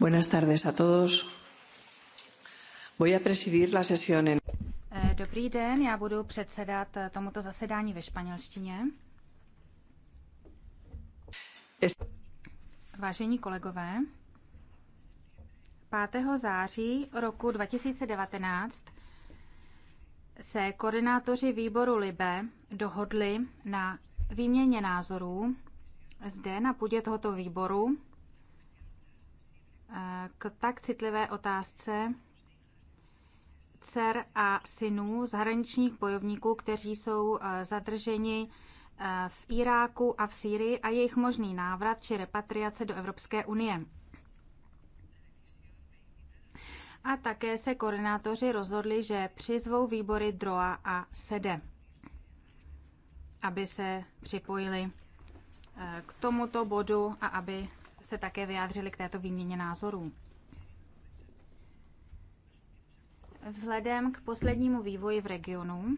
Buenas tardes a todos. Voy a presidir la sesión en... Eh, dobrý den, já budu předsedat eh, tomuto zasedání ve španělštině. Vážení kolegové, 5. září roku 2019 se koordinátoři výboru LIBE dohodli na výměně názorů zde na půdě tohoto výboru k tak citlivé otázce dcer a synů zahraničních bojovníků, kteří jsou eh, zadrženi eh, v Iráku a v Sýrii a jejich možný návrat či repatriace do Evropské unie. A také se koordinátoři rozhodli, že přizvou výbory DROA a SEDE, aby se připojili eh, k tomuto bodu a aby se také vyjádřili k této výměně názorů. Vzhledem k poslednímu vývoji v regionu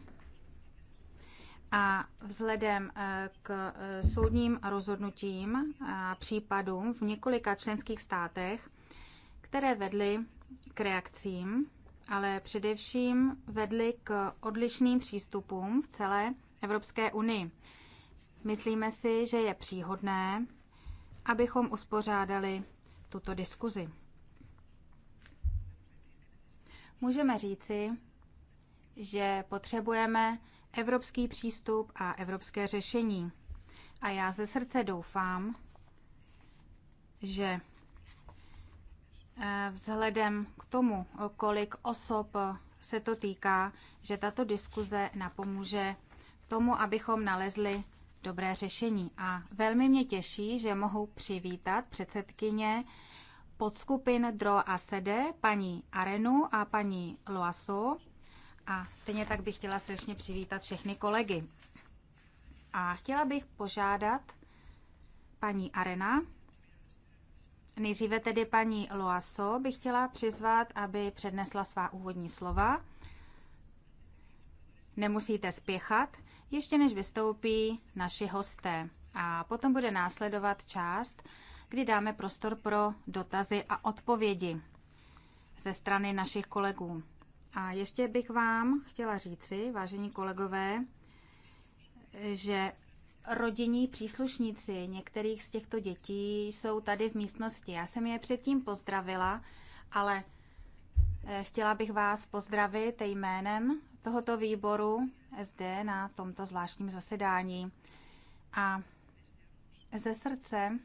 a vzhledem eh, k eh, soudním rozhodnutím a případům v několika členských státech, které vedly k reakcím, ale především vedly k odlišným přístupům v celé Evropské unii. Myslíme si, že je příhodné, abychom uspořádali tuto diskuzi. Můžeme říci, že potřebujeme evropský přístup a evropské řešení. A já ze srdce doufám, že eh, vzhledem k tomu, kolik osob se to týká, že tato diskuze napomůže tomu, abychom nalezli dobré řešení. A velmi mě těší, že mohu přivítat předsedkyně podskupin DRO a SEDE, paní Arenu a paní Loaso. A stejně tak bych chtěla srdečně přivítat všechny kolegy. A chtěla bych požádat paní Arena, nejdříve tedy paní Loaso bych chtěla přizvat, aby přednesla svá úvodní slova Nemusíte spěchat, ještě než vystoupí naši hosté. A potom bude následovat část, kdy dáme prostor pro dotazy a odpovědi ze strany našich kolegů. A ještě bych vám chtěla říci, vážení kolegové, že rodinní příslušníci některých z těchto dětí jsou tady v místnosti. Já jsem je předtím pozdravila, ale eh, chtěla bych vás pozdravit jménem tohoto výboru SD na tomto zvláštním zasedání. A ze srdce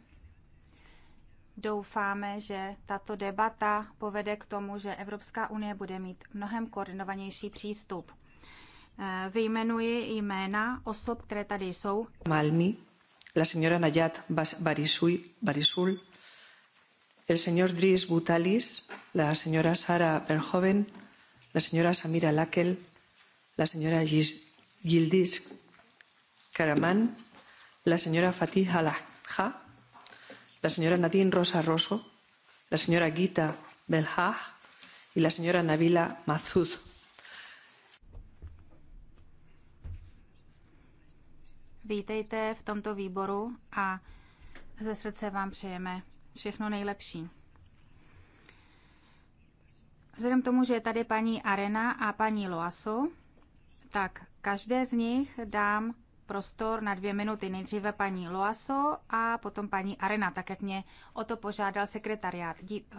doufáme, že tato debata povede k tomu, že Evropská unie bude mít mnohem koordinovanější přístup. E, vyjmenuji jména osob, které tady jsou. Malmi, la señora Nayat Barisui, Barisul, el señor Dries Butalis, la señora Sara Verhoeven, la señora Samira Lakel, la señora Gis, Gildiz Karaman, la señora Fatih Alajja, la señora Nadine Rosa Rosso, la señora Gita Belhaj y la señora Nabila Mazud. Vítejte v tomto výboru a ze srdce vám přejeme všechno nejlepší. Vzhledem k tomu, že je tady paní Arena a paní Loaso, tak každé z nich dám prostor na dvě minuty. Nejdříve paní Loaso a potom paní Arena, tak jak mě o to požádal sekretariát.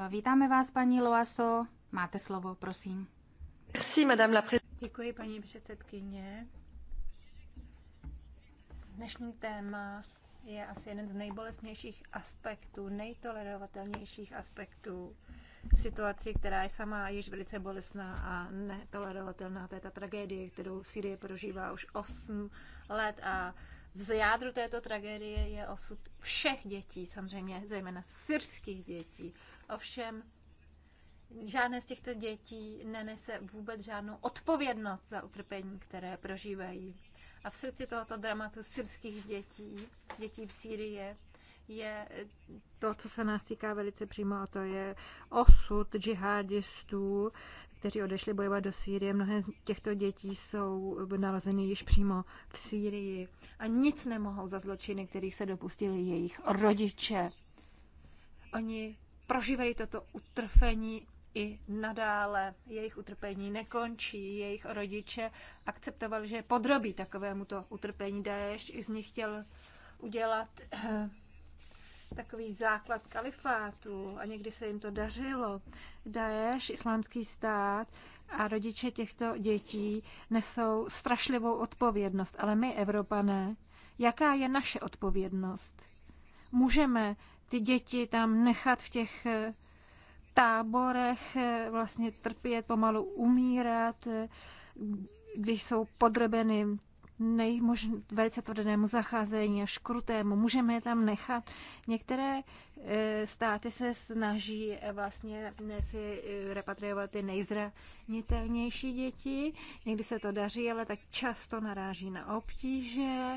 Vítáme vás, paní Loaso. Máte slovo, prosím. Merci, madame la Děkuji, paní předsedkyně. Dnešní téma je asi jeden z nejbolestnějších aspektů, nejtolerovatelnějších aspektů v situaci, která je sama již velice bolestná a netolerovatelná. To je ta tragédie, kterou Sýrie prožívá už 8 let a v jádru této tragédie je osud všech dětí, samozřejmě zejména syrských dětí. Ovšem, žádné z těchto dětí nenese vůbec žádnou odpovědnost za utrpení, které prožívají. A v srdci tohoto dramatu syrských dětí, dětí v Sýrii, je to, co se nás týká velice přímo, a to je osud džihadistů, kteří odešli bojovat do Sýrie. Mnohé z těchto dětí jsou nalozeny již přímo v Sýrii a nic nemohou za zločiny, kterých se dopustili jejich rodiče. Oni prožívají toto utrpení i nadále. Jejich utrpení nekončí, jejich rodiče akceptovali, že podrobí to utrpení. Daesh i z nich chtěl udělat eh, takový základ kalifátu a někdy se jim to dařilo. Daješ, islámský stát a rodiče těchto dětí nesou strašlivou odpovědnost, ale my, Evropané, jaká je naše odpovědnost? Můžeme ty děti tam nechat v těch eh, táborech eh, vlastně trpět, pomalu umírat, eh, když jsou podrobeny nejmož, velice tvrdému zacházení a škrutému. Můžeme je tam nechat. Některé e, státy se snaží e, vlastně e, repatriovat ty nejzranitelnější děti. Někdy se to daří, ale tak často naráží na obtíže.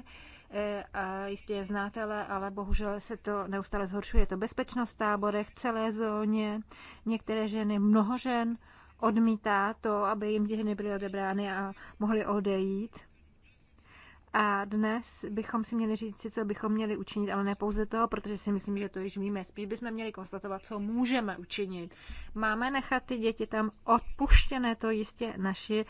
E, a jistě je znátele, ale bohužel se to neustále zhoršuje. Je to bezpečnost v táborech, celé zóně. Některé ženy, mnoho žen odmítá to, aby jim děti nebyly odebrány a mohly odejít a dnes bychom si měli říct, co bychom měli učinit, ale ne pouze to, protože si myslím, že to již víme. Spíš bychom měli konstatovat, co můžeme učinit. Máme nechat ty děti tam odpuštěné, to jistě naši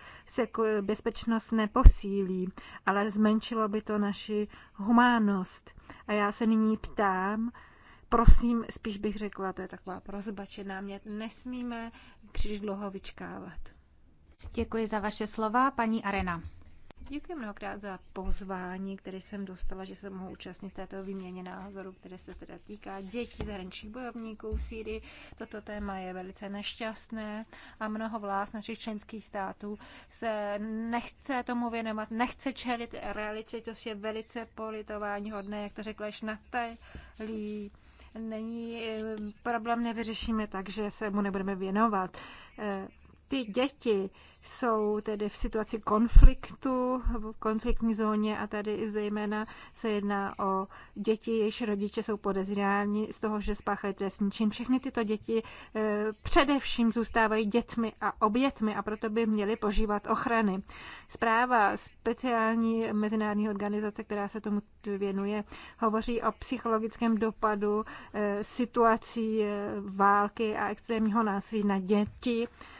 bezpečnost neposílí, ale zmenšilo by to naši humánnost. A já se nyní ptám, prosím, spíš bych řekla, to je taková prozba či námět, nesmíme příliš dlouho vyčkávat. Děkuji za vaše slova, paní Arena. Děkuji mnohokrát za pozvání, které jsem dostala, že se mohu účastnit této výměně názoru, které se teda týká dětí zahraničních bojovníků v Sýrii. Toto téma je velice nešťastné a mnoho vlád našich členských států se nechce tomu věnovat, nechce čelit realitě, což je velice politování hodné, jak to řekla Šnatelí není eh, problém, nevyřešíme tak, že se mu nebudeme věnovat. Eh, ty děti jsou tedy v situaci konfliktu, v konfliktní zóně a tady i zejména se jedná o děti, jejichž rodiče jsou podezíráni z toho, že spáchají trestní čin. Všechny tyto děti e, především zůstávají dětmi a obětmi a proto by měly požívat ochrany. Zpráva speciální mezinárodní organizace, která se tomu věnuje, hovoří o psychologickém dopadu e, situací e, války a extrémního násilí na děti. E,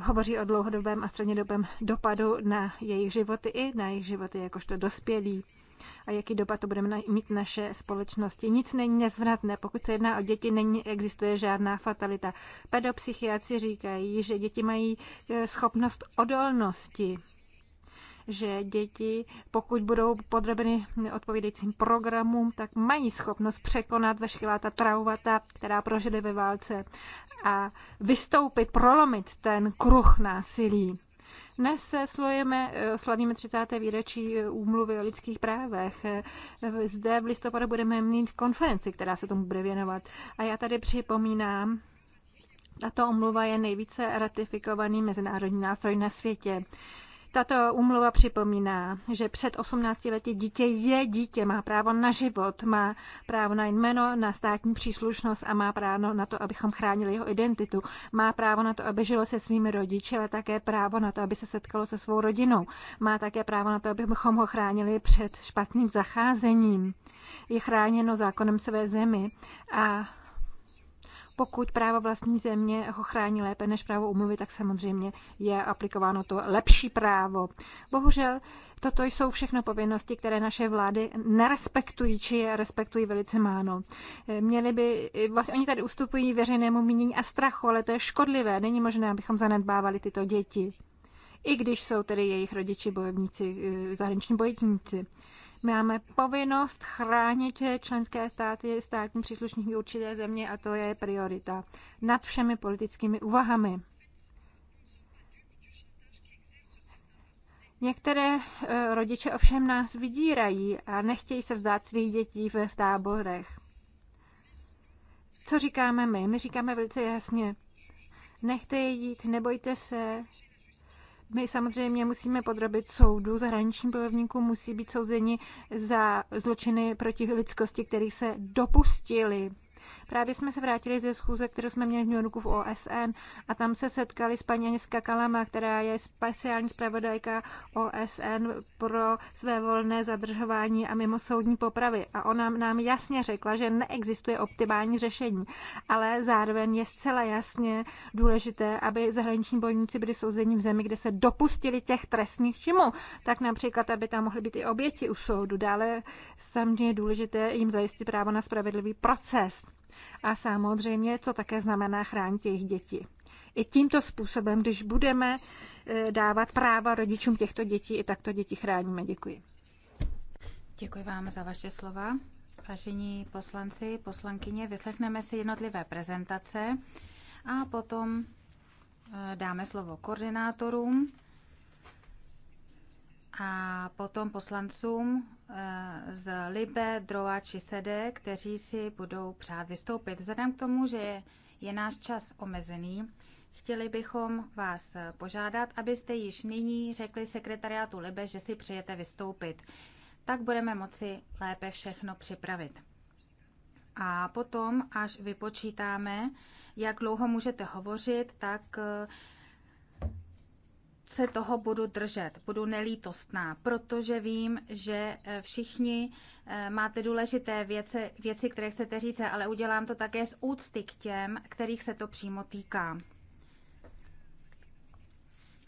hovoří o dlouhodobém a střednědobém dopadu na jejich životy i na jejich životy jakožto dospělí a jaký dopad to bude mít naše společnosti. Nic není nezvratné. Pokud se jedná o děti, není, existuje žádná fatalita. Pedopsychiatři říkají, že děti mají e, schopnost odolnosti že děti, pokud budou podrobeny odpovídajícím programům, tak mají schopnost překonat veškerá ta traumata, která prožili ve válce a vystoupit, prolomit ten kruh násilí. Dnes eh, slavíme, slavíme 30. výročí eh, úmluvy o lidských právech. Eh, zde v listopadu budeme mít konferenci, která se tomu bude věnovat. A já tady připomínám, tato omluva je nejvíce ratifikovaný mezinárodní nástroj na světě. Tato umluva připomíná, že před 18 lety dítě je dítě, má právo na život, má právo na jméno, na státní příslušnost a má právo na to, abychom chránili jeho identitu. Má právo na to, aby žilo se svými rodiči, ale také právo na to, aby se setkalo se svou rodinou. Má také právo na to, abychom ho chránili před špatným zacházením. Je chráněno zákonem své zemi a pokud právo vlastní země ho chrání lépe než právo umluvy, tak samozřejmě je aplikováno to lepší právo. Bohužel toto jsou všechno povinnosti, které naše vlády nerespektují, či je respektují velice málo. Měli by, vlastně oni tady ustupují veřejnému mínění a strachu, ale to je škodlivé. Není možné, abychom zanedbávali tyto děti i když jsou tedy jejich rodiči bojovníci, eh, zahraniční bojovníci máme povinnost chránit členské státy, státní příslušníky určité země a to je priorita nad všemi politickými úvahami. Některé eh, rodiče ovšem nás vydírají a nechtějí se vzdát svých dětí v táborech. Co říkáme my? My říkáme velice jasně. Nechte je jít, nebojte se, my samozřejmě musíme podrobit soudu, zahraniční bojovníků musí být souzeni za zločiny proti lidskosti, kterých se dopustili. Právě jsme se vrátili ze schůze, kterou jsme měli v New Yorku v OSN a tam se setkali s paní Aniska Kalama, která je speciální zpravodajka OSN pro své volné zadržování a mimo soudní popravy. A ona nám jasně řekla, že neexistuje optimální řešení, ale zároveň je zcela jasně důležité, aby zahraniční bojovníci byli souzeni v zemi, kde se dopustili těch trestných činů. Tak například, aby tam mohly být i oběti u soudu. Dále samozřejmě je důležité jim zajistit právo na spravedlivý proces a samozřejmě to také znamená chránit jejich děti. I tímto způsobem, když budeme eh, dávat práva rodičům těchto dětí, i takto děti chráníme. Děkuji. Děkuji vám za vaše slova. Vážení poslanci, poslankyně, vyslechneme si jednotlivé prezentace a potom eh, dáme slovo koordinátorům a potom poslancům eh, z Libe, Droa či Sede, kteří si budou přát vystoupit. Vzhledem k tomu, že je náš čas omezený, chtěli bychom vás požádat, abyste již nyní řekli sekretariátu Libe, že si přejete vystoupit. Tak budeme moci lépe všechno připravit. A potom, až vypočítáme, jak dlouho můžete hovořit, tak eh, se toho budu držet, budu nelítostná, protože vím, že eh, všichni eh, máte důležité věci, věci, které chcete říct, ale udělám to také z úcty k těm, kterých se to přímo týká.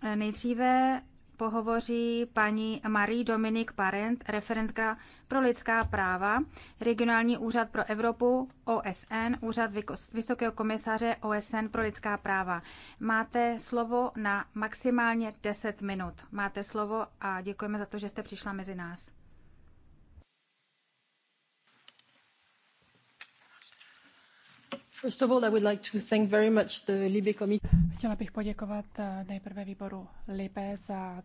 Eh, nejdříve pohovoří paní Marie Dominik Parent, referentka pro lidská práva, Regionální úřad pro Evropu OSN, Úřad Vysokého komisaře OSN pro lidská práva. Máte slovo na maximálně 10 minut. Máte slovo a děkujeme za to, že jste přišla mezi nás. Chtěla bych poděkovat eh, nejprve výboru LIBE za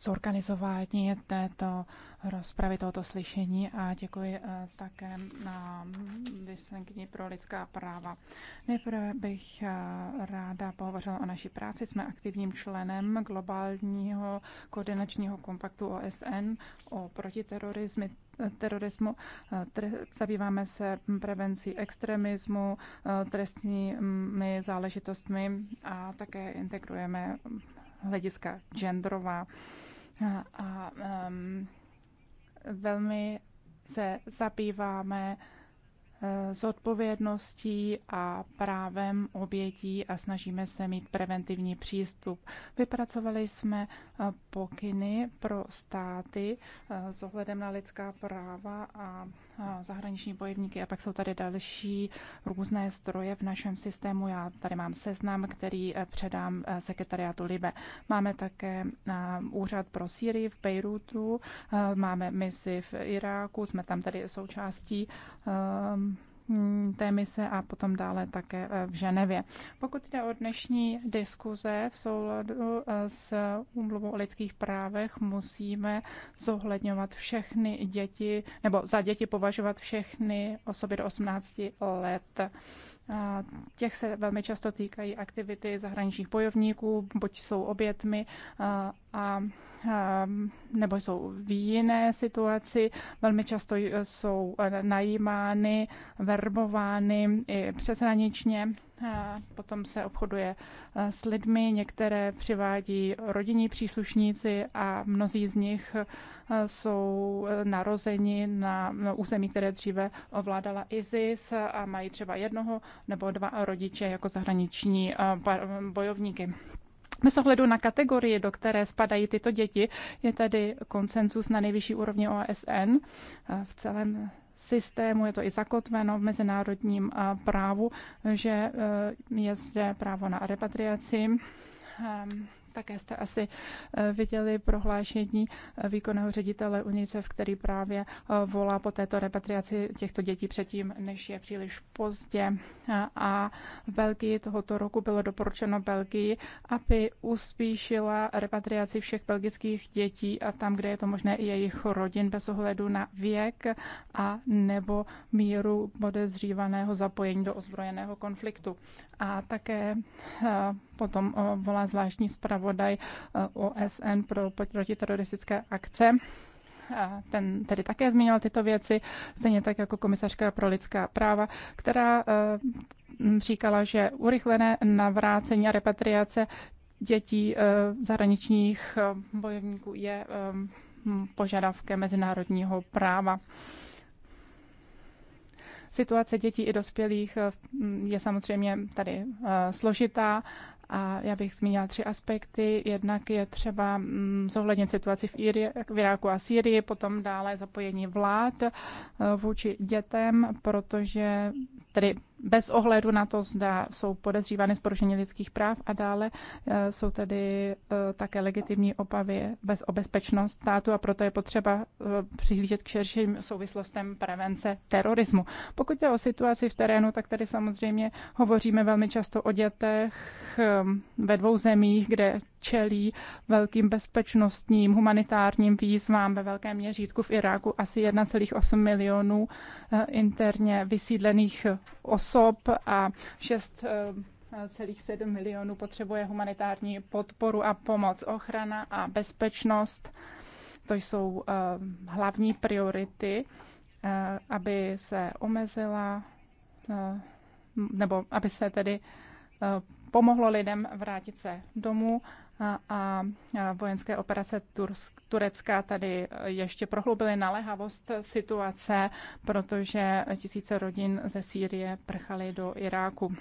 zorganizování této rozpravy, tohoto slyšení a děkuji eh, také na vyslankyni pro lidská práva. Nejprve bych eh, ráda pohovořila o naší práci. Jsme aktivním členem globálního koordinačního kompaktu OSN o protiterorismu. Terorismu. Eh, zabýváme se prevencí extremismu, trestními záležitostmi a také integrujeme hlediska genderová. A, a um, velmi se zabýváme s e, odpovědností a právem obětí a snažíme se mít preventivní přístup. Vypracovali jsme e, pokyny pro státy e, s ohledem na lidská práva a zahraniční bojovníky a pak jsou tady další různé zdroje v našem systému. Já tady mám seznam, který eh, předám eh, sekretariátu Libe. Máme také eh, úřad pro Syrii v Bejrutu, máme misi v Iráku, jsme tam tady součástí Mm, té mise a potom dále také eh, v Ženevě. Pokud jde o dnešní diskuze v souladu eh, s úmluvou o lidských právech, musíme zohledňovat všechny děti, nebo za děti považovat všechny osoby do 18 let. Těch se velmi často týkají aktivity zahraničních bojovníků, buď jsou obětmi a, a, nebo jsou v jiné situaci. Velmi často jsou najímány, verbovány i přeshraničně potom se obchoduje e, s lidmi, některé přivádí rodinní příslušníci a mnozí z nich e, jsou narozeni na území, které dříve ovládala ISIS a mají třeba jednoho nebo dva rodiče jako zahraniční e, bojovníky. Bez ohledu na kategorii, do které spadají tyto děti, je tady konsenzus na nejvyšší úrovni OSN v celém systému, je to i zakotveno v mezinárodním právu, že e, je zde právo na repatriaci ehm, také jste asi eh, viděli prohlášení eh, výkonného ředitele UNICEF, který právě eh, volá po této repatriaci těchto dětí předtím, než je příliš pozdě. A v Belgii tohoto roku bylo doporučeno Belgii, aby uspíšila repatriaci všech belgických dětí a tam, kde je to možné i jejich rodin bez ohledu na věk a nebo míru podezřívaného zapojení do ozbrojeného konfliktu. A také potom volá zvláštní zpravodaj zpravodaj eh, OSN pro protiteroristické akce ten tedy také zmínil tyto věci, stejně tak jako komisařka pro lidská práva, která eh, říkala, že urychlené navrácení a repatriace dětí eh, zahraničních bojovníků je požadavkem mezinárodního práva. Situace dětí i dospělých je samozřejmě tady složitá a já bych zmínila tři aspekty. Jednak je třeba mm, zohlednit situaci v, Iri, v Iráku a Sýrii, potom dále zapojení vlád eh, vůči dětem, protože tedy bez ohledu na to, zda jsou podezřívány z porušení lidských práv a dále eh, jsou tady eh, také legitimní obavy bez o bezpečnost státu a proto je potřeba eh, přihlížet k širším souvislostem prevence terorismu. Pokud je o situaci v terénu, tak tady samozřejmě hovoříme velmi často o dětech ve dvou zemích, kde čelí velkým bezpečnostním humanitárním výzvám ve velkém měřítku v Iráku asi 1,8 milionů interně vysídlených osob osob a 6 eh, celých 7 milionů potřebuje humanitární podporu a pomoc, ochrana a bezpečnost. To jsou eh, hlavní priority, eh, aby se omezila nebo aby se tedy pomohlo lidem vrátit se domů a vojenské operace Turecka tady ještě prohloubily naléhavost situace, protože tisíce rodin ze Sýrie prchaly do Iráku.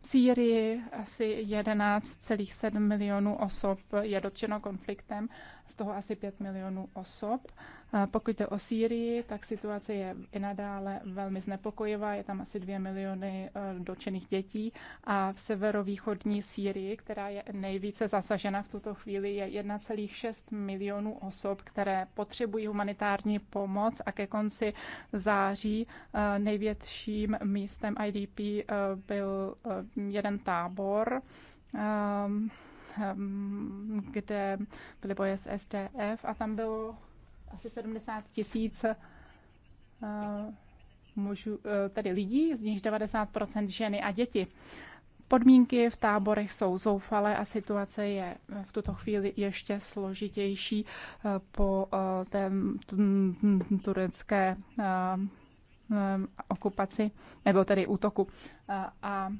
V Sýrii asi 11,7 milionů osob je dotčeno konfliktem, z toho asi 5 milionů osob pokud jde o Sýrii, tak situace je i nadále velmi znepokojivá. Je tam asi dvě miliony eh, dočených dětí a v severovýchodní Sýrii, která je nejvíce zasažena v tuto chvíli, je 1,6 milionů osob, které potřebují humanitární pomoc a ke konci září eh, největším místem IDP eh, byl jeden tábor kde byly boje s SDF a tam bylo asi 70 tisíc eh, mužů, eh, tedy lidí, z nichž 90% ženy a děti. Podmínky v táborech jsou zoufalé a situace je v tuto chvíli ještě složitější eh, po té turecké okupaci, nebo tedy útoku. A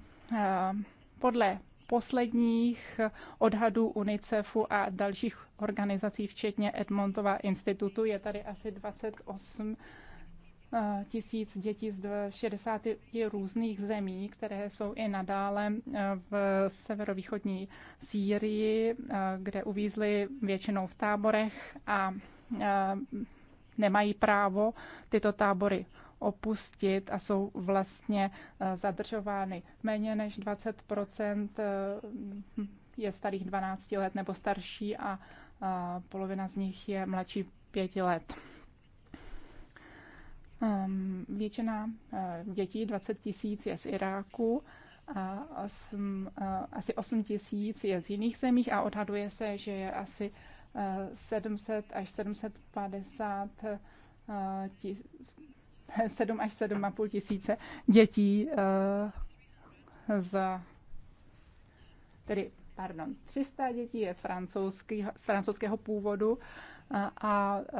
podle posledních odhadů UNICEFu a dalších organizací, včetně Edmontova institutu, je tady asi 28 eh, tisíc dětí z 60 různých zemí, které jsou i nadále eh, v severovýchodní Sýrii, eh, kde uvízly většinou v táborech a nemají právo tyto tábory opustit a jsou vlastně eh, zadržovány. Méně než 20 eh, je starých 12 let nebo starší a eh, polovina z nich je mladší 5 let. Ehm, většina dětí, 20 tisíc, je z Iráku a 8, asi 8 tisíc je z jiných zemích a odhaduje se, že je asi 700 až 750 tisíc 7 až 7,5 tisíce dětí eh, z tedy pardon, 300 dětí je francouzský, z francouzského původu a, a eh,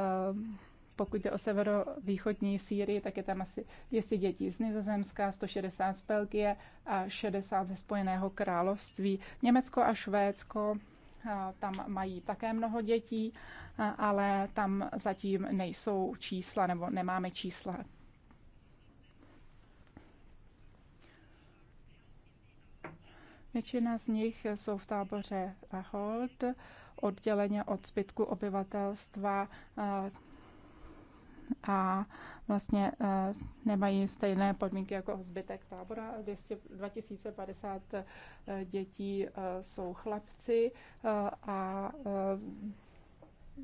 pokud jde o severovýchodní Sýrii, tak je tam asi 200 dětí z Nizozemska, 160 z Belgie a 60 ze Spojeného království. Německo a Švédsko eh, tam mají také mnoho dětí, ale tam zatím nejsou čísla nebo nemáme čísla Většina z nich jsou v táboře Hold, odděleně od zbytku obyvatelstva eh, a vlastně eh, nemají stejné podmínky jako zbytek tábora. 2050 eh, dětí jsou chlapci a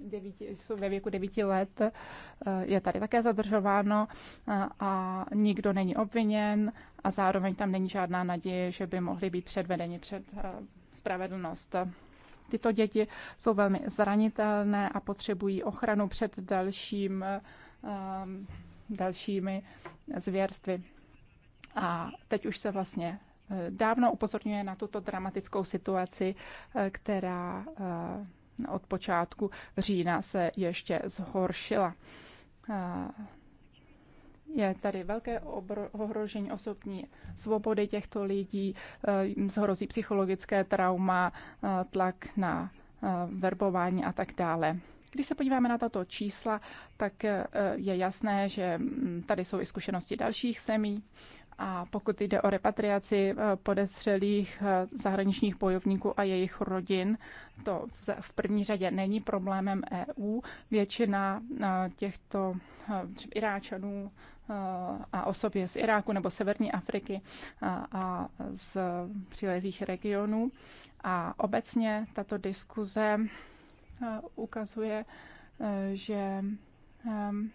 devíti, jsou ve věku 9 let, eh, je tady také zadržováno eh, a nikdo není obviněn a zároveň tam není žádná naděje, že by mohli být předvedeni před eh, spravedlnost. Tyto děti jsou velmi zranitelné a potřebují ochranu před dalším, dalšími zvěrstvy. A teď už se vlastně dávno upozorňuje na tuto dramatickou situaci, která od počátku října se ještě zhoršila. Je tady velké ohrožení osobní svobody těchto lidí, zhrozí psychologické trauma, tlak na verbování a tak dále. Když se podíváme na tato čísla, tak eh, je jasné, že mm, tady jsou i zkušenosti dalších zemí. A pokud jde o repatriaci eh, podezřelých eh, zahraničních bojovníků a jejich rodin, to v první řadě není problémem EU. Většina těchto Iráčanů a osob je z Iráku nebo Severní Afriky a z přílezích regionů. A obecně tato diskuze Eh, ukazuje, eh, že ehm,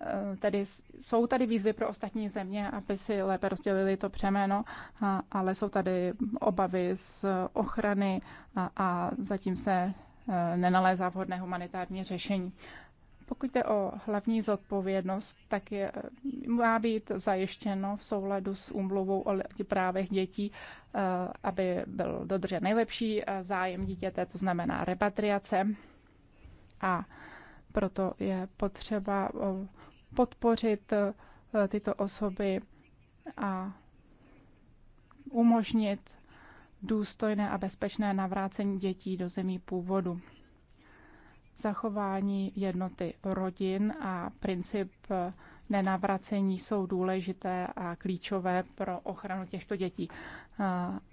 eh, tady jsou tady výzvy pro ostatní země, aby si lépe rozdělili to přeméno, ale jsou tady obavy z ochrany a, zatím se nenalézá vhodné humanitární řešení. Pokud jde o hlavní zodpovědnost, tak je, eh, má být zajištěno v souladu s úmluvou o právech dětí, eh, aby byl dodržen nejlepší eh, zájem dítěte, to znamená repatriace. A proto je potřeba podpořit tyto osoby a umožnit důstojné a bezpečné navrácení dětí do zemí původu. Zachování jednoty rodin a princip nenavracení jsou důležité a klíčové pro ochranu těchto dětí.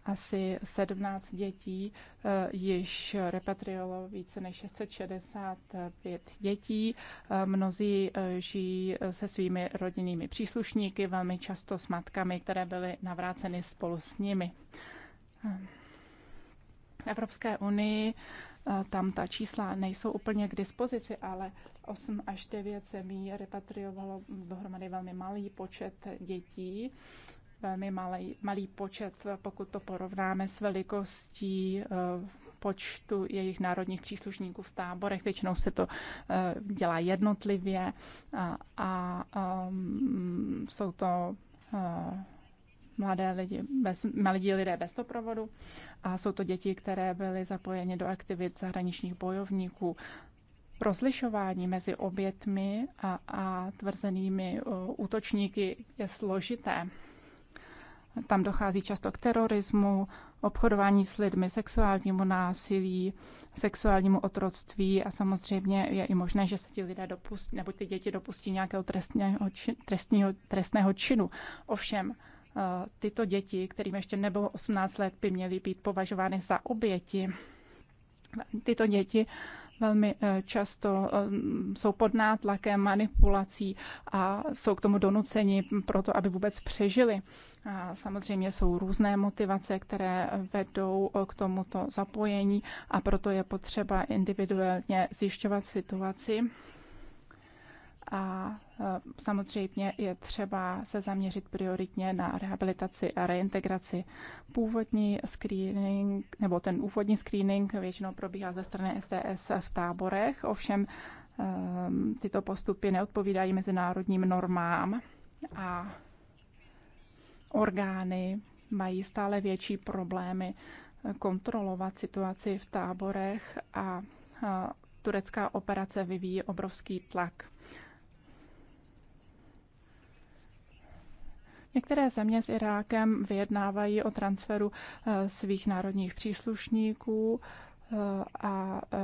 Asi 17 dětí e, již repatriovalo více než 665 dětí. E, mnozí e, žijí se svými rodinnými příslušníky, velmi často s matkami, které byly navráceny spolu s nimi. Evropské unii Eh, tam ta čísla nejsou úplně k dispozici, ale 8 až 9 zemí repatriovalo dohromady velmi malý počet dětí, velmi malý, malý počet, eh, pokud to porovnáme s velikostí eh, počtu jejich národních příslušníků v táborech. Většinou se to dělá jednotlivě a, a um, jsou to mladé lidi, bez, mladí lidé bez doprovodu a jsou to děti, které byly zapojeny do aktivit zahraničních bojovníků. Rozlišování mezi obětmi a, a tvrzenými útočníky je složité. Tam dochází často k terorismu, obchodování s lidmi, sexuálnímu násilí, sexuálnímu otroctví a samozřejmě je i možné, že se ti lidé dopustí, nebo ty děti dopustí nějakého trestného, trestního, trestného činu. Ovšem, Eh, tyto děti, kterým ještě nebylo 18 let, by měly být považovány za oběti. Tyto děti velmi eh, často eh, jsou pod nátlakem, manipulací a jsou k tomu donuceni proto, aby vůbec přežili. A samozřejmě jsou různé motivace, které vedou k tomuto zapojení a proto je potřeba individuálně zjišťovat situaci a e, samozřejmě je třeba se zaměřit prioritně na rehabilitaci a reintegraci. Původní screening, nebo ten úvodní screening většinou probíhá ze strany STS v táborech, ovšem e, tyto postupy neodpovídají mezinárodním normám a orgány mají stále větší problémy kontrolovat situaci v táborech a e, turecká operace vyvíjí obrovský tlak. Některé země s Irákem vyjednávají o transferu eh, svých národních příslušníků eh, a eh,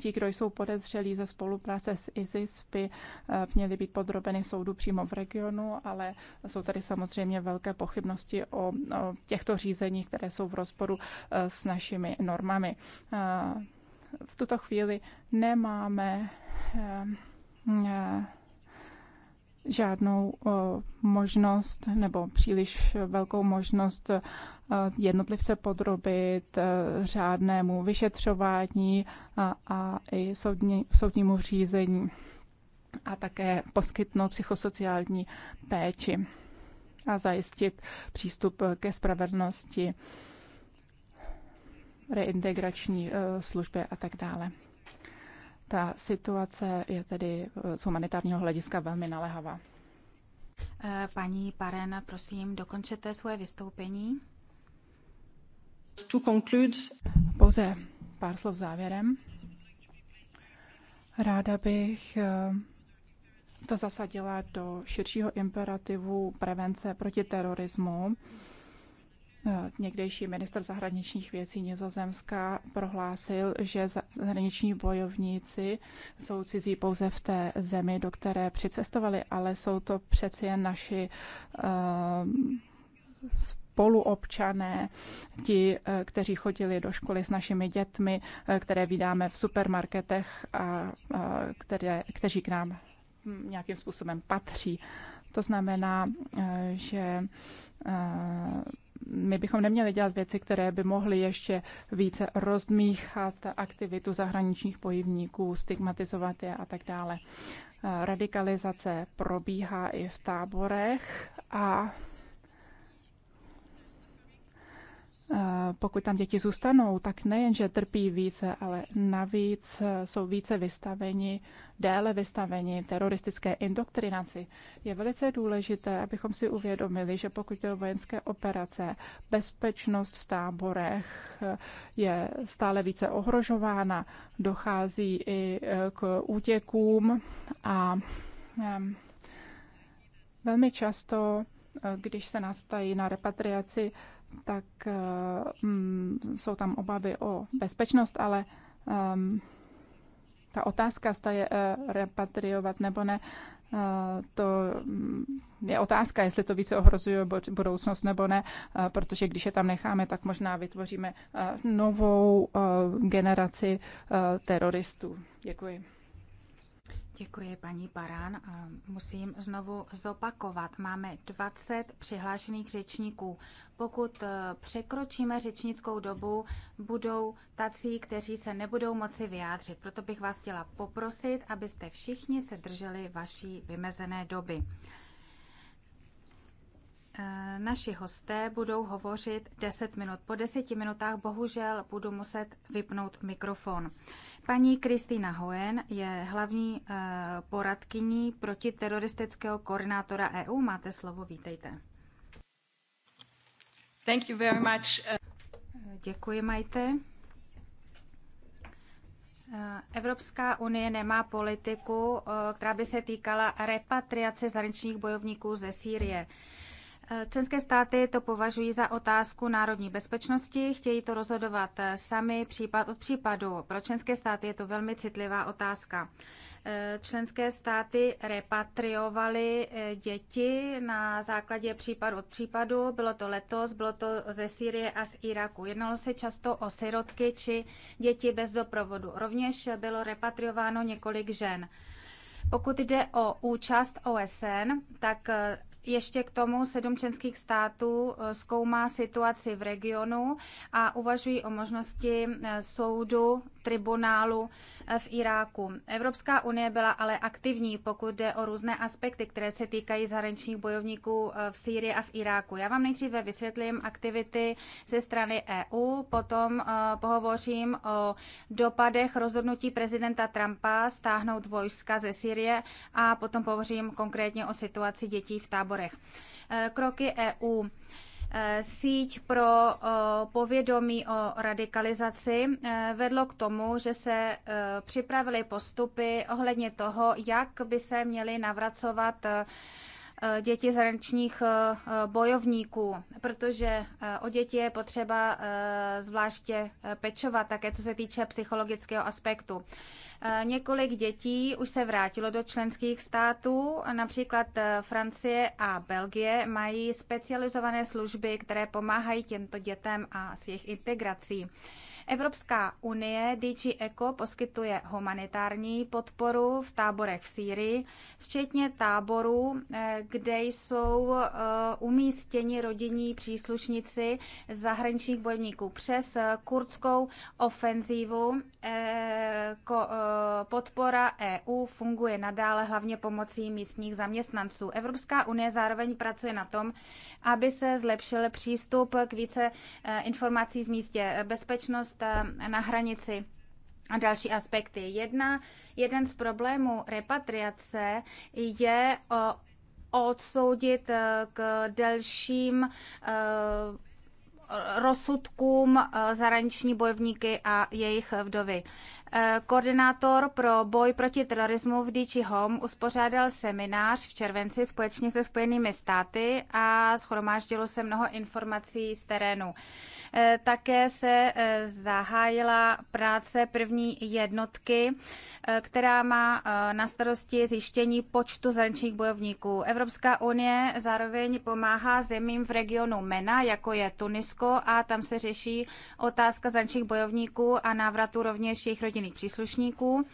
ti, kdo jsou podezřelí ze spolupráce s ISIS, by měli být podrobeny soudu přímo v regionu, ale jsou tady samozřejmě velké pochybnosti o těchto řízeních, které jsou v rozporu s našimi normami. V tuto chvíli nemáme žádnou eh, možnost nebo příliš velkou možnost eh, jednotlivce podrobit eh, řádnému vyšetřování a, a i soudní, soudnímu řízení a také poskytnout psychosociální péči a zajistit přístup ke spravedlnosti, reintegrační služby a tak dále. Ta situace je tedy eh, z humanitárního hlediska velmi naléhavá. Eh, paní Parena, prosím, dokončete svoje vystoupení. To conclude. Pouze pár slov závěrem. Ráda bych eh, to zasadila do širšího imperativu prevence proti terorismu někdejší minister zahraničních věcí Nizozemska prohlásil, že zahraniční bojovníci jsou cizí pouze v té zemi, do které přicestovali, ale jsou to přeci jen naši uh, spoluobčané, ti, eh, kteří chodili do školy s našimi dětmi, eh, které vydáme v supermarketech a které, kteří k nám hm, nějakým způsobem patří. To znamená, že my bychom neměli dělat věci, které by mohly ještě více rozmíchat aktivitu zahraničních pojivníků, stigmatizovat je a tak dále. Eh, radikalizace probíhá i v táborech a pokud tam děti zůstanou, tak nejenže trpí více, ale navíc e, jsou více vystaveni, déle vystaveni teroristické indoktrinaci. Je velice důležité, abychom si uvědomili, že pokud jde o vojenské operace, bezpečnost v táborech e, je stále více ohrožována, dochází i e, k útěkům a velmi často, když se nás ptají na repatriaci, tak um, jsou tam obavy o bezpečnost, ale um, ta otázka, zda je uh, repatriovat nebo ne, uh, to um, je otázka, jestli to více ohrozuje budoucnost nebo ne, uh, protože když je tam necháme, tak možná vytvoříme uh, novou uh, generaci uh, teroristů. Děkuji. Děkuji, paní Barán. Musím znovu zopakovat. Máme 20 přihlášených řečníků. Pokud e, překročíme řečnickou dobu, budou tací, kteří se nebudou moci vyjádřit. Proto bych vás chtěla poprosit, abyste všichni se drželi vaší vymezené doby. Eh, naši hosté budou hovořit 10 minut. Po 10 minutách bohužel budu muset vypnout mikrofon. Paní Kristýna Hoen je hlavní eh, poradkyní protiteroristického koordinátora EU. Máte slovo, vítejte. Thank you very much. Eh. Děkuji, Majte. Evropská unie nemá politiku, která by se týkala repatriace zahraničních bojovníků ze Sýrie. Členské státy to považují za otázku národní bezpečnosti, chtějí to rozhodovat eh, sami případ od případu. Pro členské státy je to velmi citlivá otázka. Eh, členské státy repatriovaly eh, děti na základě případ od případu. Bylo to letos, bylo to ze Sýrie a z Iraku. Jednalo se často o sirotky či děti bez doprovodu. Rovněž bylo repatriováno několik žen. Pokud jde o účast OSN, tak ještě k tomu sedm členských států eh, zkoumá situaci v regionu a uvažují o možnosti eh, soudu, tribunálu eh, v Iráku. Evropská unie byla ale aktivní, pokud jde o různé aspekty, které se týkají zahraničních bojovníků v Sýrii a v Iráku. Já vám nejdříve vysvětlím aktivity ze strany EU, potom pohovořím o dopadech rozhodnutí prezidenta Trumpa stáhnout vojska ze Sýrie a potom pohovořím konkrétně o situaci dětí v táboře výborech. Eh, kroky EU eh, síť pro eh, povědomí o radikalizaci vedlo k tomu, že se připravily postupy ohledně toho, jak by se měly navracovat Eh, děti zahraničních eh, eh, bojovníků, protože o děti je potřeba zvláště pečovat, také co se týče psychologického aspektu. Několik dětí už se vrátilo do členských států, například Francie a Belgie mají specializované služby, které pomáhají těmto dětem a s jejich integrací. Evropská unie DG ECO poskytuje humanitární podporu v táborech v Sýrii, včetně táborů, eh, kde jsou eh, umístěni rodinní příslušníci zahraničních bojovníků přes eh, kurdskou ofenzívu. Podpora EU funguje nadále hlavně pomocí místních zaměstnanců. Evropská unie zároveň pracuje na tom, aby se zlepšil přístup k více informací z místě bezpečnost bezpečnost eh, na hranici a další aspekty. Jedna, jeden z problémů repatriace je eh, odsoudit eh, k delším rozsudkům zahraniční bojovníky a jejich vdovy. Eh, koordinátor pro boj proti terorismu v DG Home uspořádal seminář v červenci společně se Spojenými státy a schromáždilo se mnoho informací z terénu. Eh, také se eh, zahájila práce první jednotky, která má na starosti zjištění počtu zahraničních bojovníků. Evropská unie zároveň pomáhá zemím v regionu MENA, jako je Tunisko, a tam se řeší otázka zahraničních bojovníků a návratu rovněž jejich rodin příslušníků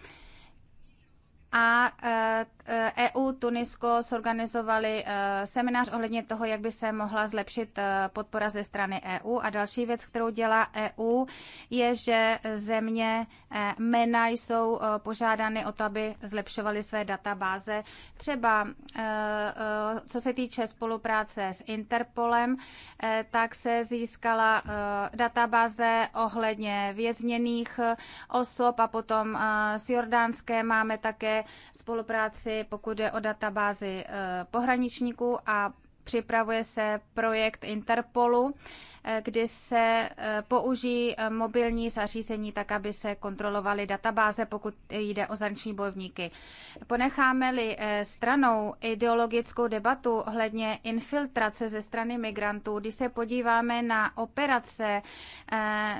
a EU eh, e Tunisko zorganizovali eh, seminář ohledně toho, jak by se mohla zlepšit eh, podpora ze strany EU. A další věc, kterou dělá EU, je, že země MENA jsou požádány o to, aby zlepšovaly své databáze. Třeba co se týče spolupráce s Interpolem, tak se získala databáze ohledně vězněných osob a potom s Jordánské máme také spolupráci, pokud je o databázi eh, pohraničníků a připravuje se projekt Interpolu Eh, kdy se eh, použijí eh, mobilní zařízení tak, aby se kontrolovaly databáze, pokud jde o zahraniční bojovníky. Ponecháme-li stranou ideologickou debatu hledně infiltrace ze strany migrantů, když se podíváme na operace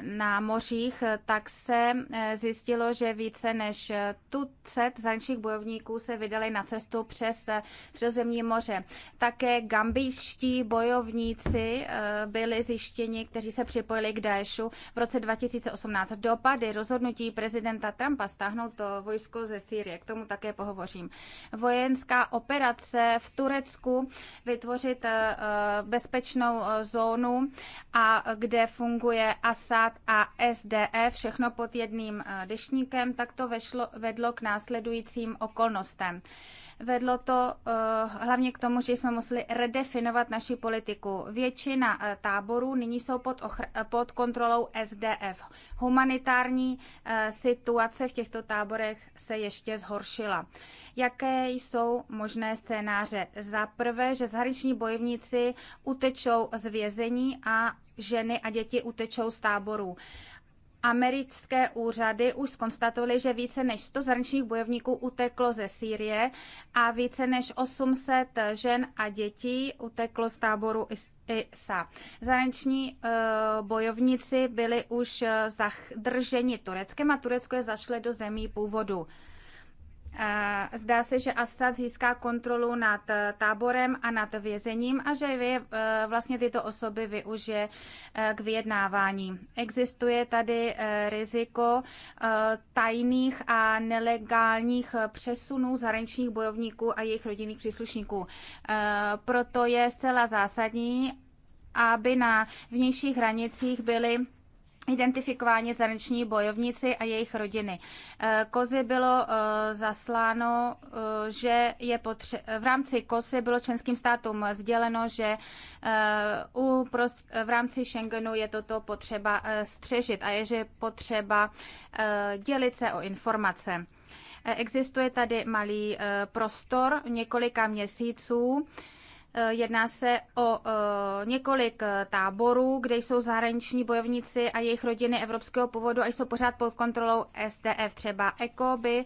na mořích, tak se zjistilo, že více než tucet zahraničních bojovníků se vydali na cestu přes Středozemní moře. Také gambijští bojovníci byli zjištěni iráčtěni, kteří se připojili k Daeshu v roce 2018. Dopady rozhodnutí prezidenta Trumpa stáhnout vojsko ze Sýrie, k tomu také pohovořím. Vojenská operace v Turecku vytvořit eh, eh, bezpečnou eh, zónu a kde funguje Assad a SDE, všechno pod jedným dešníkem, tak to vešlo, vedlo k následujícím okolnostem. Vedlo to eh, hlavně k tomu, že jsme museli redefinovat naši politiku. Většina eh, táborů nyní jsou pod, eh, pod kontrolou SDF. Humanitární situace v těchto táborech se ještě zhoršila. Jaké jsou možné scénáře? Za prvé, že zahraniční bojovníci utečou z vězení a ženy a děti utečou z táborů. Americké úřady už skonstatovaly, že více než 100 zrnčních bojovníků uteklo ze Sýrie a více než 800 žen a dětí uteklo z táboru ISA. Zahraniční eh, bojovníci byli už eh, zadrženi Tureckem a Turecko je zašle do zemí původu. Zdá se, že Assad získá kontrolu nad eh, táborem a nad vězením a že vy, eh, vlastně tyto osoby využije eh, k vyjednávání. Existuje tady riziko tajných a nelegálních přesunů zahraničních bojovníků a jejich rodinných příslušníků. Proto je zcela zásadní, aby na vnějších hranicích byly identifikováni zahraniční bojovníci a jejich rodiny. Eh, Kozy bylo eh, zasláno, eh, že je potře- v rámci Kozy bylo členským státům sděleno, že u v rámci Schengenu je toto potřeba střežit a je, že potřeba dělit se o informace. Existuje tady malý prostor několika měsíců, Eh, jedná se o eh, několik eh, táborů, kde jsou zahraniční bojovníci a jejich rodiny evropského původu a jsou pořád pod kontrolou SDF. Třeba ECO by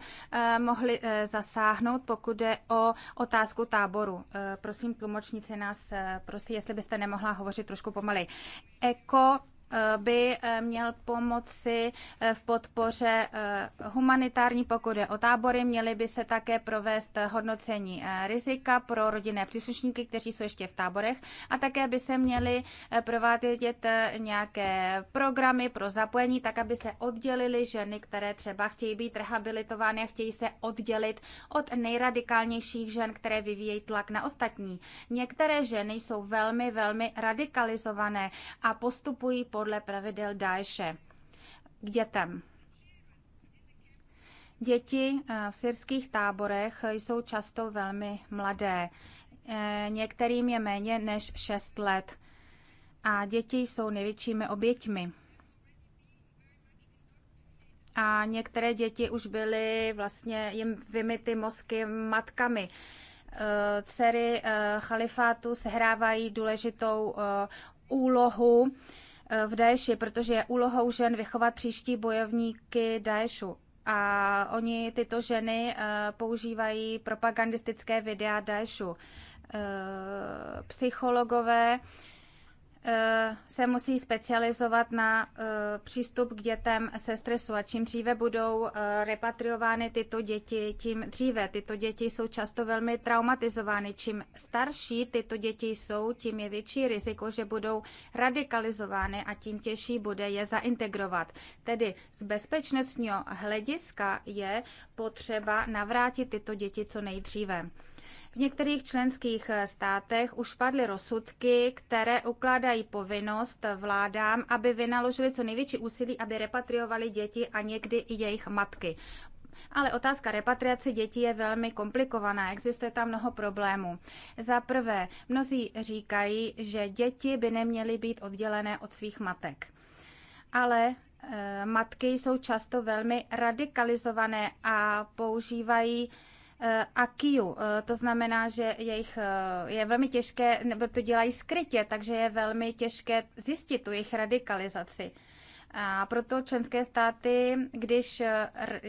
mohli zasáhnout, pokud je o otázku táboru. Prosím, tlumočníci nás prosí, jestli byste nemohla hovořit trošku pomalej. ECO by eh, měl pomoci eh, v podpoře eh, humanitární, pokud je o tábory. Měly by se také provést hodnocení rizika pro rodinné příslušníky, kteří jsou ještě v táborech a také by se měly provádět nějaké programy pro zapojení, tak aby se oddělily ženy, které třeba chtějí být rehabilitovány a chtějí se oddělit od nejradikálnějších žen, které vyvíjejí tlak na ostatní. Některé ženy jsou velmi, velmi radikalizované a postupují podle pravidel Daeše k dětem. Děti eh, v syrských táborech jsou často velmi mladé. Eh, některým je méně než 6 let. A děti jsou největšími oběťmi. A některé děti už byly vlastně jim vymity mozky matkami eh, dcery chalifátu sehrávají důležitou úlohu v Daeši, protože je úlohou žen vychovat příští bojovníky Daešu. A oni tyto ženy eh, používají propagandistické videa Daešu. Eh, psychologové Eh, se musí specializovat na eh, přístup k dětem se stresu a čím dříve budou eh, repatriovány tyto děti, tím dříve. Tyto děti jsou často velmi traumatizovány. Čím starší tyto děti jsou, tím je větší riziko, že budou radikalizovány a tím těžší bude je zaintegrovat. Tedy z bezpečnostního hlediska je potřeba navrátit tyto děti co nejdříve. V některých členských eh, státech už padly rozsudky, které ukládají povinnost vládám, aby vynaložili co největší úsilí, aby repatriovali děti a někdy i jejich matky. Ale otázka repatriace dětí je velmi komplikovaná, existuje tam mnoho problémů. Za prvé, mnozí říkají, že děti by neměly být oddělené od svých matek. Ale e, matky jsou často velmi radikalizované a používají e, Eh, a kiu, eh, To znamená, že jejich, eh, je velmi těžké, nebo to dělají skrytě, takže je velmi těžké zjistit tu jejich radikalizaci. A proto členské státy, když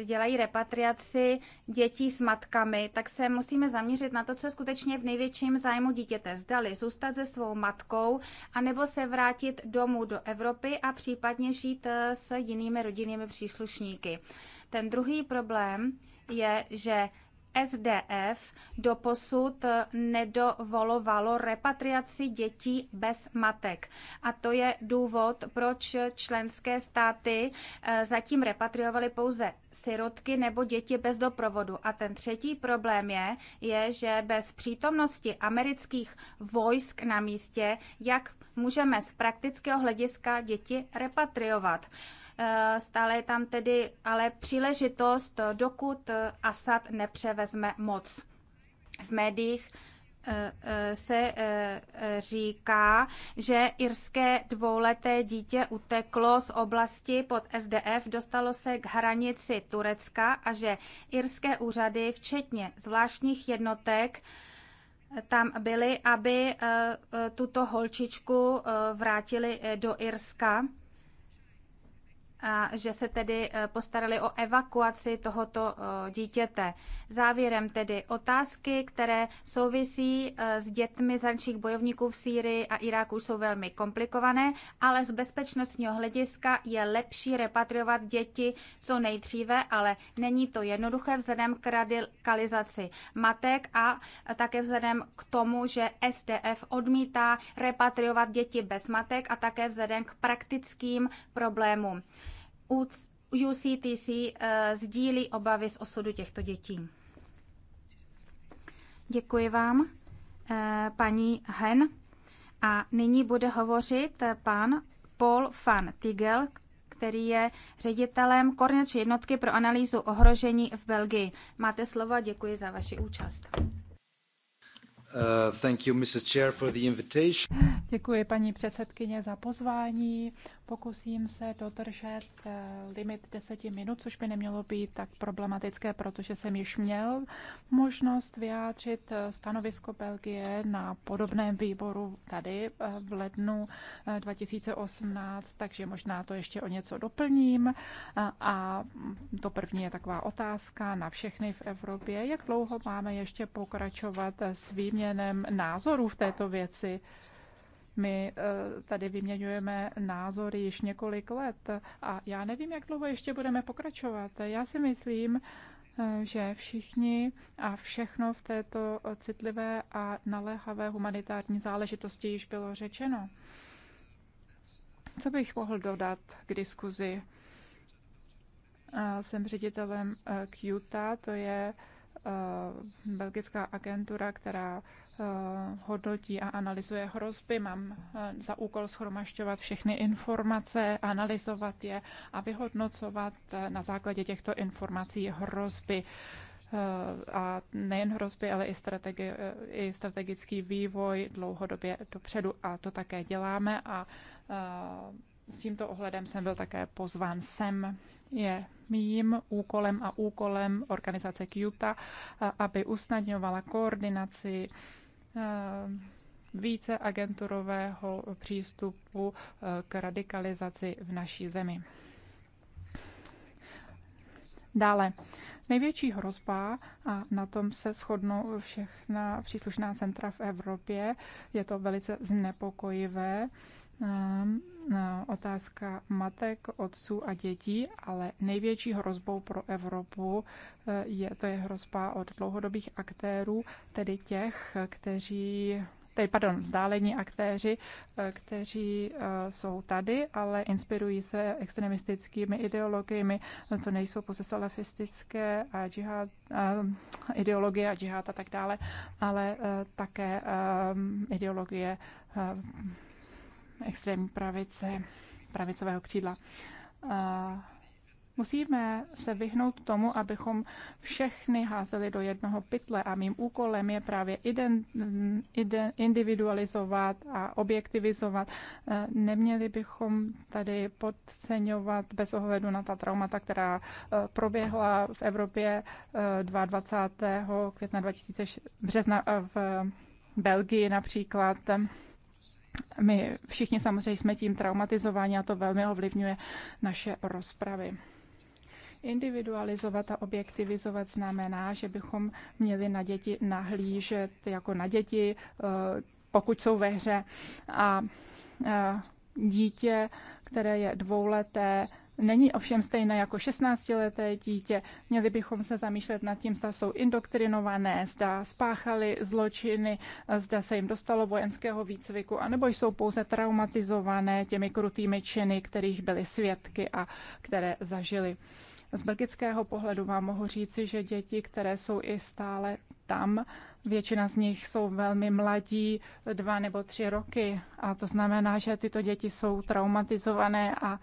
dělají repatriaci dětí s matkami, tak se musíme zaměřit na to, co je skutečně v největším zájmu dítěte. Zdali zůstat se svou matkou, anebo se vrátit domů do Evropy a případně žít s jinými rodinnými příslušníky. Ten druhý problém je, že SDF doposud nedovolovalo repatriaci dětí bez matek. A to je důvod, proč členské státy eh, zatím repatriovaly pouze sirotky nebo děti bez doprovodu. A ten třetí problém je, je, že bez přítomnosti amerických vojsk na místě, jak můžeme z praktického hlediska děti repatriovat. Eh, stále je tam tedy ale příležitost, dokud eh, Asad nepřevezme moc. V médiích eh, se říká, že irské dvouleté dítě uteklo z oblasti pod SDF, dostalo se k hranici Turecka a že irské úřady, včetně zvláštních jednotek, tam byly, aby tuto holčičku vrátili do Irska a že se tedy eh, postarali o evakuaci tohoto eh, dítěte. Závěrem tedy otázky, které souvisí eh, s dětmi zančích bojovníků v Sýrii a Iráku jsou velmi komplikované, ale z bezpečnostního hlediska je lepší repatriovat děti co nejdříve, ale není to jednoduché vzhledem k radikalizaci matek a také vzhledem k tomu, že SDF odmítá repatriovat děti bez matek a také vzhledem k praktickým problémům. UCTC eh, sdílí obavy z osudu těchto dětí. Děkuji vám, eh, paní Hen. A nyní bude hovořit eh, pan Paul van Tigel, který je ředitelem koordinační jednotky pro analýzu ohrožení v Belgii. Máte slovo a děkuji za vaši účast. Uh, thank you, Mrs. Chair, for the invitation. Děkuji paní předsedkyně za pozvání. Pokusím se dodržet eh, limit deseti minut, což by nemělo být tak problematické, protože jsem již měl možnost vyjádřit eh, stanovisko Belgie na podobném výboru tady eh, v lednu 2018, takže možná to ještě o něco doplním. A to první je taková otázka na všechny v Evropě. Jak dlouho máme ještě pokračovat s výměnem názorů v této věci? My eh, tady vyměňujeme názory již několik let a já nevím, jak dlouho ještě budeme pokračovat. Já si myslím, eh, že všichni a všechno v této eh, citlivé a naléhavé humanitární záležitosti již bylo řečeno. Co bych mohl dodat k diskuzi? Jsem ředitelem QTA, to je Eh, belgická agentura, která eh, hodnotí a analyzuje hrozby. Mám eh, za úkol schromašťovat všechny informace, analyzovat je a vyhodnocovat na základě těchto informací hrozby a nejen hrozby, ale i, strategi- i strategický vývoj dlouhodobě dopředu a to také děláme a s tímto ohledem jsem byl také pozván sem je mým úkolem a úkolem organizace QTA, eh, aby usnadňovala koordinaci eh, více agenturového přístupu eh, k radikalizaci v naší zemi. Dále, největší hrozba, a na tom se shodnou všechna příslušná centra v Evropě, je to velice znepokojivé, Eh, otázka matek, otců a dětí, ale největší hrozbou pro Evropu eh, je, to je hrozba od dlouhodobých aktérů, tedy těch, kteří tedy pardon, vzdálení aktéři, eh, kteří jsou tady, ale inspirují se extremistickými ideologiemi. To nejsou pouze salafistické a džihad, ideologie a džihad a tak dále, ale také ideologie extrémní pravice, pravicového křídla. Musíme se vyhnout tomu, abychom všechny házeli do jednoho pytle a mým úkolem je právě ident, individualizovat a objektivizovat. E, neměli bychom tady podceňovat bez ohledu na ta traumata, která e, proběhla v Evropě 22. E, května 2006, března v Belgii například. My všichni samozřejmě jsme tím traumatizováni a to velmi ovlivňuje naše rozpravy. Individualizovat a objektivizovat znamená, že bychom měli na děti nahlížet jako na děti, eh, pokud jsou ve hře. A eh, dítě, které je dvouleté, není ovšem stejné jako 16-leté dítě. Měli bychom se zamýšlet nad tím, zda jsou indoktrinované, zda spáchali zločiny, zda se jim dostalo vojenského výcviku, anebo jsou pouze traumatizované těmi krutými činy, kterých byly svědky a které zažili. Z belgického pohledu vám mohu říci, že děti, které jsou i stále tam, většina z nich jsou velmi mladí, dva nebo tři roky. A to znamená, že tyto děti jsou traumatizované a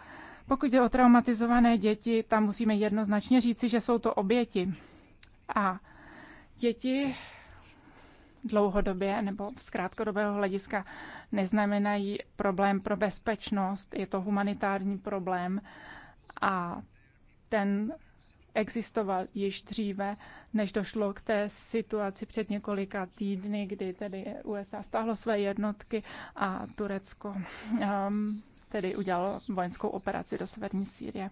pokud jde o traumatizované děti, tam musíme jednoznačně říci, že jsou to oběti. A děti dlouhodobě nebo z krátkodobého hlediska neznamenají problém pro bezpečnost, je to humanitární problém a ten existoval již dříve, než došlo k té situaci před několika týdny, kdy tedy USA stáhlo své jednotky a Turecko um, tedy udělalo vojenskou operaci do severní Sýrie.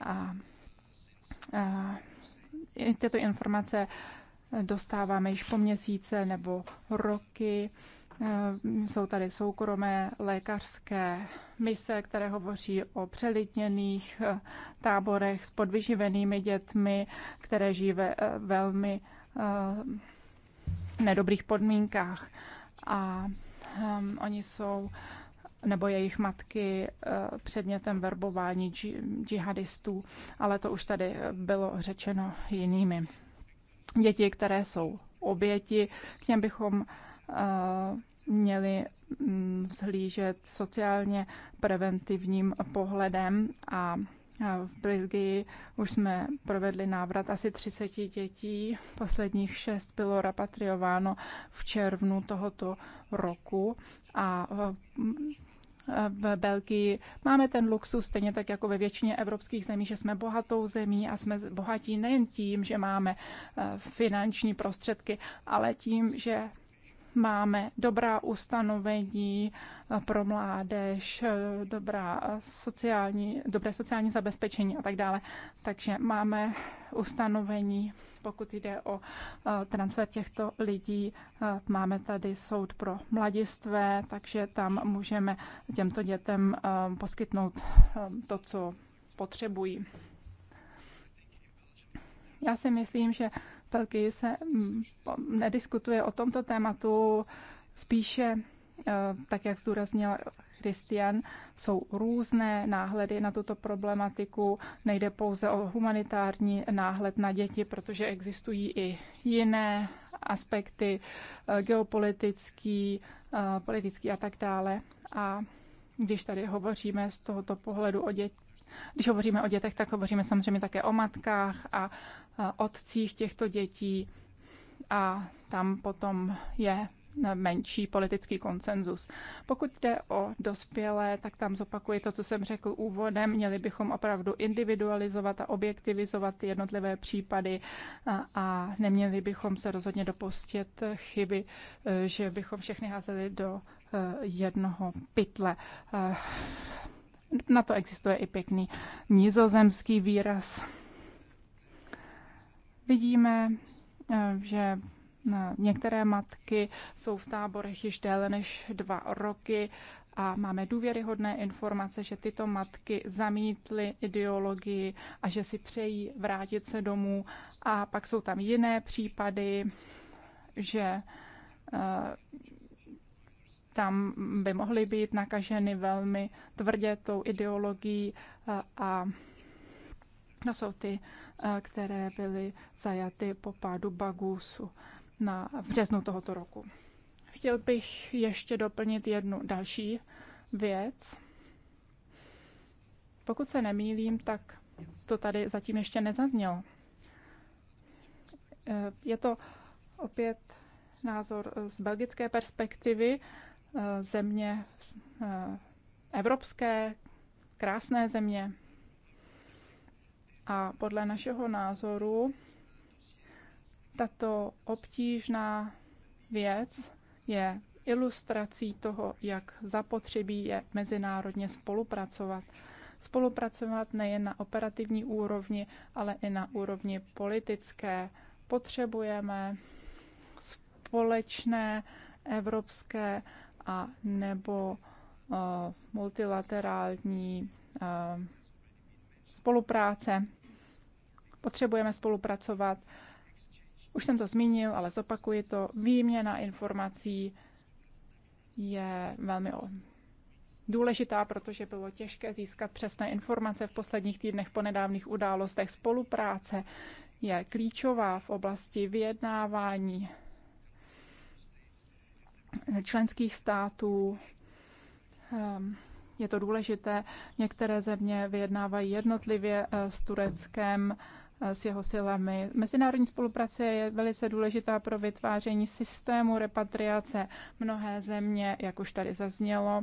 A, a tyto informace dostáváme již po měsíce nebo roky. E, jsou tady soukromé lékařské mise, které hovoří o přelitněných e, táborech s podvyživenými dětmi, které žijí ve e, velmi nedobrých podmínkách. A um, oni jsou nebo jejich matky eh, předmětem verbování džihadistů, ale to už tady bylo řečeno jinými. Děti, které jsou oběti, k těm bychom eh, měli mm, vzhlížet sociálně preventivním pohledem a eh, v Belgii už jsme provedli návrat asi 30 dětí, posledních šest bylo repatriováno v červnu tohoto roku a v Belgii. Máme ten luxus, stejně tak jako ve většině evropských zemí, že jsme bohatou zemí a jsme bohatí nejen tím, že máme eh, finanční prostředky, ale tím, že máme dobrá ustanovení eh, pro mládež, eh, dobrá eh, sociální, dobré sociální zabezpečení a tak dále. Takže máme ustanovení, pokud jde o transfer těchto lidí, máme tady soud pro mladistvé, takže tam můžeme těmto dětem poskytnout to, co potřebují. Já si myslím, že Belgii se mm, nediskutuje o tomto tématu, spíše eh, tak jak zdůraznil Christian, jsou různé náhledy na tuto problematiku. Nejde pouze o humanitární náhled na děti, protože existují i jiné aspekty, eh, geopolitický, eh, politický a tak dále. A když tady hovoříme z tohoto pohledu o dětech, když hovoříme o dětech, tak hovoříme samozřejmě také o matkách a otcích těchto dětí a tam potom je menší politický konsenzus. Pokud jde o dospělé, tak tam zopakuji to, co jsem řekl úvodem. Měli bychom opravdu individualizovat a objektivizovat jednotlivé případy a, a neměli bychom se rozhodně dopustit chyby, eh, že bychom všechny házeli do eh, jednoho pytle. Eh, na to existuje i pěkný nizozemský výraz. Vidíme, eh, že eh, některé matky jsou v táborech již déle než dva roky a máme důvěryhodné informace, že tyto matky zamítly ideologii a že si přejí vrátit se domů. A pak jsou tam jiné případy, že eh, tam by mohly být nakaženy velmi tvrdě tou ideologií a, a to jsou ty, které byly zajaty po pádu Bagusu na, v březnu tohoto roku. Chtěl bych ještě doplnit jednu další věc. Pokud se nemýlím, tak to tady zatím ještě nezaznělo. E, je to opět názor z belgické perspektivy. Eh, země eh, evropské, krásné země. A podle našeho názoru tato obtížná věc je ilustrací toho, jak zapotřebí je mezinárodně spolupracovat. Spolupracovat nejen na operativní úrovni, ale i na úrovni politické. Potřebujeme společné evropské a nebo eh, multilaterální eh, spolupráce. Potřebujeme spolupracovat. Už jsem to zmínil, ale zopakuji to. Výměna informací je velmi důležitá, protože bylo těžké získat přesné informace v posledních týdnech po nedávných událostech. Spolupráce je klíčová v oblasti vyjednávání členských států. Ehm, je to důležité. Některé země vyjednávají jednotlivě eh, s Tureckem, eh, s jeho silami. Mezinárodní spolupráce je velice důležitá pro vytváření systému repatriace. Mnohé země, jak už tady zaznělo,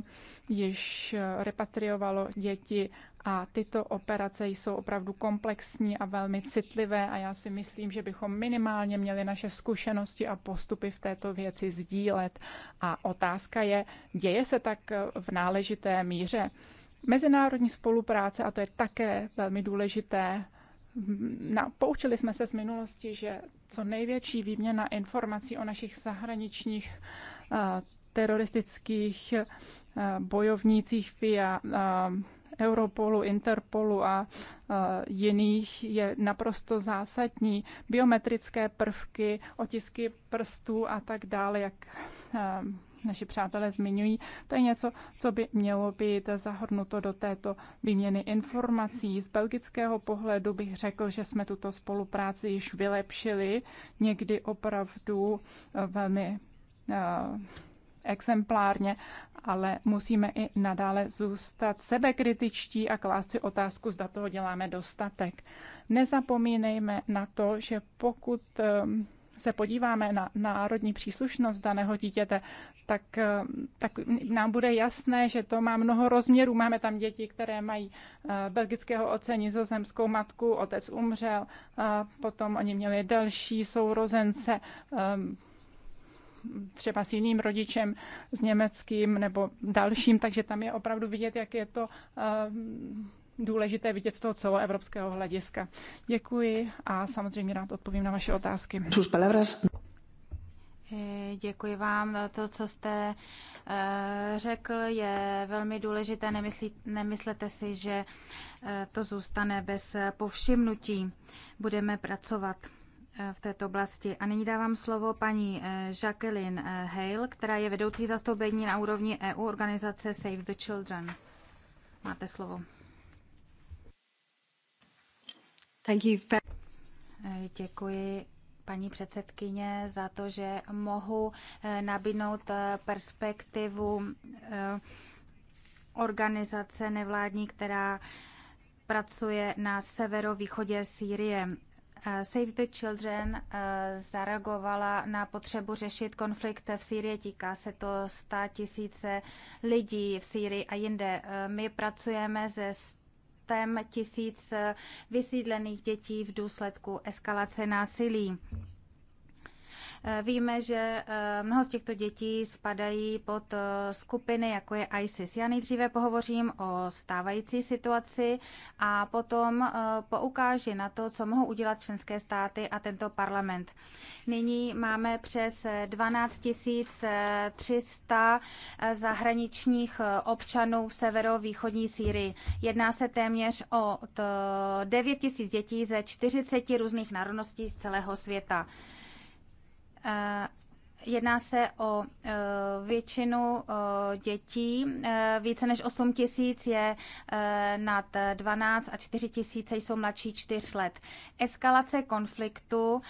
již eh, repatriovalo děti a tyto operace jsou opravdu komplexní a velmi citlivé a já si myslím, že bychom minimálně měli naše zkušenosti a postupy v této věci sdílet. A otázka je, děje se tak v náležité míře. Mezinárodní spolupráce, a to je také velmi důležité, na, poučili jsme se z minulosti, že co největší výměna informací o našich zahraničních uh, teroristických uh, bojovnících via uh, eh, Europolu, Interpolu a e, jiných je naprosto zásadní. Biometrické prvky, otisky prstů a tak dále, jak e, naši přátelé zmiňují, to je něco, co by mělo být zahrnuto do této výměny informací. Z belgického pohledu bych řekl, že jsme tuto spolupráci již vylepšili, někdy opravdu e, velmi exemplárně, ale musíme i nadále zůstat sebekritičtí a klást si otázku, zda toho děláme dostatek. Nezapomínejme na to, že pokud ehm, se podíváme na národní příslušnost daného dítěte, tak, ehm, tak nám bude jasné, že to má mnoho rozměrů. Máme tam děti, které mají eh, belgického otce, nizozemskou matku, otec umřel, potom oni měli další sourozence, ehm, třeba s jiným rodičem, s německým nebo dalším, takže tam je opravdu vidět, jak je to eh, důležité vidět z toho celoevropského hlediska. Děkuji a samozřejmě rád odpovím na vaše otázky. Sus palabras. Eh, děkuji vám. To, co jste eh, řekl, je velmi důležité. Nemyslí, nemyslete si, že to zůstane bez povšimnutí. Budeme pracovat v této oblasti. A nyní dávám slovo paní eh, Jacqueline eh, Hale, která je vedoucí zastoupení na úrovni EU organizace Save the Children. Máte slovo. Thank you. Eh, děkuji paní předsedkyně za to, že mohu nabídnout perspektivu organizace nevládní, která pracuje na severovýchodě Sýrie Eh, Save the Children eh, zareagovala na potřebu řešit konflikt v Sýrii. Týká se to 100 tisíce lidí v Sýrii a jinde. Eh, My pracujeme se tisíc vysídlených dětí v důsledku eskalace násilí. Eh, víme, že eh, mnoho z těchto dětí spadají pod eh, skupiny, jako je ISIS. Já nejdříve pohovořím o stávající situaci a potom poukáži na to, co mohou udělat členské státy a tento parlament. Nyní máme přes 12 300 zahraničních občanů v severovýchodní Sýrii. Jedná se téměř o 9 000 dětí ze 40 různých národností z celého světa. Eh, jedná se o eh, většinu eh, dětí. Více než 8 tisíc je nad 12 a 4 tisíce jsou mladší 4 let. Eskalace konfliktu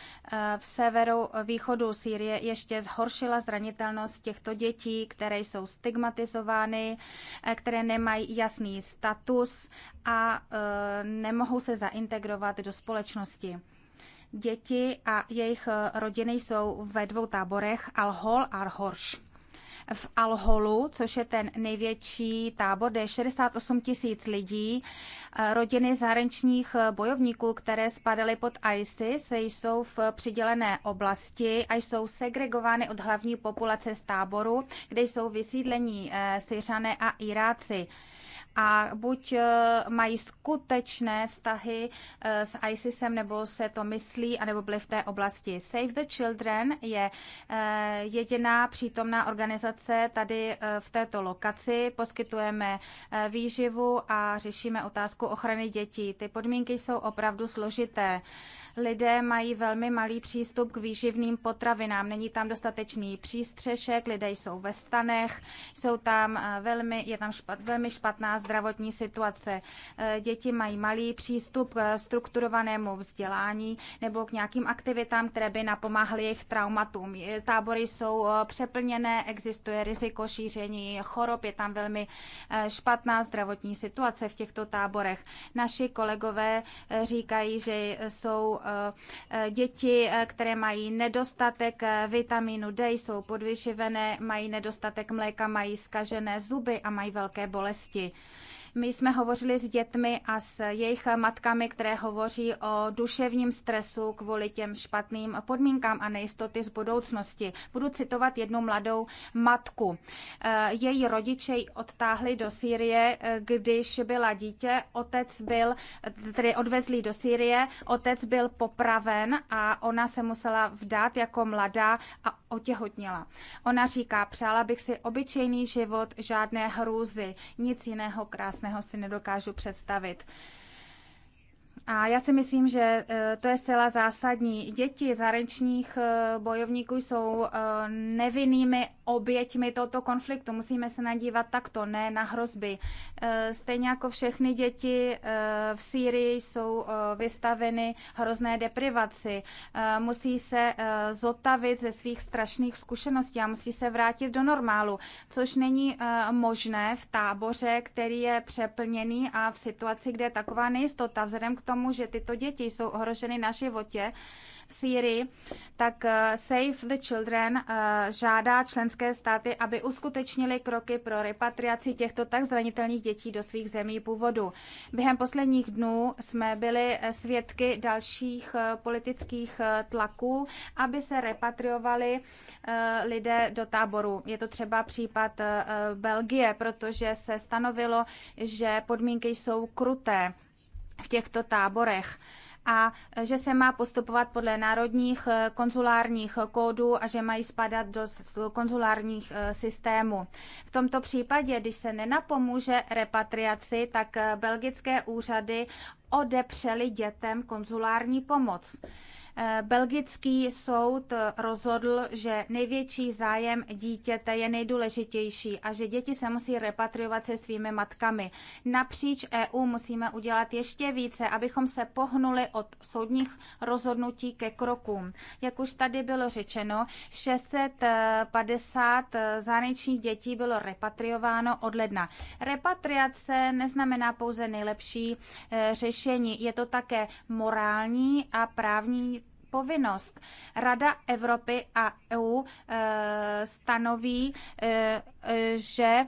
v severu východu Sýrie ještě zhoršila zranitelnost těchto dětí, které jsou stigmatizovány, které nemají jasný status a nemohou se zaintegrovat do společnosti. Děti a jejich eh, rodiny jsou ve dvou táborech Alhol a Horš v Alholu, což je ten největší tábor, kde je 68 tisíc lidí. Eh, rodiny zahraničních eh, bojovníků, které spadaly pod ISIS, jsou v přidělené oblasti a jsou segregovány od hlavní populace z táboru, kde jsou vysídlení Syřané a Iráci a buď eh, mají skutečné vztahy eh, s ISISem, nebo se to myslí, anebo byly v té oblasti. Save the Children je eh, jediná přítomná organizace tady v této lokaci. Poskytujeme výživu a řešíme otázku ochrany dětí. Ty podmínky jsou opravdu složité lidé mají velmi malý přístup k výživným potravinám. Není tam dostatečný přístřešek, lidé jsou ve stanech, jsou tam eh, velmi, je tam špat, velmi špatná zdravotní situace. Eh, děti mají malý přístup k strukturovanému vzdělání nebo k nějakým aktivitám, které by napomáhly jejich traumatům. Eh, tábory jsou přeplněné, existuje riziko šíření chorob, je tam velmi špatná zdravotní situace v těchto táborech. Naši kolegové říkají, že jsou Eh, eh, děti, eh, které mají nedostatek vitamínu D, jsou podvyživené, mají nedostatek mléka, mají skažené zuby a mají velké bolesti. My jsme hovořili s dětmi a s jejich matkami, které hovoří o duševním stresu kvůli těm špatným podmínkám a nejistoty z budoucnosti. Budu citovat jednu mladou matku. Eh, její rodiče ji odtáhli do Sýrie, eh, když byla dítě. Otec byl, tedy odvezli do Sýrie, otec byl popraven a ona se musela vdát jako mladá a otěhotněla. Ona říká, přála bych si obyčejný život, žádné hrůzy, nic jiného krásného současného si nedokážu představit. A já si myslím, že eh, to je zcela zásadní. Děti zahraničních eh, bojovníků jsou eh, nevinnými oběťmi tohoto konfliktu. Musíme se nadívat takto, ne na hrozby. Stejně jako všechny děti v Sýrii jsou vystaveny hrozné deprivaci. Musí se zotavit ze svých strašných zkušeností a musí se vrátit do normálu, což není možné v táboře, který je přeplněný a v situaci, kde je taková nejistota vzhledem k tomu, že tyto děti jsou ohroženy na životě v Sýrii, tak eh, Save the Children eh, žádá členské státy, aby uskutečnili kroky pro repatriaci těchto tak zranitelných dětí do svých zemí původu. Během posledních dnů jsme byli eh, svědky dalších politických tlaků, aby se repatriovali lidé do táboru. Je to třeba případ Belgie, protože se stanovilo, že podmínky jsou kruté v těchto táborech a že se má postupovat podle národních eh, konzulárních kódů a že mají spadat do konzulárních eh, systémů. V tomto případě, když se nenapomůže repatriaci, tak eh, belgické úřady odepřely dětem konzulární pomoc. Eh, belgický soud rozhodl, že největší zájem dítěte je nejdůležitější a že děti se musí repatriovat se svými matkami. Napříč EU musíme udělat ještě více, abychom se pohnuli od soudních rozhodnutí ke krokům. Jak už tady bylo řečeno, 650 eh, zahraničních dětí bylo repatriováno od ledna. Repatriace neznamená pouze nejlepší eh, řešení, je to také morální a právní povinnost. Rada Evropy a EU e, stanoví, e, e, že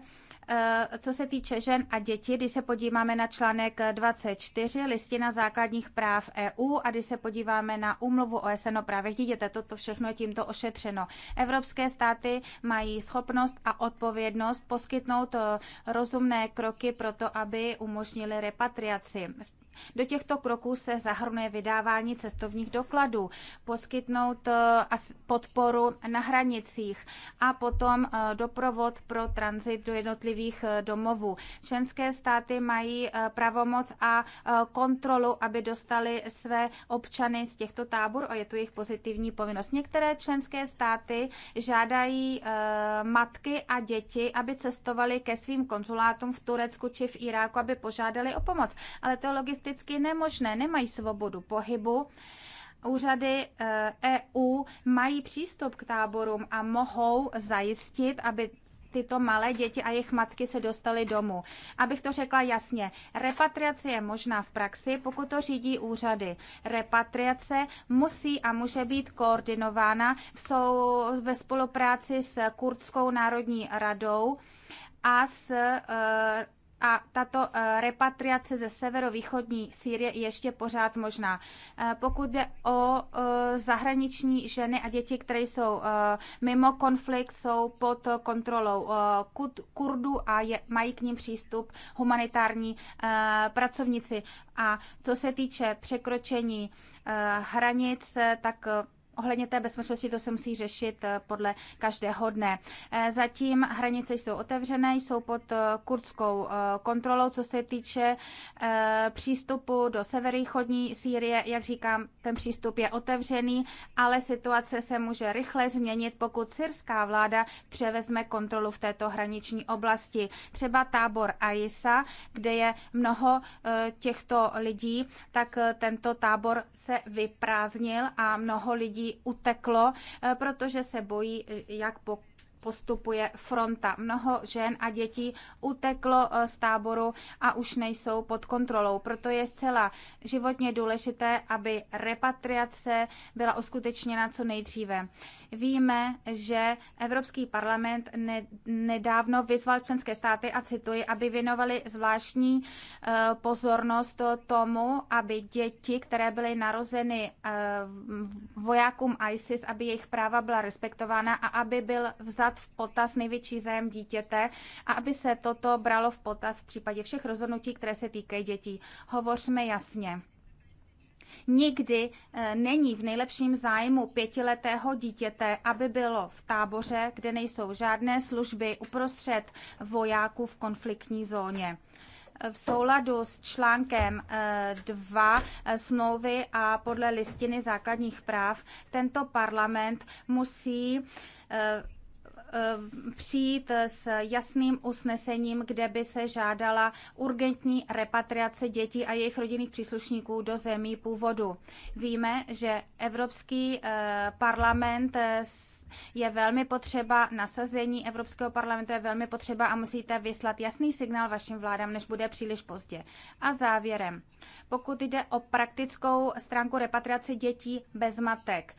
co se týče žen a dětí, když se podíváme na článek 24 listina základních práv EU a když se podíváme na úmluvu OSN o právech dítěte, toto všechno je tímto ošetřeno. Evropské státy mají schopnost a odpovědnost poskytnout rozumné kroky pro to, aby umožnili repatriaci. V do těchto kroků se zahrnuje vydávání cestovních dokladů, poskytnout eh, podporu na hranicích a potom eh, doprovod pro tranzit do jednotlivých eh, domovů. Členské státy mají pravomoc a kontrolu, aby dostali své občany z těchto táborů a je to jejich pozitivní povinnost. Některé členské státy žádají matky a děti, aby cestovali ke svým konzulátům v Turecku či v Iráku, aby požádali o pomoc. Ale to je prakticky nemožné, nemají svobodu pohybu. Úřady EU eh, e mají přístup k táborům a mohou zajistit, aby tyto malé děti a jejich matky se dostaly domů. Abych to řekla jasně, repatriace je možná v praxi, pokud to řídí úřady. Repatriace musí a může být koordinována v sou, ve spolupráci s Kurdskou národní radou a s Uh, a tato eh, repatriace ze severovýchodní Sýrie je ještě pořád možná. Eh, pokud jde o eh, zahraniční ženy a děti, které jsou mimo konflikt, jsou pod kontrolou Kurdů a je, mají k ním přístup humanitární pracovníci. A co se týče překročení hranic, tak Ohledně té bezpečnosti to se musí řešit eh, podle každého dne. Eh, zatím hranice jsou otevřené, jsou pod eh, kurdskou kontrolou, co se týče přístupu do severýchodní Sýrie. Jak říkám, ten přístup je otevřený, ale situace se může rychle změnit, pokud syrská vláda převezme kontrolu v této hraniční oblasti. Třeba tábor Aisa, kde je mnoho těchto lidí, tak tento tábor se vyprázdnil a mnoho lidí uteklo, eh, protože se bojí, eh, jak po postupuje fronta. Mnoho žen a dětí uteklo eh, z táboru a už nejsou pod kontrolou. Proto je zcela životně důležité, aby repatriace byla uskutečněna co nejdříve. Víme, že Evropský parlament nedávno vyzval členské státy, a cituji, aby věnovali zvláštní eh, pozornost tomu, aby děti, které byly narozeny eh, vojákům ISIS, aby jejich práva byla respektována a aby byl vzat v potaz největší zájem dítěte a aby se toto bralo v potaz v případě všech rozhodnutí, které se týkají dětí. Hovořme jasně. Nikdy eh, není v nejlepším zájmu pětiletého dítěte, aby bylo v táboře, kde nejsou žádné služby uprostřed vojáků v konfliktní zóně eh, v souladu s článkem 2 eh, smlouvy a podle listiny základních práv tento parlament musí Eh, přijít s jasným usnesením, kde by se žádala urgentní repatriace dětí a jejich rodinných příslušníků do zemí původu. Víme, že Evropský eh, parlament eh, je velmi potřeba nasazení Evropského parlamentu, je velmi potřeba a musíte vyslat jasný signál vašim vládám, než bude příliš pozdě. A závěrem, pokud jde o praktickou stránku repatriace dětí bez matek,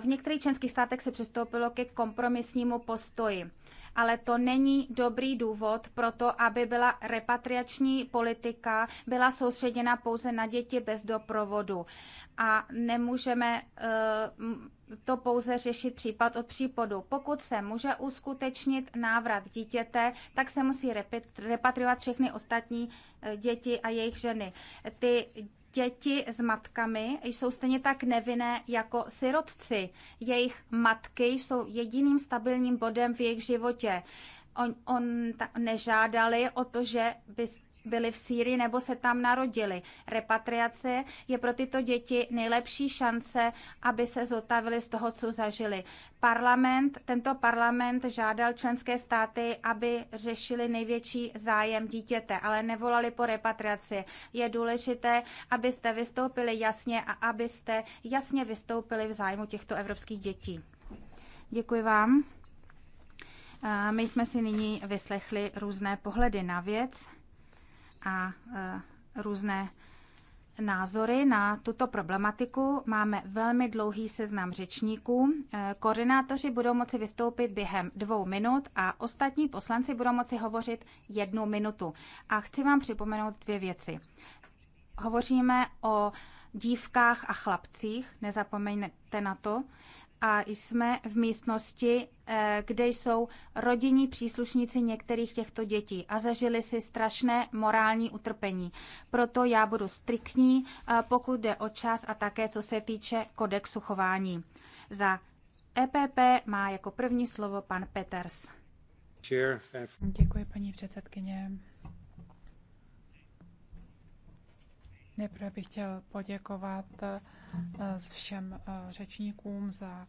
v některých členských státech se přistoupilo ke kompromisnímu postoji, ale to není dobrý důvod pro to, aby byla repatriační politika byla soustředěna pouze na děti bez doprovodu. A nemůžeme eh, to pouze řešit případ od případu. Pokud se může uskutečnit návrat dítěte, tak se musí repatriovat všechny ostatní eh, děti a jejich ženy. Ty Děti s matkami jsou stejně tak nevinné jako sirotci. Jejich matky jsou jediným stabilním bodem v jejich životě. On, on ta, nežádali o to, že by byli v Sýrii nebo se tam narodili. Repatriace je pro tyto děti nejlepší šance, aby se zotavili z toho, co zažili. Parlament, tento parlament žádal členské státy, aby řešili největší zájem dítěte, ale nevolali po repatriaci. Je důležité, abyste vystoupili jasně a abyste jasně vystoupili v zájmu těchto evropských dětí. Děkuji vám. Eh, my jsme si nyní vyslechli různé pohledy na věc a e, různé názory na tuto problematiku. Máme velmi dlouhý seznam řečníků. E, koordinátoři budou moci vystoupit během dvou minut a ostatní poslanci budou moci hovořit jednu minutu. A chci vám připomenout dvě věci. Hovoříme o dívkách a chlapcích, nezapomeňte na to a jsme v místnosti, eh, kde jsou rodinní příslušníci některých těchto dětí a zažili si strašné morální utrpení. Proto já budu striktní, eh, pokud jde o čas a také co se týče kodexu chování. Za EPP má jako první slovo pan Peters. Děkuji, paní předsedkyně. Nejprve bych chtěl poděkovat eh, s všem eh, řečníkům za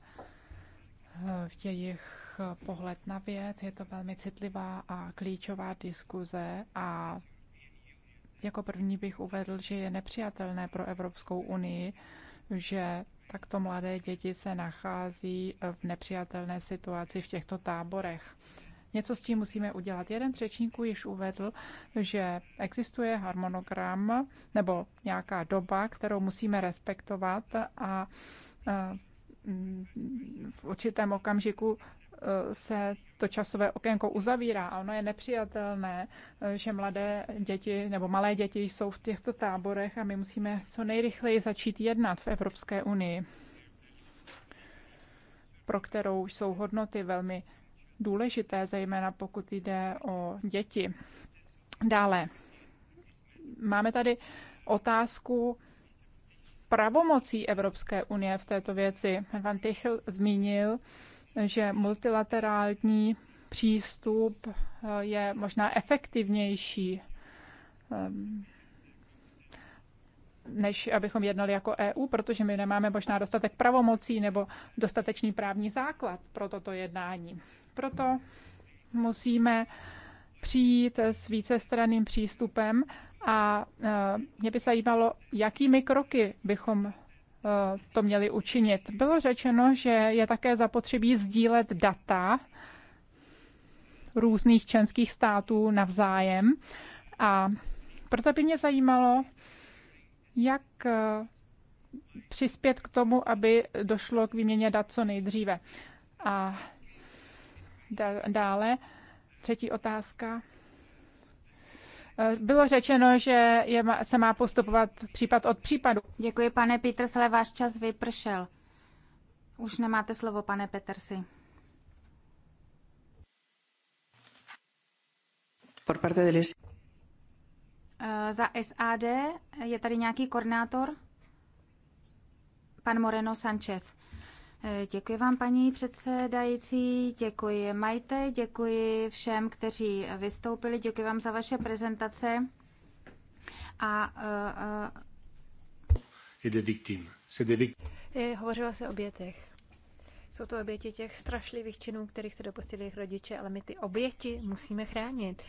eh, jejich eh, pohled na věc. Je to velmi citlivá a klíčová diskuze a jako první bych uvedl, že je nepřijatelné pro Evropskou unii, že takto mladé děti se nachází v nepřijatelné situaci v těchto táborech. Něco s tím musíme udělat. Jeden z řečníků již uvedl, že existuje harmonogram nebo nějaká doba, kterou musíme respektovat a e, mm, v určitém okamžiku e, se to časové okénko uzavírá a ono je nepřijatelné, e, že mladé děti nebo malé děti jsou v těchto táborech a my musíme co nejrychleji začít jednat v Evropské unii, pro kterou jsou hodnoty velmi důležité, zejména pokud jde o děti. Dále máme tady otázku pravomocí Evropské unie v této věci. Van Tichl zmínil, že multilaterální přístup eh, je možná efektivnější ehm, než abychom jednali jako EU, protože my nemáme možná dostatek pravomocí nebo dostatečný právní základ pro toto jednání. Proto musíme přijít s vícestranným přístupem a e, mě by zajímalo, jakými kroky bychom e, to měli učinit. Bylo řečeno, že je také zapotřebí sdílet data různých členských států navzájem a proto by mě zajímalo, jak e, přispět k tomu, aby došlo k výměně dat co nejdříve. A Dále, třetí otázka. Eh, bylo řečeno, že je, se má postupovat případ od případu. Děkuji, pane ale váš čas vypršel. Už nemáte slovo, pane Petersi. Por parte les... Eh, za SAD je tady nějaký koordinátor? Pan Moreno Sanchez. Děkuji vám, paní předsedající, děkuji Majte, děkuji všem, kteří vystoupili, děkuji vám za vaše prezentace. A, uh, uh, je, hovořilo se o obětech. Jsou to oběti těch strašlivých činů, kterých se dopustili jejich rodiče, ale my ty oběti musíme chránit.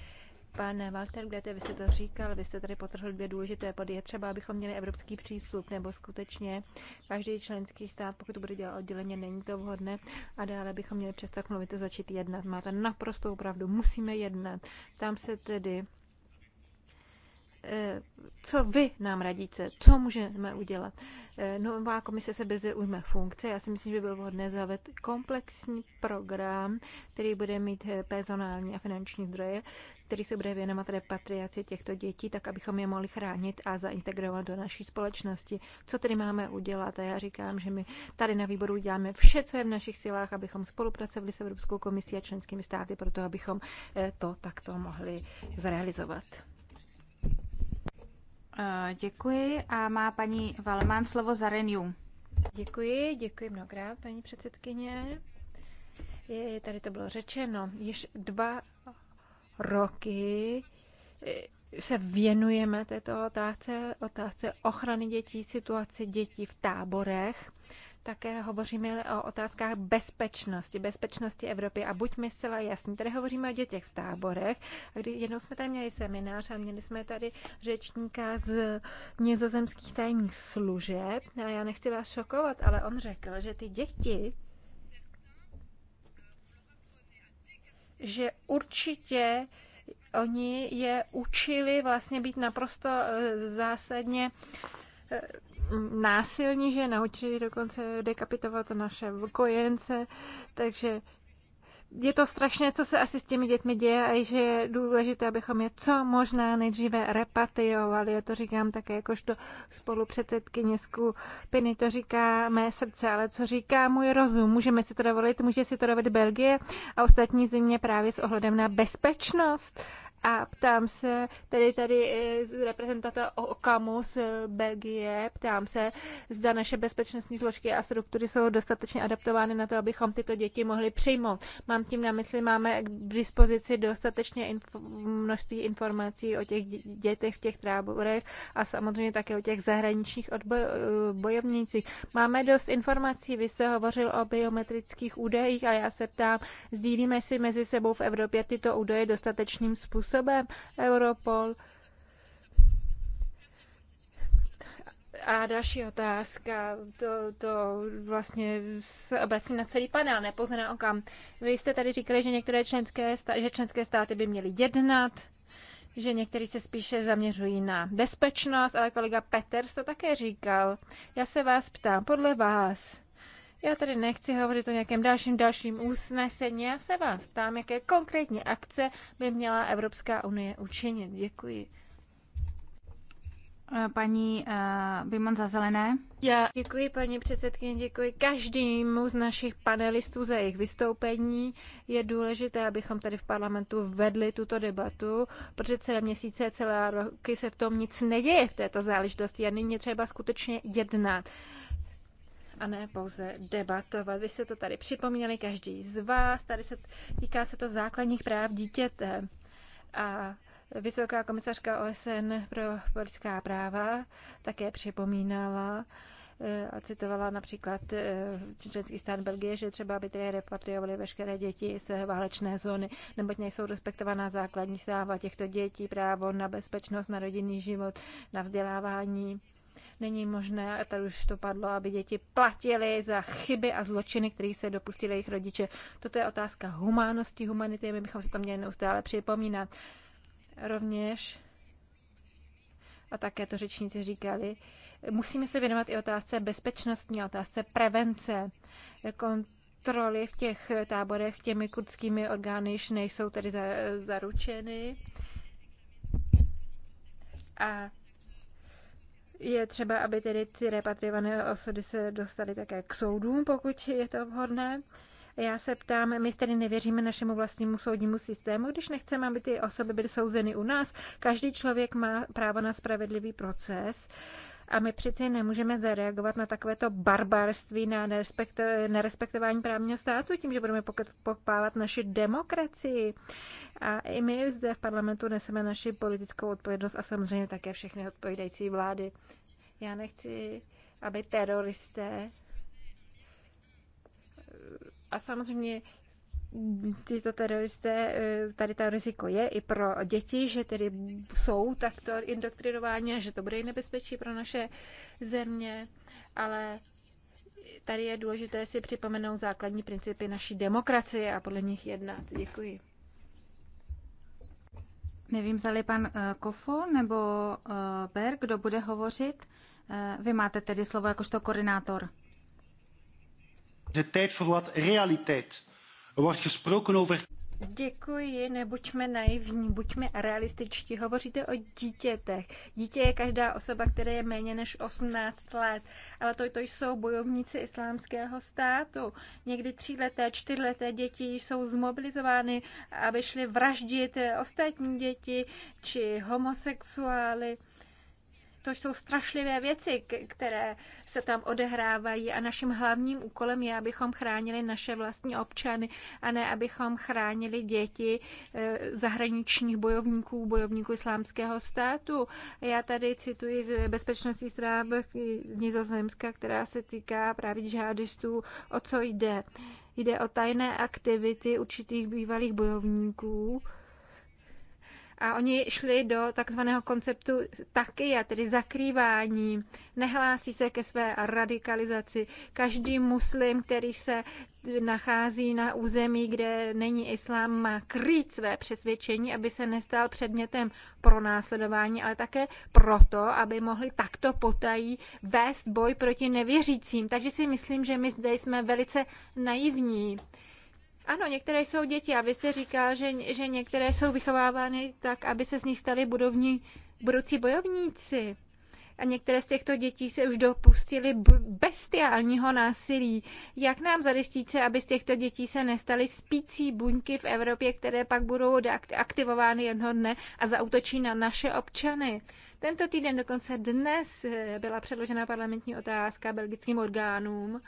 Pane Walter, kde vy jste to říkal, vy jste tady potrhl dvě důležité body. Je třeba, abychom měli evropský přístup, nebo skutečně každý členský stát, pokud to bude dělat odděleně, není to vhodné. A dále bychom měli přestat mluvit a začít jednat. Máte naprostou pravdu, musíme jednat. Tam se tedy Eh, co vy nám radíte, co můžeme udělat. Eh, nová komise se bez ujme funkce. Já si myslím, že by bylo vhodné zavést komplexní program, který bude mít eh, personální a finanční zdroje, který se bude věnovat repatriaci těchto dětí, tak abychom je mohli chránit a zaintegrovat do naší společnosti. Co tedy máme udělat? A já říkám, že my tady na výboru děláme vše, co je v našich silách, abychom spolupracovali s Evropskou komisí a členskými státy, proto abychom to takto mohli zrealizovat. Eh, děkuji a má paní Valmán slovo za Renew. Děkuji, děkuji mnohokrát, paní předsedkyně. Je, tady to bylo řečeno, již dva roky eh, se věnujeme této otázce, otázce ochrany dětí, situaci dětí v táborech také hovoříme o otázkách bezpečnosti, bezpečnosti Evropy a buďme zcela jasní. Tady hovoříme o dětech v táborech a když jednou jsme tady měli seminář a měli jsme tady řečníka z nězozemských tajných služeb a já nechci vás šokovat, ale on řekl, že ty děti že určitě oni je učili vlastně být naprosto eh, zásadně eh, násilní, že naučili dokonce dekapitovat naše kojence, takže je to strašné, co se asi s těmi dětmi děje a že je důležité, abychom je co možná nejdříve repatriovali. Já to říkám také jakožto spolupředsedkyně skupiny, to říká mé srdce, ale co říká můj rozum. Můžeme si to dovolit, může si to dovolit Belgie a ostatní země právě s ohledem na bezpečnost a ptám se, tedy tady eh, reprezentanta Okamu z Belgie, ptám se, zda naše bezpečnostní složky a struktury jsou dostatečně adaptovány na to, abychom tyto děti mohli přijmout. Mám tím na mysli, máme k dispozici dostatečně inf- množství informací o těch dětech v těch táborech a samozřejmě také o těch zahraničních eh, bojovnících. Máme dost informací, vy jste hovořil o biometrických údajích, a já se ptám, sdílíme si mezi sebou v Evropě tyto údaje dostatečným způsobem? způsobem. Europol. A další otázka, to, to vlastně se obracím na celý panel, nepouze na okam. Vy jste tady říkali, že některé členské, že členské státy by měly jednat, že někteří se spíše zaměřují na bezpečnost, ale kolega Peters to také říkal. Já se vás ptám, podle vás, já tady nechci hovořit o nějakém dalším dalším usnesení. Já se vás ptám, jaké konkrétní akce by měla Evropská unie učinit. Děkuji. Eh, paní uh, Bimon za zelené. Já děkuji paní předsedkyně, děkuji každému z našich panelistů za jejich vystoupení. Je důležité, abychom tady v parlamentu vedli tuto debatu, protože celé měsíce, celé roky se v tom nic neděje v této záležitosti a nyní třeba skutečně jednat. Uh, a ne pouze debatovat. Vy jste to tady připomněli, každý z vás, tady se týká se to základních práv dítěte. A Vysoká komisařka OSN pro lidská práva také připomínala eh, a citovala například eh, členský stát Belgie, že třeba aby tedy repatriovali veškeré děti z válečné zóny, neboť nejsou respektovaná základní sáva těchto dětí, právo na bezpečnost, na rodinný život, na vzdělávání Není možné, a tady už to padlo, aby děti platily za chyby a zločiny, které se dopustili jejich rodiče. Toto je otázka humánosti, humanity, my bychom se to měli neustále připomínat. Rovněž, a také to řečníci říkali, musíme se věnovat i otázce bezpečnostní, otázce prevence, kontroly v těch táborech těmi kurdskými orgány již nejsou tedy zaručeny. A je třeba, aby tedy ty repatriované osoby se dostaly také k soudům, pokud je to vhodné. Já se ptám, my tedy nevěříme našemu vlastnímu soudnímu systému, když nechceme, aby ty osoby byly souzeny u nás. Každý člověk má právo na spravedlivý proces a my přeci nemůžeme zareagovat na takovéto barbarství, na nerespekt, nerespektování právního státu tím, že budeme pokpávat naši demokracii. A i my zde v parlamentu neseme naši politickou odpovědnost a samozřejmě také všechny odpovídající vlády. Já nechci, aby teroristé a samozřejmě tyto teroristé, eh, tady to riziko je i pro děti, že tedy jsou takto indoktrinováni a že to bude i nebezpečí pro naše země, ale tady je důležité si připomenout základní principy naší demokracie a podle nich jednat. Děkuji. Nevím, zali pan eh, Kofo nebo eh, Ber, kdo bude hovořit. Vy máte tedy slovo jakožto koordinátor. De teď realitet. Er wordt gesproken over... Děkuji, nebuďme naivní, buďme realističtí. Hovoříte o dítětech. Dítě je každá osoba, která je méně než 18 let, ale to, to jsou bojovníci islámského státu. Někdy tříleté, čtyřleté děti jsou zmobilizovány, aby šly vraždit ostatní děti či homosexuály. To jsou strašlivé věci, které se tam odehrávají a naším hlavním úkolem je, abychom chránili naše vlastní občany a ne abychom chránili děti eh, zahraničních bojovníků, bojovníků islámského státu. Já tady cituji z bezpečnostní zpráv z Nizozemska, která se týká právě žádistů, o co jde. Jde o tajné aktivity určitých bývalých bojovníků, a oni šli do takzvaného konceptu taky, a tedy zakrývání. Nehlásí se ke své radikalizaci. Každý muslim, který se nachází na území, kde není islám, má krýt své přesvědčení, aby se nestal předmětem pronásledování, ale také proto, aby mohli takto potají vést boj proti nevěřícím. Takže si myslím, že my zde jsme velice naivní. Ano, některé jsou děti a vy jste říkal, že, že některé jsou vychovávány tak, aby se z nich stali budovní, budoucí bojovníci. A některé z těchto dětí se už dopustili bestiálního násilí. Jak nám zajistíte, aby z těchto dětí se nestaly spící buňky v Evropě, které pak budou aktivovány jednoho dne a zautočí na naše občany? Tento týden, dokonce dnes, eh, byla předložena parlamentní otázka belgickým orgánům.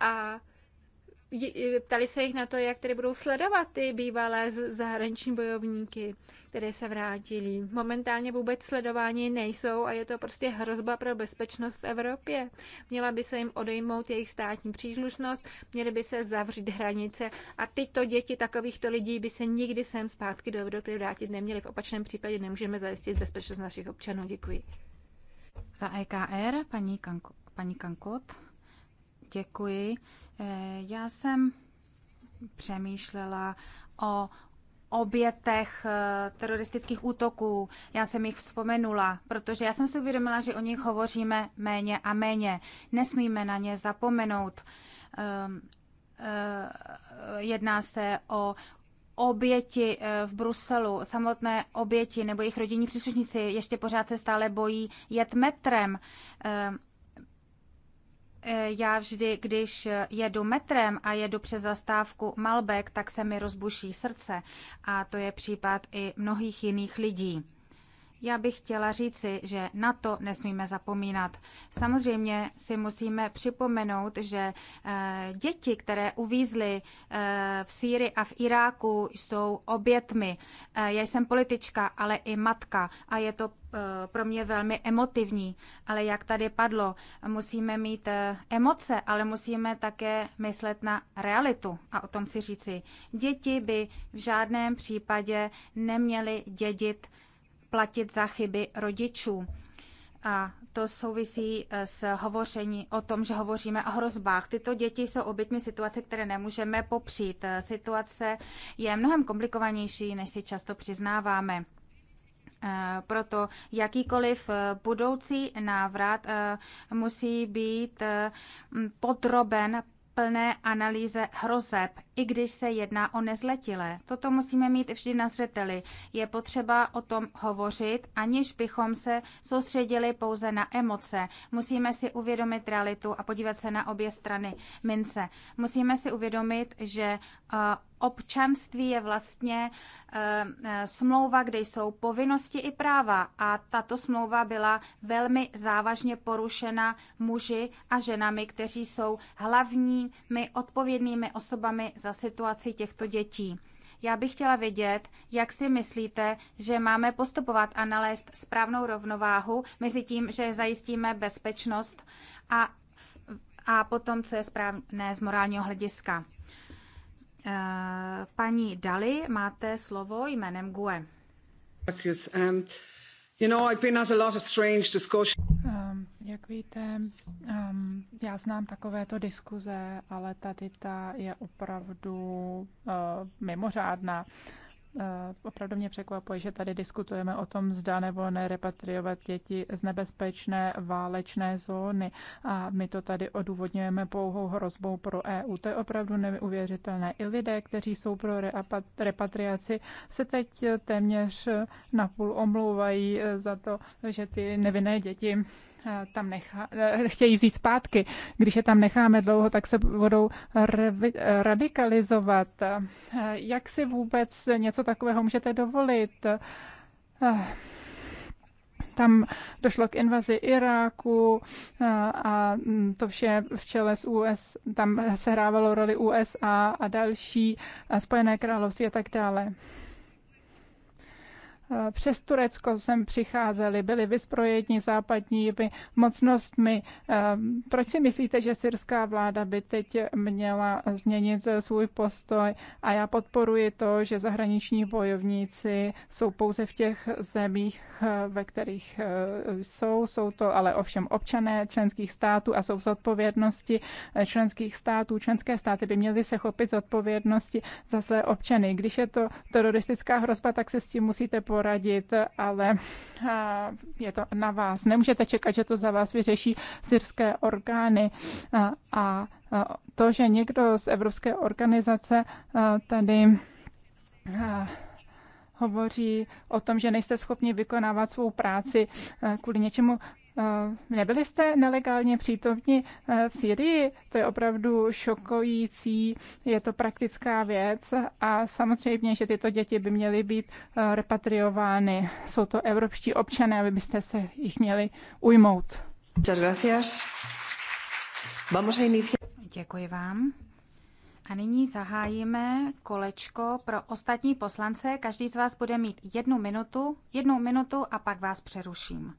A ptali se jich na to, jak tedy budou sledovat ty bývalé zahraniční bojovníky, které se vrátili. Momentálně vůbec sledování nejsou a je to prostě hrozba pro bezpečnost v Evropě. Měla by se jim odejmout jejich státní příslušnost, měly by se zavřít hranice a tyto děti takovýchto lidí by se nikdy sem zpátky do Evropy vrátit neměly. V opačném případě nemůžeme zajistit bezpečnost našich občanů. Děkuji. Za EKR paní, Kanko, paní Kankot. Děkuji. Já jsem přemýšlela o obětech eh, teroristických útoků. Já jsem jich vzpomenula, protože já jsem si uvědomila, že o nich hovoříme méně a méně. Nesmíme na ně zapomenout. Ehm, eh, jedná se o oběti eh, v Bruselu, samotné oběti nebo jejich rodinní příslušníci ještě pořád se stále bojí jet metrem. Ehm, Eh, já vždy, když jedu metrem a jedu přes zastávku Malbek, tak se mi rozbuší srdce. A to je případ i mnohých jiných lidí. Já bych chtěla říci, že na to nesmíme zapomínat. Samozřejmě si musíme připomenout, že eh, děti, které uvízly eh, v Sýrii a v Iráku, jsou obětmi. Eh, já jsem politička, ale i matka a je to pro mě velmi emotivní. Ale jak tady padlo, musíme mít emoce, ale musíme také myslet na realitu. A o tom si říci. Děti by v žádném případě neměly dědit platit za chyby rodičů. A to souvisí eh, s hovoření o tom, že hovoříme o hrozbách. Tyto děti jsou oběťmi situace, které nemůžeme popřít. Eh, situace je mnohem komplikovanější, než si často přiznáváme. Eh, proto jakýkoliv budoucí návrat musí být podroben plné analýze hrozeb i když se jedná o nezletilé. Toto musíme mít vždy na zřeteli. Je potřeba o tom hovořit, aniž bychom se soustředili pouze na emoce. Musíme si uvědomit realitu a podívat se na obě strany mince. Musíme si uvědomit, že eh, občanství je vlastně eh, eh, smlouva, kde jsou povinnosti i práva. A tato smlouva byla velmi závažně porušena muži a ženami, kteří jsou hlavními odpovědnými osobami za za situaci těchto dětí. Já bych chtěla vědět, jak si myslíte, že máme postupovat a nalézt správnou rovnováhu mezi tím, že zajistíme bezpečnost a, a potom, co je správné z morálního hlediska. E, paní Dali, máte slovo jménem GUE jak víte, um, já znám takovéto diskuze, ale tady ta je opravdu uh, mimořádná. Eh, opravdu mě překvapuje, že tady diskutujeme o tom, zda nebo ne repatriovat děti z nebezpečné válečné zóny. A my to tady odůvodňujeme pouhou hrozbou pro EU. To je opravdu neuvěřitelné. I lidé, kteří jsou pro repatriaci, se teď téměř napůl omlouvají eh, za to, že ty nevinné děti Eh, tam nechá, eh, chtějí vzít zpátky. Když je tam necháme dlouho, tak se budou revi, radikalizovat. Eh, jak si vůbec něco takového můžete dovolit? Tam došlo k invazi Iráku a mm, to vše v čele s US, tam sehrávalo roli USA a další, a Spojené království a tak dále přes Turecko sem přicházeli, byli vysprojeni západními mocnostmi. Ehm, proč si myslíte, že syrská vláda by teď měla změnit eh, svůj postoj? A já podporuji to, že zahraniční bojovníci jsou pouze v těch zemích, eh, ve kterých eh, jsou. Jsou to ale ovšem občané členských států a jsou v zodpovědnosti členských států. Členské státy by měly se chopit zodpovědnosti za své občany. Když je to teroristická hrozba, tak se s tím musíte po poradit, ale je to na vás. Nemůžete čekat, že to za vás vyřeší syrské orgány a to, že někdo z Evropské organizace tady hovoří o tom, že nejste schopni vykonávat svou práci kvůli něčemu Eh, nebyli jste nelegálně přítomni eh, v Syrii? To je opravdu šokující, je to praktická věc a samozřejmě, že tyto děti by měly být eh, repatriovány. Jsou to evropští občané, aby byste se jich měli ujmout. Děkuji vám. A nyní zahájíme kolečko pro ostatní poslance. Každý z vás bude mít jednu minutu, jednu minutu a pak vás přeruším.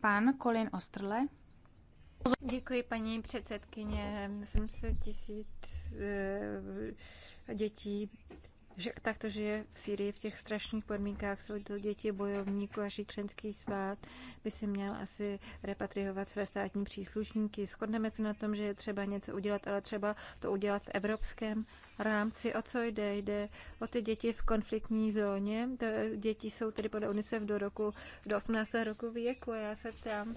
Pan Colin Ostrle. Děkuji, paní předsedkyně. 700 tisíc eh, dětí že to, žije v Syrii v těch strašných podmínkách, jsou to děti bojovníků a šikřenský svát, by si měl asi repatriovat své státní příslušníky. Shodneme se na tom, že je třeba něco udělat, ale třeba to udělat v evropském rámci, o co jde. Jde o ty děti v konfliktní zóně. Děti jsou tedy podle UNICEF do roku, do 18. roku věku. Já se ptám,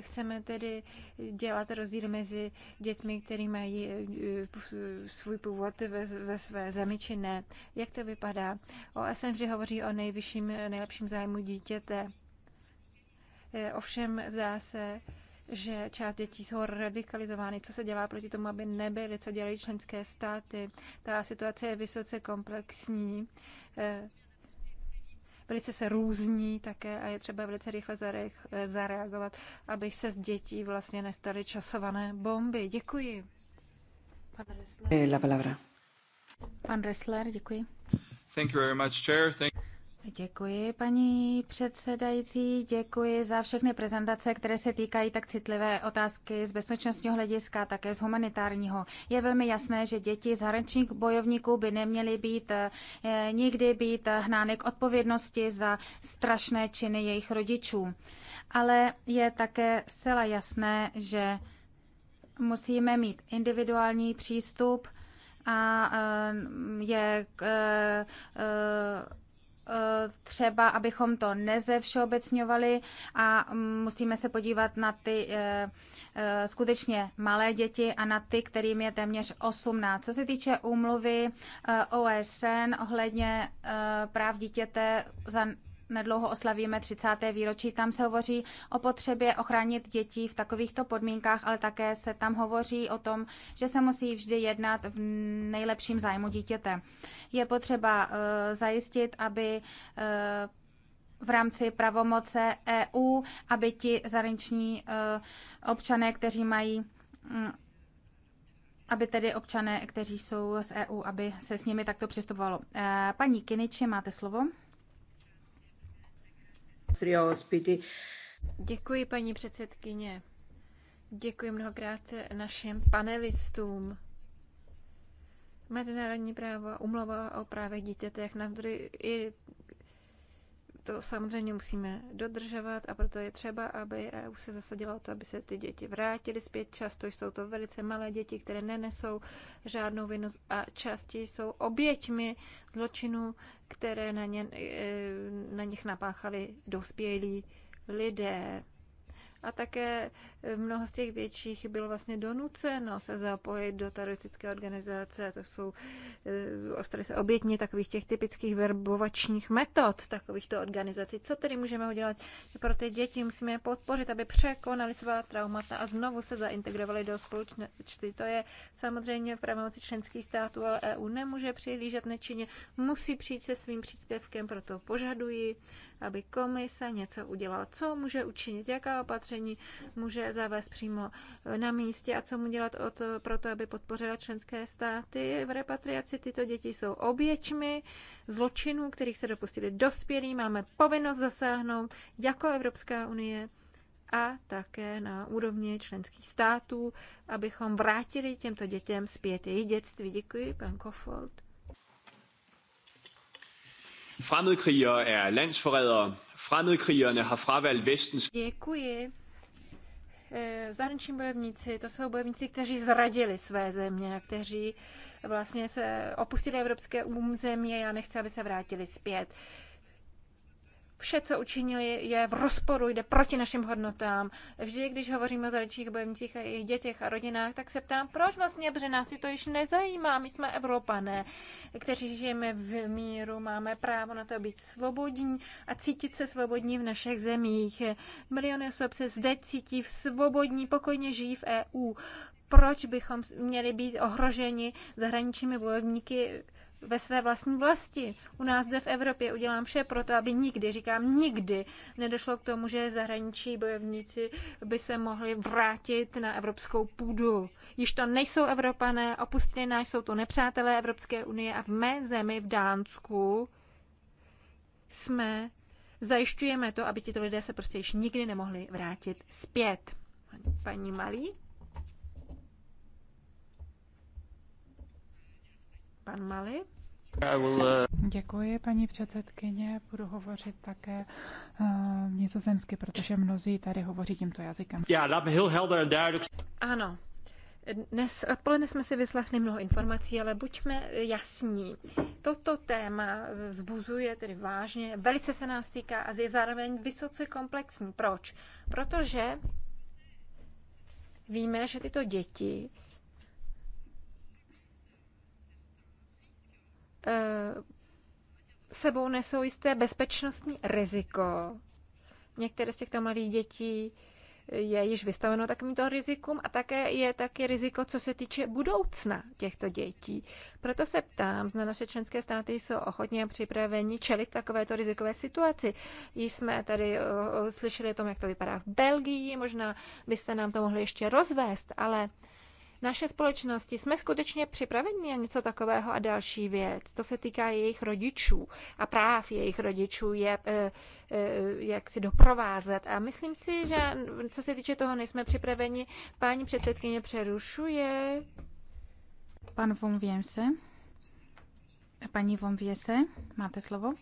chceme tedy dělat rozdíl mezi dětmi, které mají eh, eh, svůj původ ve, ve své zemi, či ne. Jak to vypadá? OSN vždy hovoří o nejvyšším, nejlepším zájmu dítěte. Eh, ovšem zase se, že část dětí jsou radikalizovány, co se dělá proti tomu, aby nebyly, co dělají členské státy. Ta situace je vysoce komplexní eh, velice se různí také a je třeba velice rychle eh, zareagovat, aby se z dětí vlastně nestaly časované bomby. Děkuji. Pan Ressler. Eh, la palabra. Pan Ressler, děkuji. Thank you very much, Chair. Thank Děkuji, paní předsedající. Děkuji za všechny prezentace, které se týkají tak citlivé otázky z bezpečnostního hlediska, také z humanitárního. Je velmi jasné, že děti zahraničních bojovníků by neměly být eh, nikdy být hnány k odpovědnosti za strašné činy jejich rodičů. Ale je také zcela jasné, že musíme mít individuální přístup a eh, je k, eh, Eh, třeba, abychom to nezevšeobecňovali a musíme se podívat na ty eh, eh, skutečně malé děti a na ty, kterým je téměř 18. Co se týče úmluvy OSN ohledně práv dítěte, za nedlouho oslavíme 30. výročí. Tam se hovoří o potřebě ochránit děti v takovýchto podmínkách, ale také se tam hovoří o tom, že se musí vždy jednat v nejlepším zájmu dítěte. Je potřeba eh, zajistit, aby eh, v rámci pravomoce EU, aby ti zahraniční eh, občané, kteří mají mm, aby tedy občané, kteří jsou z EU, aby se s nimi takto přistupovalo. Paní Kiniči, máte slovo. Děkuji, paní předsedkyně. Děkuji mnohokrát našim panelistům. Mezinárodní právo, umluva o právech dítěte, jak navzdory i to samozřejmě musíme dodržovat a proto je třeba, aby EU se zasadila o to, aby se ty děti vrátily zpět. Často jsou to velice malé děti, které nenesou žádnou vinu a častěji jsou oběťmi zločinů, které na, ně, e, na nich napáchali dospělí lidé a také eh, mnoho z těch větších bylo vlastně donuceno se zapojit do teroristické organizace. To jsou eh, tady se obětně takových těch typických verbovačních metod takovýchto organizací. Co tedy můžeme udělat pro ty děti? Musíme je podpořit, aby překonali svá traumata a znovu se zaintegrovali do společnosti. To je samozřejmě v pravomoci členských států, ale EU nemůže přihlížet nečině. Musí přijít se svým příspěvkem, proto požadují aby komise něco udělala. Co může učinit, jaká opatření může zavést přímo na místě a co mu dělat pro to, aby podpořila členské státy v repatriaci. Tyto děti jsou oběťmi zločinů, kterých se dopustili dospělí. Máme povinnost zasáhnout jako Evropská unie a také na úrovni členských států, abychom vrátili těmto dětem zpět jejich dětství. Děkuji, pan Kofold. Fremmedkrigere er landsforrædere. Fremmedkrigerne har fravalgt vestens... Děkuji. Eh, zahraniční bojovníci, to jsou bojovníci, kteří zradili své země, kteří vlastně se opustili evropské území a já nechci, aby se vrátili zpět. Vše, co učinili, je v rozporu, jde proti našim hodnotám. Vždy, když hovoříme o zračích bojovnicích a jejich dětech a rodinách, tak se ptám, proč vlastně, protože nás to již nezajímá. My jsme Evropané, kteří žijeme v míru, máme právo na to být svobodní a cítit se svobodní v našich zemích. Miliony osob se zde cítí v svobodní, pokojně žijí v EU proč bychom měli být ohroženi zahraničními bojovníky ve své vlastní vlasti. U nás zde v Evropě udělám vše pro to, aby nikdy, říkám nikdy, nedošlo k tomu, že zahraničí bojovníci by se mohli vrátit na evropskou půdu. Již to nejsou Evropané, opustili nás, jsou to nepřátelé Evropské unie a v mé zemi, v Dánsku, jsme, zajišťujeme to, aby tito lidé se prostě již nikdy nemohli vrátit zpět. Paní Malí? Pan Mali? Uh, Děkuji, paní předsedkyně. Budu hovořit také uh, nizozemsky, protože mnozí tady hovoří tímto jazykem. Ano. Dnes odpoledne jsme si vyslechli mnoho informací, ale buďme jasní. Toto téma vzbuzuje tedy vážně, velice se nás týká a je zároveň vysoce komplexní. Proč? Protože víme, že tyto děti Eh, sebou nesou jisté bezpečnostní riziko. Některé z těchto malých dětí je již vystaveno takovýmto rizikům a také je taky riziko, co se týče budoucna těchto dětí. Proto se ptám, zda naše členské státy jsou ochotně připraveni čelit takovéto rizikové situaci. Již jsme tady eh, slyšeli o tom, jak to vypadá v Belgii, možná byste nám to mohli ještě rozvést, ale uh, naše společnosti, jsme skutečně připraveni na něco takového a další věc. To se týká jejich rodičů a práv jejich rodičů je, eh, eh, jak si doprovázet. A myslím si, že co se týče toho, nejsme připraveni. Paní předsedkyně přerušuje. Pan von Věmse. Paní von Věse, máte slovo.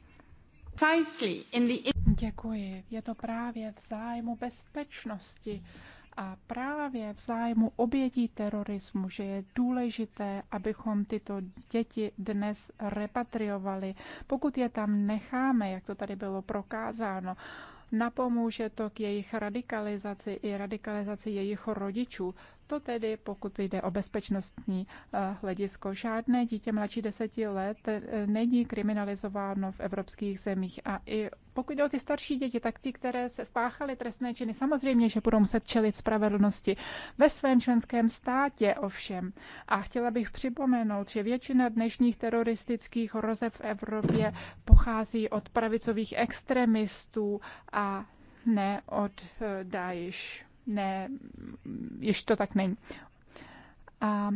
Děkuji. Je to právě v zájmu bezpečnosti a právě v zájmu obětí terorismu, že je důležité, abychom tyto děti dnes repatriovali. Pokud je tam necháme, jak to tady bylo prokázáno, napomůže to k jejich radikalizaci i radikalizaci jejich rodičů. To tedy, pokud jde o bezpečnostní eh, hledisko, žádné dítě mladší deseti let eh, není kriminalizováno v evropských zemích. A i pokud jde o ty starší děti, tak ti, které se spáchaly trestné činy, samozřejmě, že budou muset čelit spravedlnosti ve svém členském státě ovšem. A chtěla bych připomenout, že většina dnešních teroristických rozev v Evropě pochází od pravicových extremistů a ne od eh, Daesh ne, ještě to tak není. A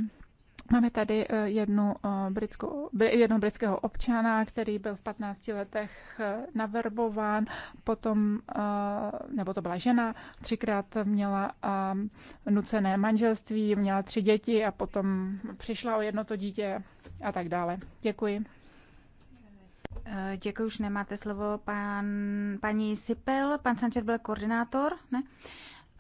Máme tady eh, jednu eh, britskou, jednoho britského občana, který byl v 15 letech eh, naverbován, potom, nebo to byla žena, třikrát měla nucené manželství, měla tři děti a potom přišla o jedno to dítě a tak dále. Děkuji. Děkuji, už nemáte slovo. Pan, paní Sipel, pan Sanchez byl koordinátor, ne?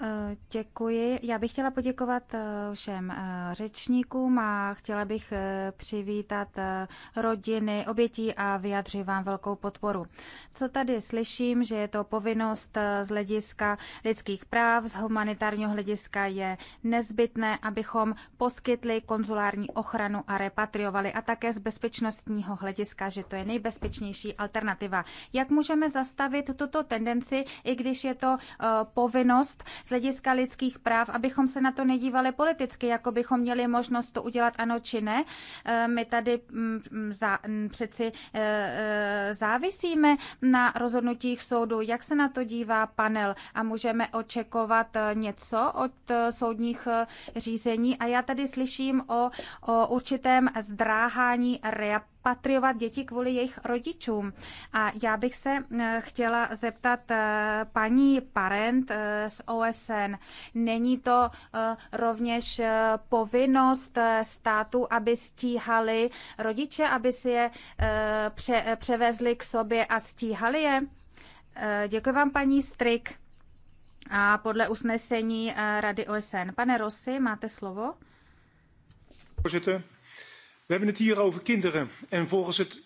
Eh, děkuji. Já bych chtěla poděkovat eh, všem eh, řečníkům a chtěla bych přivítat rodiny obětí a vyjadřuji vám velkou podporu. Co tady slyším, že je to povinnost z hlediska lidských práv, z humanitárního hlediska je nezbytné, abychom poskytli konzulární ochranu a repatriovali a také z bezpečnostního hlediska, že to je nejbezpečnější alternativa. Jak můžeme zastavit tuto tendenci, i když je to povinnost, z hlediska lidských práv, abychom se na to nedívali politicky, jako bychom měli možnost to udělat ano či ne. Eh, my tady mm, mm, za, mm, přeci eh, eh, závisíme na rozhodnutích soudu. Jak se na to dívá panel a můžeme očekovat něco od soudních řízení? A já tady slyším o, o určitém zdráhání reap repatriovat děti kvůli jejich rodičům. A já bych se eh, chtěla zeptat eh, paní Parent eh, z OSN. Není to rovněž povinnost státu, aby stíhali rodiče, aby si je pře- převezli k sobě a stíhali je? Děkuji vám, paní Strik. A podle usnesení Rady OSN. Pane Rossi, máte slovo? Můžete? We hebben het hier over kinderen en volgens het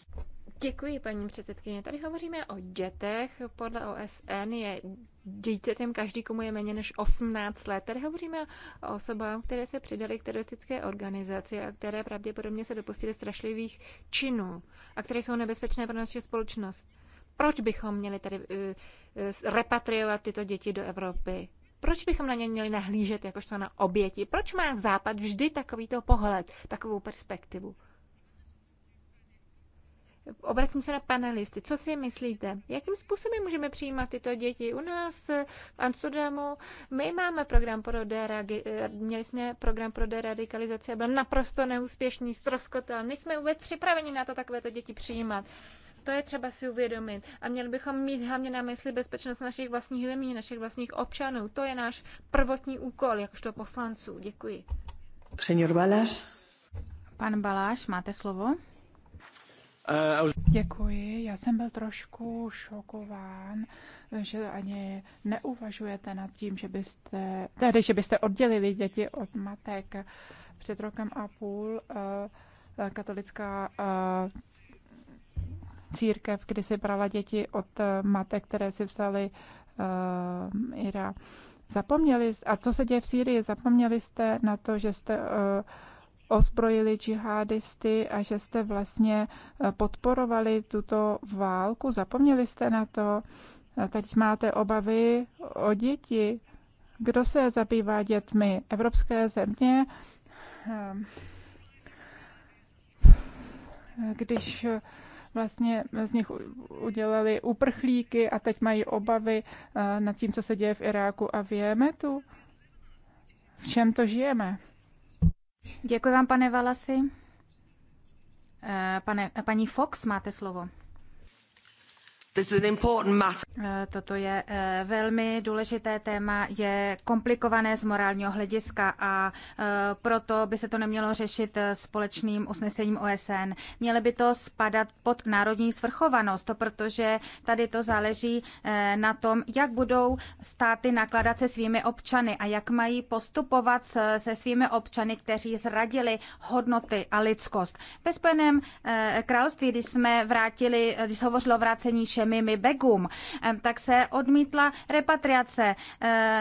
Děkuji, paní předsedkyně. Tady hovoříme o dětech. Podle OSN je dítětem každý, komu je méně než 18 let. Tady hovoříme o osobách, které se přidaly k teroristické organizaci a které pravděpodobně se dopustily strašlivých činů a které jsou nebezpečné pro naši společnost. Proč bychom měli tady uh, repatriovat tyto děti do Evropy? Proč bychom na ně měli nahlížet jakožto na oběti? Proč má Západ vždy takovýto pohled, takovou perspektivu? Obracím se na panelisty. Co si myslíte? Jakým způsobem můžeme přijímat tyto děti? U nás v Amsterdamu my máme program pro deragi- měli jsme program pro deradikalizaci a byl naprosto neúspěšný, stroskotal. Nejsme vůbec připraveni na to takovéto děti přijímat. To je třeba si uvědomit. A měli bychom mít hlavně na mysli bezpečnost našich vlastních zemí, našich vlastních občanů. To je náš prvotní úkol, jakožto poslanců. Děkuji. Senior Balas. Pan Baláš, máte slovo? Eh, Děkuji, já jsem byl trošku šokován, že ani neuvažujete nad tím, že byste, tedy, že byste oddělili děti od matek. Před rokem a půl eh, katolická eh, Církev si brala děti od eh, matek, které si vzali uh, Ira. Zapomněli, a co se děje v Sýrii? Zapomněli jste na to, že jste uh, ozbrojili džihadisty a že jste vlastně podporovali tuto válku? Zapomněli jste na to? Teď máte obavy o děti. Kdo se zabývá dětmi? Evropské země? Když vlastně z nich udělali uprchlíky a teď mají obavy eh, nad tím, co se děje v Iráku a v Jemetu. V čem to žijeme? Děkuji vám, pane Valasi. Eh, pane, paní Fox, máte slovo. Eh, toto je eh, velmi důležité téma, je komplikované z morálního hlediska a eh, proto by se to nemělo řešit společným usnesením OSN. Měly by to spadat pod národní svrchovanost, protože tady to záleží na tom, jak budou státy nakladat se svými občany a jak mají postupovat se svými občany, kteří zradili hodnoty a lidskost. Ve Spojeném království, když jsme vrátili, když hovořilo o vrácení šel, my Begum, tak se odmítla repatriace.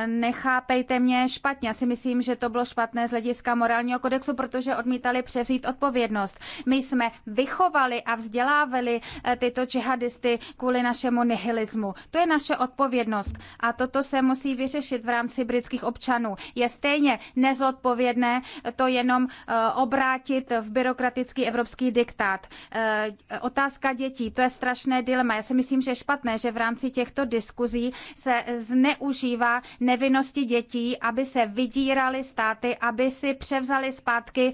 Nechápejte mě špatně. Já si myslím, že to bylo špatné z hlediska morálního kodexu, protože odmítali převzít odpovědnost. My jsme vychovali a vzdělávali eh, tyto džihadisty kvůli našemu nihilismu. To je naše odpovědnost a toto se musí vyřešit v rámci britských občanů. Je stejně nezodpovědné to jenom eh, obrátit v byrokratický evropský diktát. Eh, otázka dětí, to je strašné dilema. Já si myslím, myslím, že je špatné, že v rámci těchto diskuzí se zneužívá nevinnosti dětí, aby se vydíraly státy, aby si převzali zpátky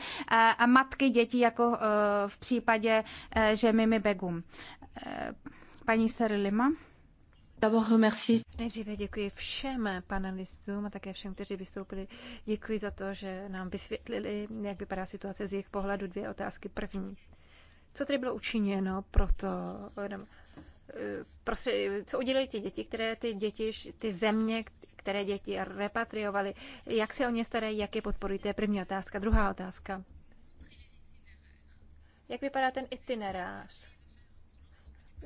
eh, matky dětí, jako eh, v případě eh, Mimi Begum. Paní Serilima. Nejdříve děkuji všem panelistům a také všem, kteří vystoupili. Děkuji za to, že nám vysvětlili, jak vypadá situace z jejich pohledu. Dvě otázky. První. Co tedy bylo učiněno pro to, prostě, co udělají ty děti, které ty děti, ty země, které děti repatriovaly, jak se o ně starají, jak je podporují, to je první otázka. Druhá otázka. Jak vypadá ten itinerář?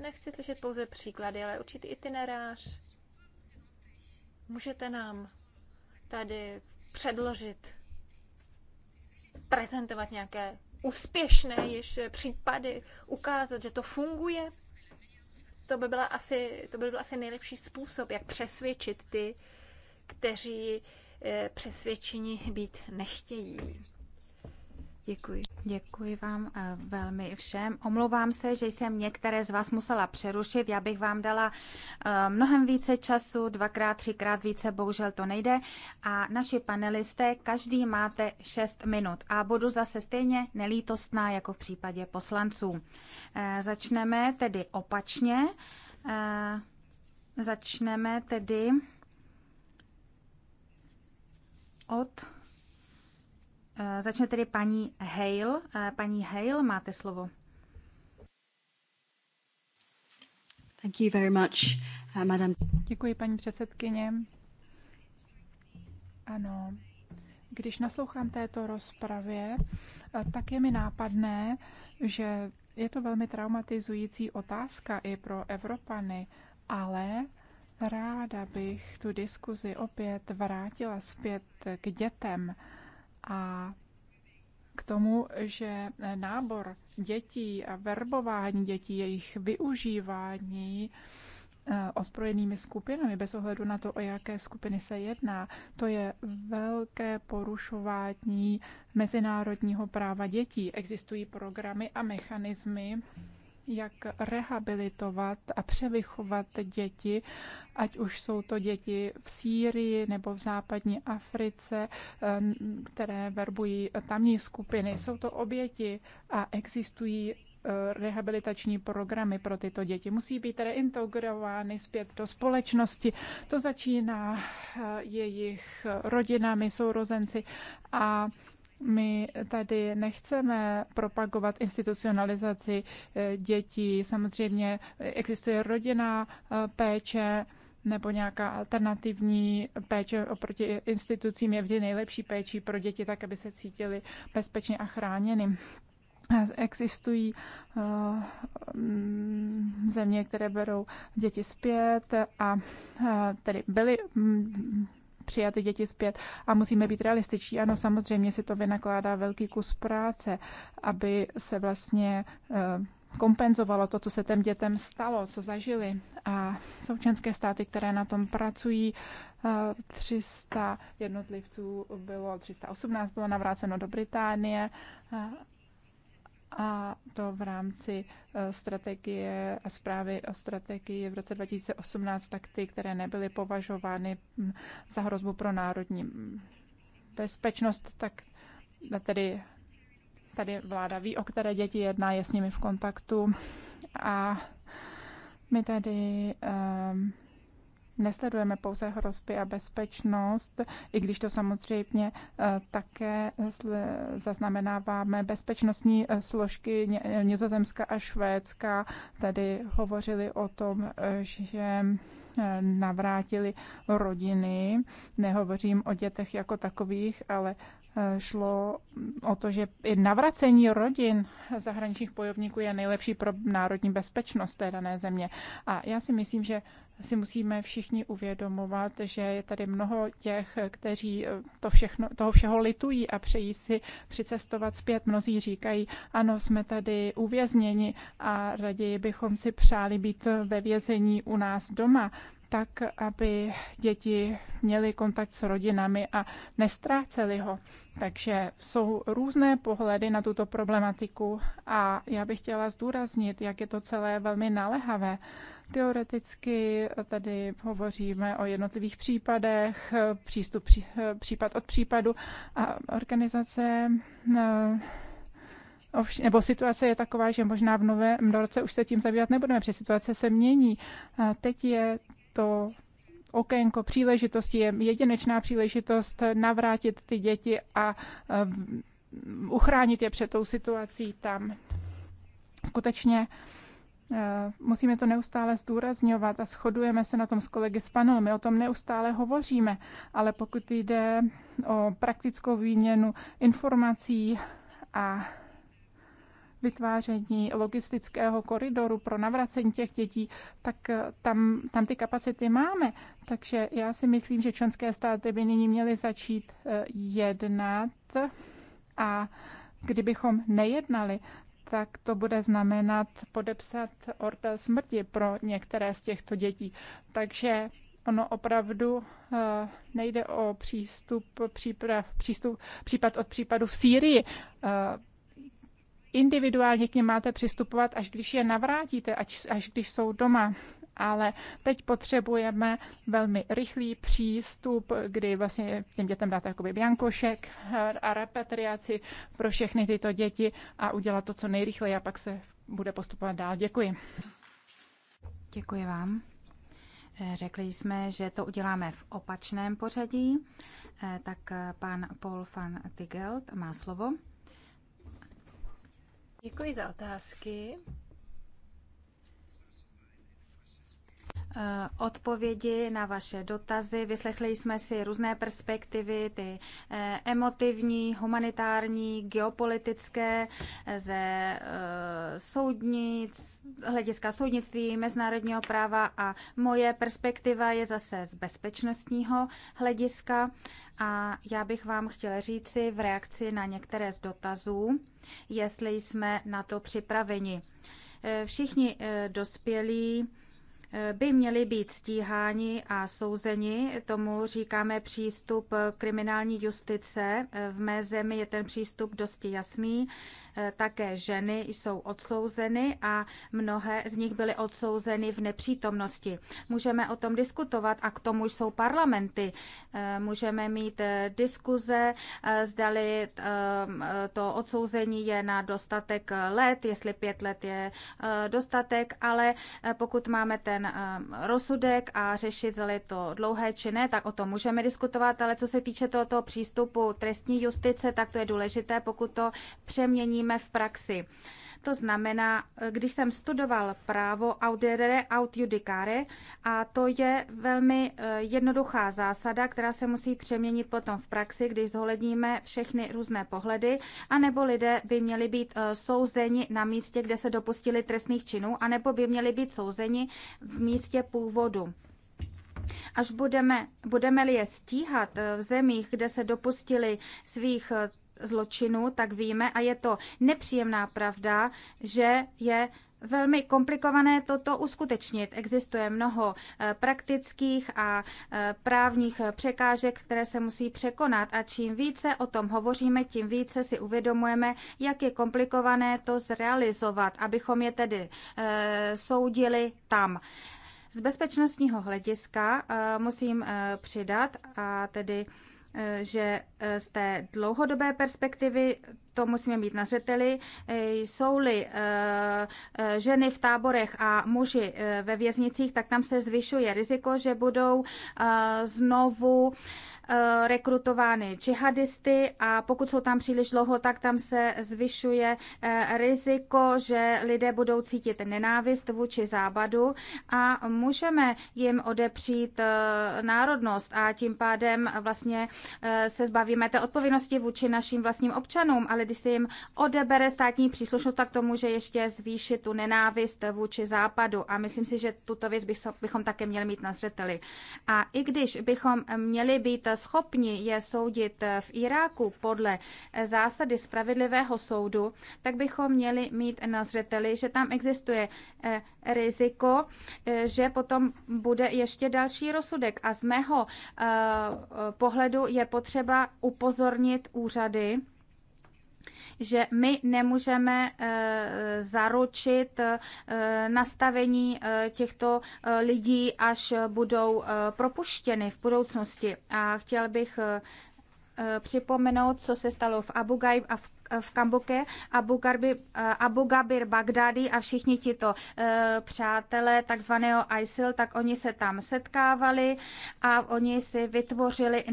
Nechci slyšet pouze příklady, ale určitý itinerář. Můžete nám tady předložit, prezentovat nějaké úspěšné již případy, ukázat, že to funguje? to by, byla asi, to by byl asi nejlepší způsob, jak přesvědčit ty, kteří eh, přesvědčení být nechtějí. Děkuji. Děkuji vám eh, velmi všem. Omlouvám se, že jsem některé z vás musela přerušit. Já bych vám dala eh, mnohem více času, dvakrát, třikrát více, bohužel to nejde. A naši panelisté, každý máte šest minut. A budu zase stejně nelítostná, jako v případě poslanců. Eh, začneme tedy opačně. Začneme tedy od Eh, začne tedy paní Hale. Eh, paní Hale, máte slovo. Thank you very much, eh, madam. Děkuji, paní předsedkyně. Ano, když naslouchám této rozpravě, tak je mi nápadné, že je to velmi traumatizující otázka i pro Evropany, ale ráda bych tu diskuzi opět vrátila zpět k dětem a k tomu, že nábor dětí a verbování dětí, jejich využívání eh, ozbrojenými skupinami, bez ohledu na to, o jaké skupiny se jedná, to je velké porušování mezinárodního práva dětí. Existují programy a mechanismy, jak rehabilitovat a převychovat děti, ať už jsou to děti v Sýrii nebo v západní Africe, eh, které verbují tamní skupiny. Jsou to oběti a existují eh, rehabilitační programy pro tyto děti. Musí být reintegrovány zpět do společnosti. To začíná eh, jejich rodinami, sourozenci a my tady nechceme propagovat institucionalizaci eh, dětí. Samozřejmě existuje rodinná eh, péče nebo nějaká alternativní péče oproti institucím je vždy nejlepší péčí pro děti, tak aby se cítili bezpečně a chráněny. Existují eh, mm, země, které berou děti zpět a tedy byly mm, přijat děti zpět a musíme být realističtí. Ano, samozřejmě si to vynakládá velký kus práce, aby se vlastně eh, kompenzovalo to, co se těm dětem stalo, co zažili. A jsou členské státy, které na tom pracují. 300 eh, jednotlivců bylo, 318 bylo navráceno do Británie eh, a to v rámci eh, strategie a zprávy o strategii v roce 2018, tak ty, které nebyly považovány mm, za hrozbu pro národní mm, bezpečnost, tak tedy tady vláda ví, o které děti jedná, je s nimi v kontaktu a my tady um, nesledujeme pouze hrozby a bezpečnost, i když to samozřejmě eh, také zaznamenáváme. Bezpečnostní eh, složky Nizozemska a Švédska tady hovořili o tom, eh, že navrátili rodiny. Nehovořím o dětech jako takových, ale šlo o to, že i navracení rodin zahraničních bojovníků je nejlepší pro národní bezpečnost té dané země. A já si myslím, že si musíme všichni uvědomovat, že je tady mnoho těch, kteří eh, to všechno, toho všeho litují a přejí si přicestovat zpět. Mnozí říkají, ano, jsme tady uvězněni a raději bychom si přáli být ve vězení u nás doma tak, aby děti měly kontakt s rodinami a nestráceli ho. Takže jsou různé pohledy na tuto problematiku a já bych chtěla zdůraznit, jak je to celé velmi naléhavé. Teoreticky tady hovoříme o jednotlivých případech, přístup případ od případu a organizace eh, nebo situace je taková, že možná v novém roce už se tím zabývat nebudeme, protože situace se mění. Teď je to okénko příležitosti je jedinečná příležitost navrátit ty děti a eh, uchránit je před tou situací tam. Skutečně eh, musíme to neustále zdůrazňovat a shodujeme se na tom s kolegy z panelu. My o tom neustále hovoříme, ale pokud jde o praktickou výměnu informací a vytváření logistického koridoru pro navracení těch dětí, tak eh, tam, tam ty kapacity máme. Takže já si myslím, že členské státy by nyní měly začít eh, jednat a kdybychom nejednali, tak to bude znamenat podepsat ortel smrti pro některé z těchto dětí. Takže ono opravdu eh, nejde o přístup, příprav, přístup, případ od případu v Sýrii individuálně k ně máte přistupovat, až když je navrátíte, až, až když jsou doma. Ale teď potřebujeme velmi rychlý přístup, kdy vlastně těm dětem dáte jakoby biankošek a repatriaci pro všechny tyto děti a udělat to co nejrychleji a pak se bude postupovat dál. Děkuji. Děkuji vám. Řekli jsme, že to uděláme v opačném pořadí, eh, tak eh, pan Paul van Tigelt má slovo. Děkuji za otázky. Eh, odpovědi na vaše dotazy. Vyslechli jsme si různé perspektivy, ty eh, emotivní, humanitární, geopolitické, eh, ze soudnic, hlediska soudnictví, mezinárodního práva a moje perspektiva je zase z bezpečnostního hlediska. A já bych vám chtěla říci v reakci na některé z dotazů, jestli jsme na to připraveni. Všichni dospělí by měli být stíháni a souzeni. Tomu říkáme přístup kriminální justice. V mé zemi je ten přístup dosti jasný. Eh, také ženy jsou odsouzeny a mnohé z nich byly odsouzeny v nepřítomnosti. Můžeme o tom diskutovat a k tomu jsou parlamenty. Eh, můžeme mít eh, diskuze, zdali ehm, to odsouzení je na dostatek let, jestli pět let je dostatek, ale pokud máme ten ten eh, rozsudek a řešit, zda je to dlouhé či ne, tak o tom můžeme diskutovat, ale co se týče tohoto přístupu trestní justice, tak to je důležité, pokud to přeměníme v praxi. To znamená, když jsem studoval právo audere aut judicare, a to je velmi eh, jednoduchá zásada, která se musí přeměnit potom v praxi, když zohledníme všechny různé pohledy, anebo lidé by měli být eh, souzeni na místě, kde se dopustili trestných činů, anebo by měli být souzeni v místě původu. Až budeme, budeme-li je stíhat eh, v zemích, kde se dopustili svých zločinu, tak víme, a je to nepříjemná pravda, že je velmi komplikované toto uskutečnit. Existuje mnoho eh, praktických a eh, právních překážek, které se musí překonat a čím více o tom hovoříme, tím více si uvědomujeme, jak je komplikované to zrealizovat, abychom je tedy eh, soudili tam. Z bezpečnostního hlediska musím přidat a tedy že eh, z té dlouhodobé perspektivy to musíme mít na řeteli. Eh, jsou-li eh, ženy v táborech a muži ve věznicích, tak tam se zvyšuje riziko, že budou znovu Eh, rekrutovány džihadisty a pokud jsou tam příliš dlouho, tak tam se zvyšuje eh, riziko, že lidé budou cítit nenávist vůči západu a můžeme jim odepřít eh, národnost a tím pádem vlastně se zbavíme té odpovědnosti vůči našim vlastním občanům, ale když se jim odebere státní příslušnost, tak to může ještě zvýšit tu nenávist vůči západu a myslím si, že tuto věc bychom také měli mít na zřeteli. A i když bychom měli být schopni je soudit eh, v Iráku podle eh, zásady spravedlivého soudu, tak bychom měli mít na zřeteli, že tam existuje eh, riziko, že potom bude ještě další rozsudek. A z mého pohledu je potřeba upozornit úřady, že my nemůžeme eh, zaručit eh, nastavení eh, těchto lidí, až budou propuštěny v budoucnosti. A chtěl bych připomenout, co se stalo v Abu Ghraib a v v Kamboke, Abu, Garbi, Abu Gabir Bagdadi a všichni tito eh, přátelé takzvaného ISIL, tak oni se tam setkávali a oni si vytvořili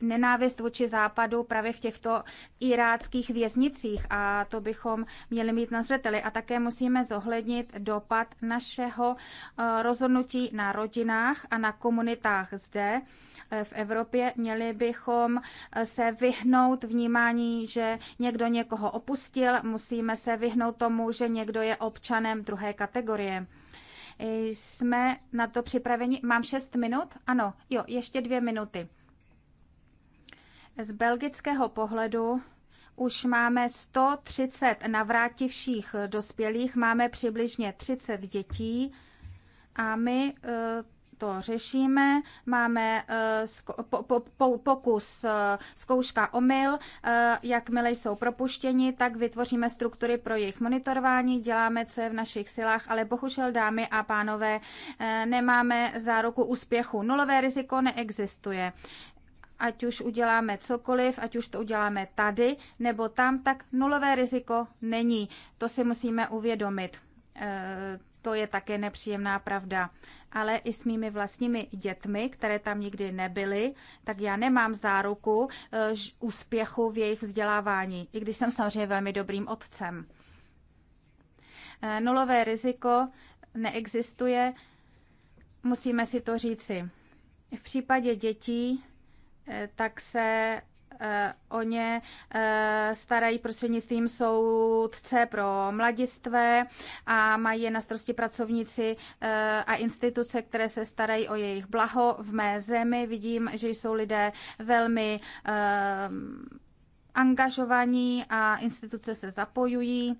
nenávist vůči západu právě v těchto iráckých věznicích a to bychom měli mít na zřeteli. A také musíme zohlednit dopad našeho eh, rozhodnutí na rodinách a na komunitách zde eh, v Evropě. Měli bychom se vyhnout vnímání, že někdo někdo někoho opustil, musíme se vyhnout tomu, že někdo je občanem druhé kategorie. Jsme na to připraveni. Mám šest minut? Ano, jo, ještě dvě minuty. Z belgického pohledu už máme 130 navrátivších dospělých, máme přibližně 30 dětí a my eh, to řešíme. Máme eh, pokus eh, zkouška omyl. Eh, jakmile jsou propuštěni, tak vytvoříme struktury pro jejich monitorování, děláme, co je v našich silách, ale bohužel, dámy a pánové, nemáme záruku úspěchu. Nulové riziko neexistuje ať už uděláme cokoliv, ať už to uděláme tady nebo tam, tak nulové riziko není. To si musíme uvědomit. To je také nepříjemná pravda. Ale i s mými vlastními dětmi, které tam nikdy nebyly, tak já nemám záruku e, úspěchu v jejich vzdělávání, i když jsem samozřejmě velmi dobrým otcem. E, nulové riziko neexistuje, musíme si to říci. V případě dětí e, tak se o ně eh, starají prostřednictvím soudce pro mladistvé a mají je na starosti pracovníci eh, a instituce, které se starají o jejich blaho v mé zemi. Vidím, že jsou lidé velmi eh, angažovaní a instituce se zapojují.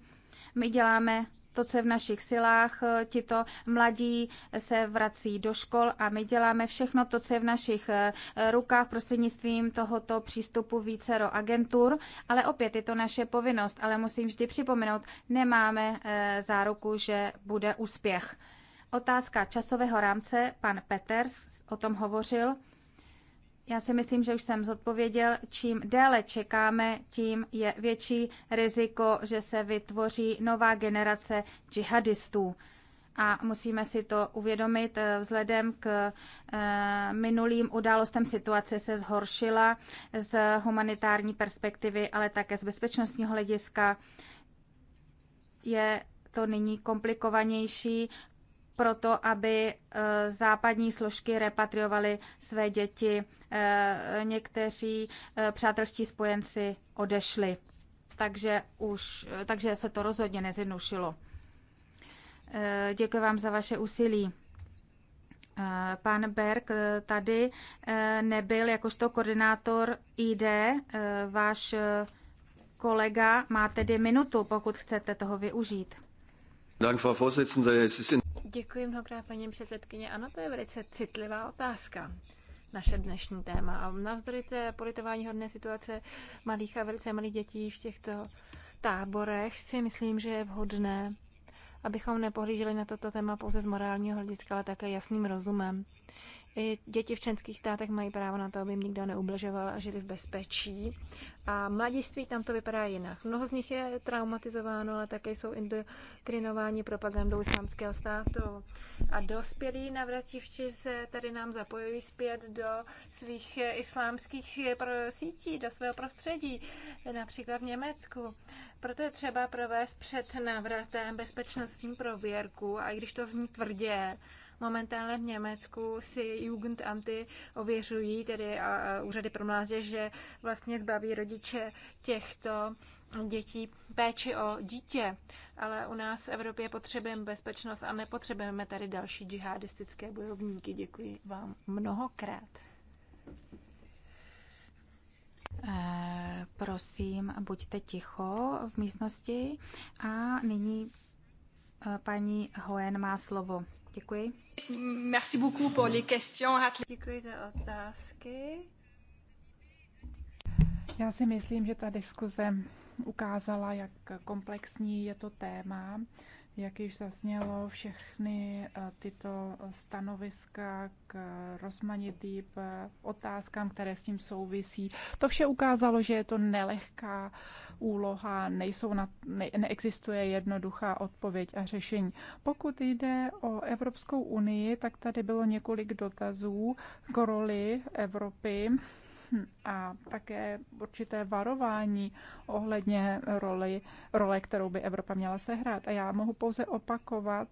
My děláme to, co je v našich silách. Eh, tito mladí se vrací do škol a my děláme všechno to, co je v našich eh, rukách prostřednictvím tohoto přístupu vícero agentur, ale opět je to naše povinnost, ale musím vždy připomenout, nemáme eh, záruku, že bude úspěch. Otázka časového rámce, pan Peters o tom hovořil. Já si myslím, že už jsem zodpověděl, čím déle čekáme, tím je větší riziko, že se vytvoří nová generace džihadistů. A musíme si to uvědomit, eh, vzhledem k eh, minulým událostem situace se zhoršila z humanitární perspektivy, ale také z bezpečnostního hlediska je to nyní komplikovanější, proto, aby eh, západní složky repatriovaly své děti. Eh, někteří eh, přátelští spojenci odešli. Takže, už, takže se to rozhodně nezjednušilo. Děkuji vám za vaše úsilí. Pan Berg tady nebyl jakožto koordinátor ID. Váš kolega má tedy minutu, pokud chcete toho využít. Dank, Frau Vorsitzende. Děkuji mnohokrát, paní předsedkyně. Ano, to je velice citlivá otázka naše dnešní téma. A navzdory té politování hodné situace malých a velice malých dětí v těchto táborech si myslím, že je vhodné, abychom nepohlíželi na toto téma pouze z morálního hlediska, ale také jasným rozumem. I děti v členských státech mají právo na to, aby jim nikdo neubližoval a žili v bezpečí. A mladiství tam to vypadá jinak. Mnoho z nich je traumatizováno, ale také jsou indokrinováni propagandou islámského státu. A dospělí navrativči se tady nám zapojují zpět do svých islámských eh, sítí, do svého prostředí, například v Německu. Proto je třeba provést před návratem bezpečnostní prověrku a i když to zní tvrdě, Momentálně v Německu si Jugendamty ověřují, tedy a, a úřady pro mládež, že vlastně zbaví rodiče těchto dětí péči o dítě. Ale u nás v Evropě potřebujeme bezpečnost a nepotřebujeme tady další džihadistické bojovníky. Děkuji vám mnohokrát. Eh, prosím, buďte ticho v místnosti. A nyní eh, paní Hoen má slovo. Děkuji. Merci beaucoup pour les questions. Děkuji za otázky. Já si myslím, že ta diskuze ukázala, jak komplexní je to téma jak již zaznělo, všechny eh, tyto stanoviska k rozmanitým eh, otázkám, které s tím souvisí, to vše ukázalo, že je to nelehká úloha, nejsou na, ne, neexistuje jednoduchá odpověď a řešení. Pokud jde o Evropskou unii, tak tady bylo několik dotazů k roli Evropy a také určité varování ohledně roli, role, kterou by Evropa měla sehrát. A já mohu pouze opakovat,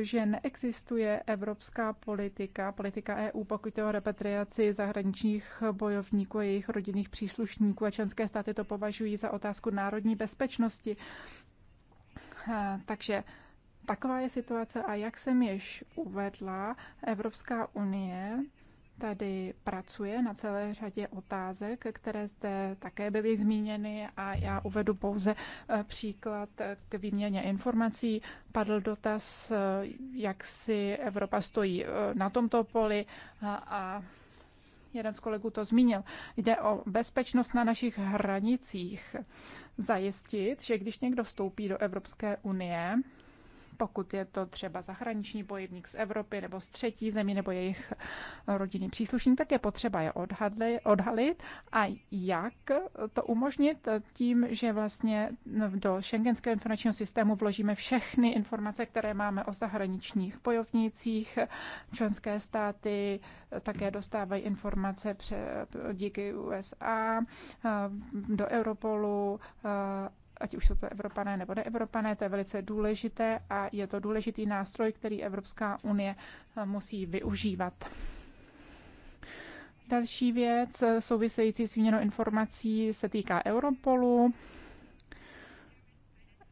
že neexistuje evropská politika, politika EU, pokud je o repatriaci zahraničních bojovníků a jejich rodinných příslušníků a členské státy to považují za otázku národní bezpečnosti. Takže taková je situace a jak jsem již uvedla, Evropská unie tady pracuje na celé řadě otázek, které zde také byly zmíněny a já uvedu pouze eh, příklad k výměně informací. Padl dotaz, eh, jak si Evropa stojí eh, na tomto poli a jeden z kolegů to zmínil. Jde o bezpečnost na našich hranicích. Zajistit, že když někdo vstoupí do Evropské unie, pokud je to třeba zahraniční bojovník z Evropy nebo z třetí zemí nebo jejich rodinný příslušník, tak je potřeba je odhalit a jak to umožnit tím, že vlastně do šengenského informačního systému vložíme všechny informace, které máme o zahraničních bojovnících, členské státy také dostávají informace díky USA do Europolu ať už jsou to Evropané nebo neevropané, to je velice důležité a je to důležitý nástroj, který Evropská unie eh, musí využívat. Další věc eh, související s výměnou informací se týká Europolu.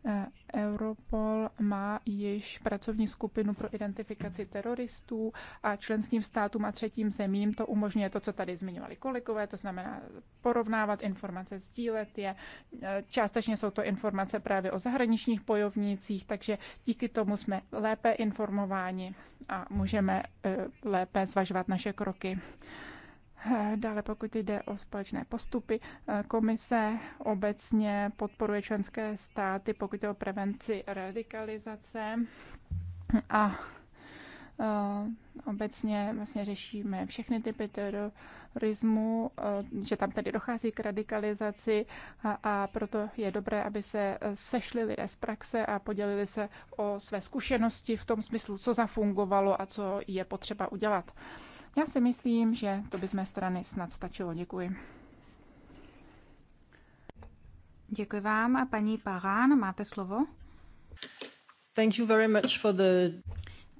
Eh, Europol má již pracovní skupinu pro identifikaci teroristů a členským státům a třetím zemím to umožňuje to, co tady zmiňovali kolegové, to znamená porovnávat informace, sdílet je. Částečně jsou to informace právě o zahraničních bojovnících, takže díky tomu jsme lépe informováni a můžeme eh, lépe zvažovat naše kroky. Dále pokud jde o společné postupy, eh, komise obecně podporuje členské státy, pokud jde o prevenci radikalizace a eh, obecně vlastně řešíme všechny typy terorismu, eh, že tam tedy dochází k radikalizaci a, a proto je dobré, aby se sešli lidé z praxe a podělili se o své zkušenosti v tom smyslu, co zafungovalo a co je potřeba udělat. Já si myslím, že to by z mé strany snad stačilo. Děkuji. Děkuji vám. A paní Parán, máte slovo? Thank you very much for the...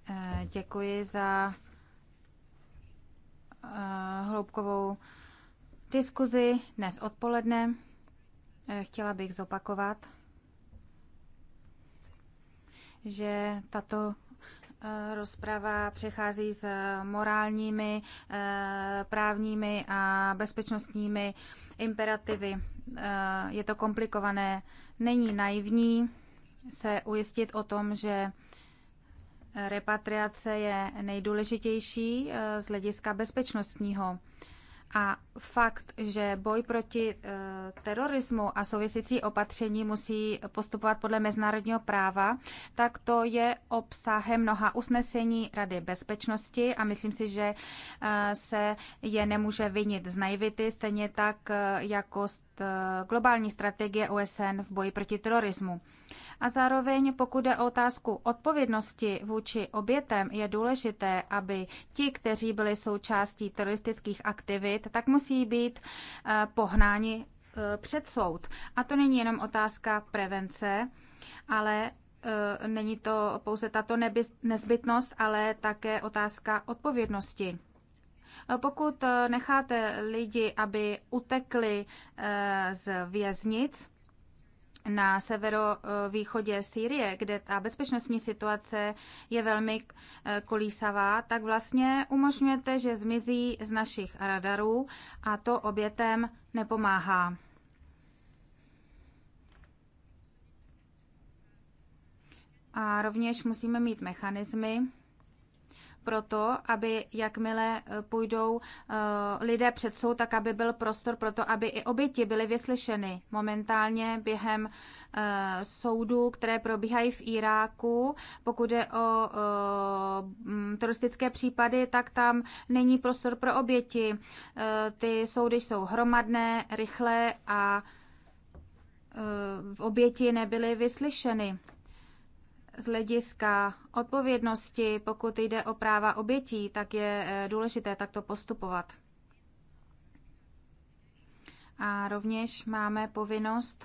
Eh, děkuji za eh, hloubkovou diskuzi dnes odpoledne. Eh, chtěla bych zopakovat, že tato Eh, rozprava přechází s morálními, eh, právními a bezpečnostními imperativy. Eh, je to komplikované. Není naivní se ujistit o tom, že repatriace je nejdůležitější z hlediska bezpečnostního. A fakt, že boj proti eh, terorismu a související opatření musí postupovat podle mezinárodního práva, tak to je obsahem mnoha usnesení Rady bezpečnosti a myslím si, že eh, se je nemůže vinit z naivity, stejně tak eh, jako z Eh, globální strategie OSN v boji proti terorismu. A zároveň, pokud jde o otázku odpovědnosti vůči obětem, je důležité, aby ti, kteří byli součástí teroristických aktivit, tak musí být eh, pohnáni eh, před soud. A to není jenom otázka prevence, ale není to pouze tato nezbytnost, ale také otázka odpovědnosti. Eh, pokud eh, necháte lidi, aby utekli eh, z věznic, na severovýchodě Sýrie, kde ta bezpečnostní situace je velmi kolísavá, tak vlastně umožňujete, že zmizí z našich radarů a to obětem nepomáhá. A rovněž musíme mít mechanismy, proto, aby jakmile eh, půjdou eh, lidé před soud, tak aby byl prostor pro to, aby i oběti byly vyslyšeny. Momentálně během eh, soudů, které probíhají v Iráku, pokud je o teroristické případy, tak tam není prostor pro oběti. Ty soudy jsou hromadné, rychlé a v oběti nebyly vyslyšeny z hlediska odpovědnosti, pokud jde o práva obětí, tak je eh, důležité takto postupovat. A rovněž máme povinnost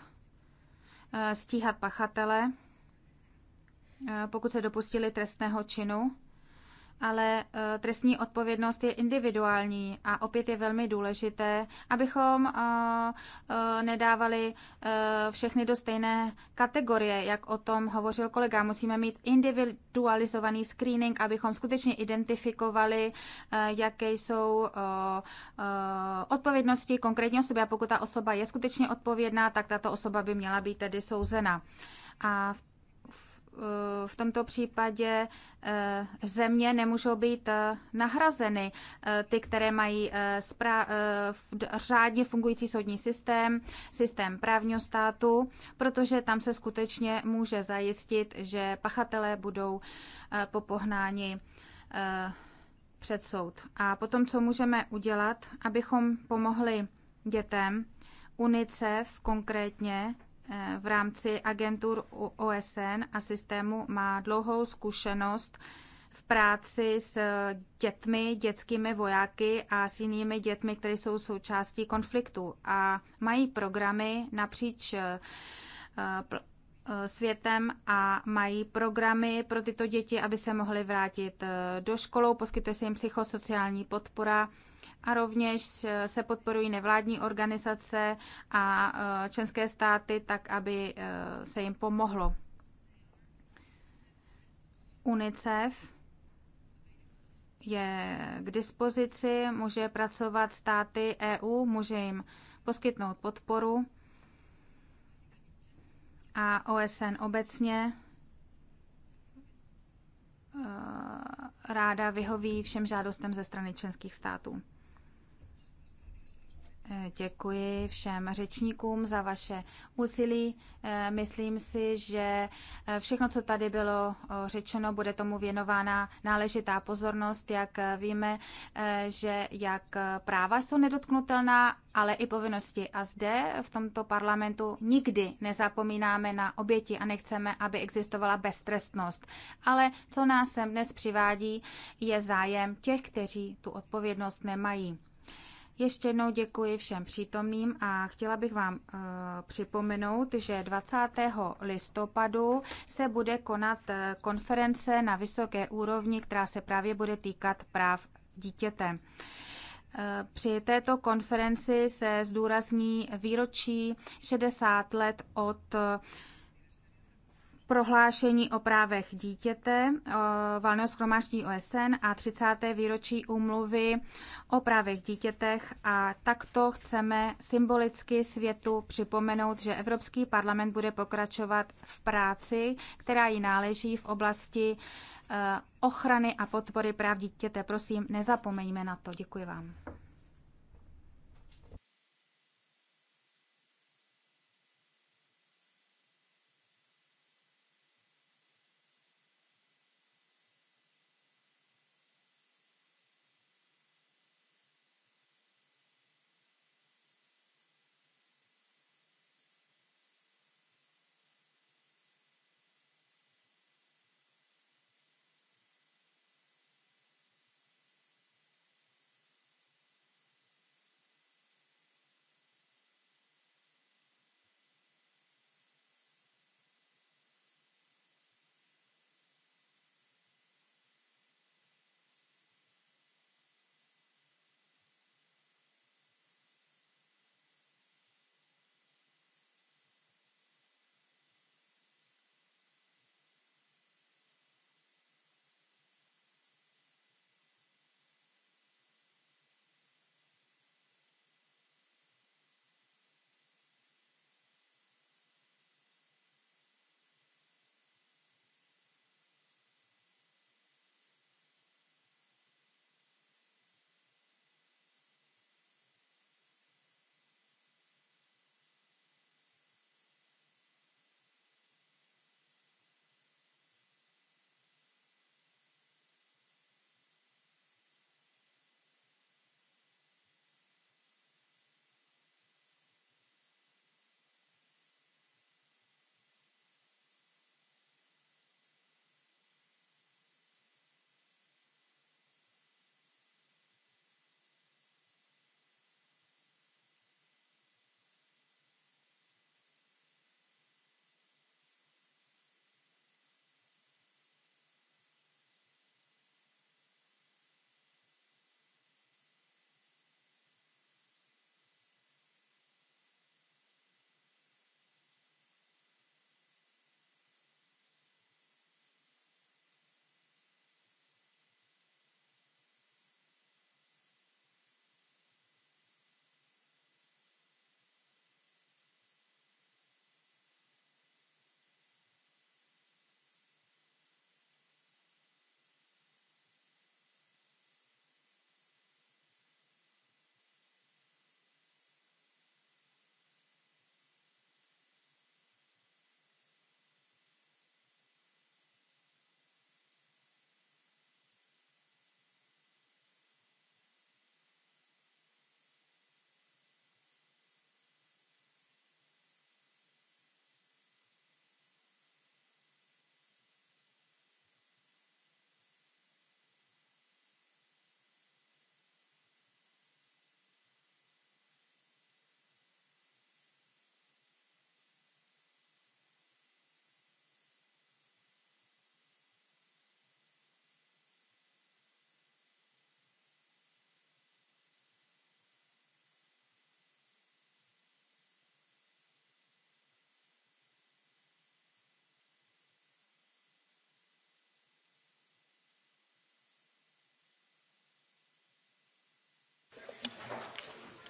eh, stíhat pachatele, eh, pokud se dopustili trestného činu ale eh, trestní odpovědnost je individuální a opět je velmi důležité, abychom eh, eh, nedávali všechny do stejné kategorie, jak o tom hovořil kolega. Musíme mít individualizovaný screening, abychom skutečně identifikovali, jaké jsou odpovědnosti konkrétní osoby a pokud ta osoba je skutečně odpovědná, tak tato osoba by měla být tedy souzena. A v v tomto případě eh, země nemůžou být eh, nahrazeny, eh, ty, které mají řádně fungující soudní systém, systém právního státu, protože tam se skutečně může zajistit, že pachatelé budou popohnáni před soud. A potom, co můžeme udělat, abychom pomohli dětem, UNICEF konkrétně Eh, v rámci agentur OSN a systému má dlouhou zkušenost v práci s dětmi, dětskými vojáky a s jinými dětmi, které jsou součástí konfliktu. A mají programy napříč eh, eh, světem a mají programy pro tyto děti, aby se mohly vrátit do školou, poskytuje se jim psychosociální podpora a rovněž eh, se podporují nevládní organizace a eh, členské státy tak, aby eh, se jim pomohlo. UNICEF je k dispozici, může pracovat státy EU, může jim poskytnout podporu a OSN obecně ráda vyhoví všem žádostem ze strany členských států. Děkuji všem řečníkům za vaše úsilí. Eh, myslím si, že eh, všechno, co tady bylo eh, řečeno, bude tomu věnována náležitá pozornost, jak víme, že jak práva jsou nedotknutelná, ale i povinnosti. A zde v tomto parlamentu nikdy nezapomínáme na oběti a nechceme, aby existovala beztrestnost. Ale co nás sem dnes přivádí, je zájem těch, kteří tu odpovědnost nemají. Ještě jednou děkuji všem přítomným a chtěla bych vám e, připomenout, že 20. listopadu se bude konat eh, konference na vysoké úrovni, která se právě bude týkat práv dítěte. Eh, při této konferenci se zdůrazní výročí 60 let od prohlášení o právech dítěte, valného schromáždí OSN a 30. výročí úmluvy o právech dítětech a takto chceme symbolicky světu připomenout, že Evropský parlament bude pokračovat v práci, která ji náleží v oblasti eh, ochrany a podpory práv dítěte. Prosím, nezapomeňme na to. Děkuji vám.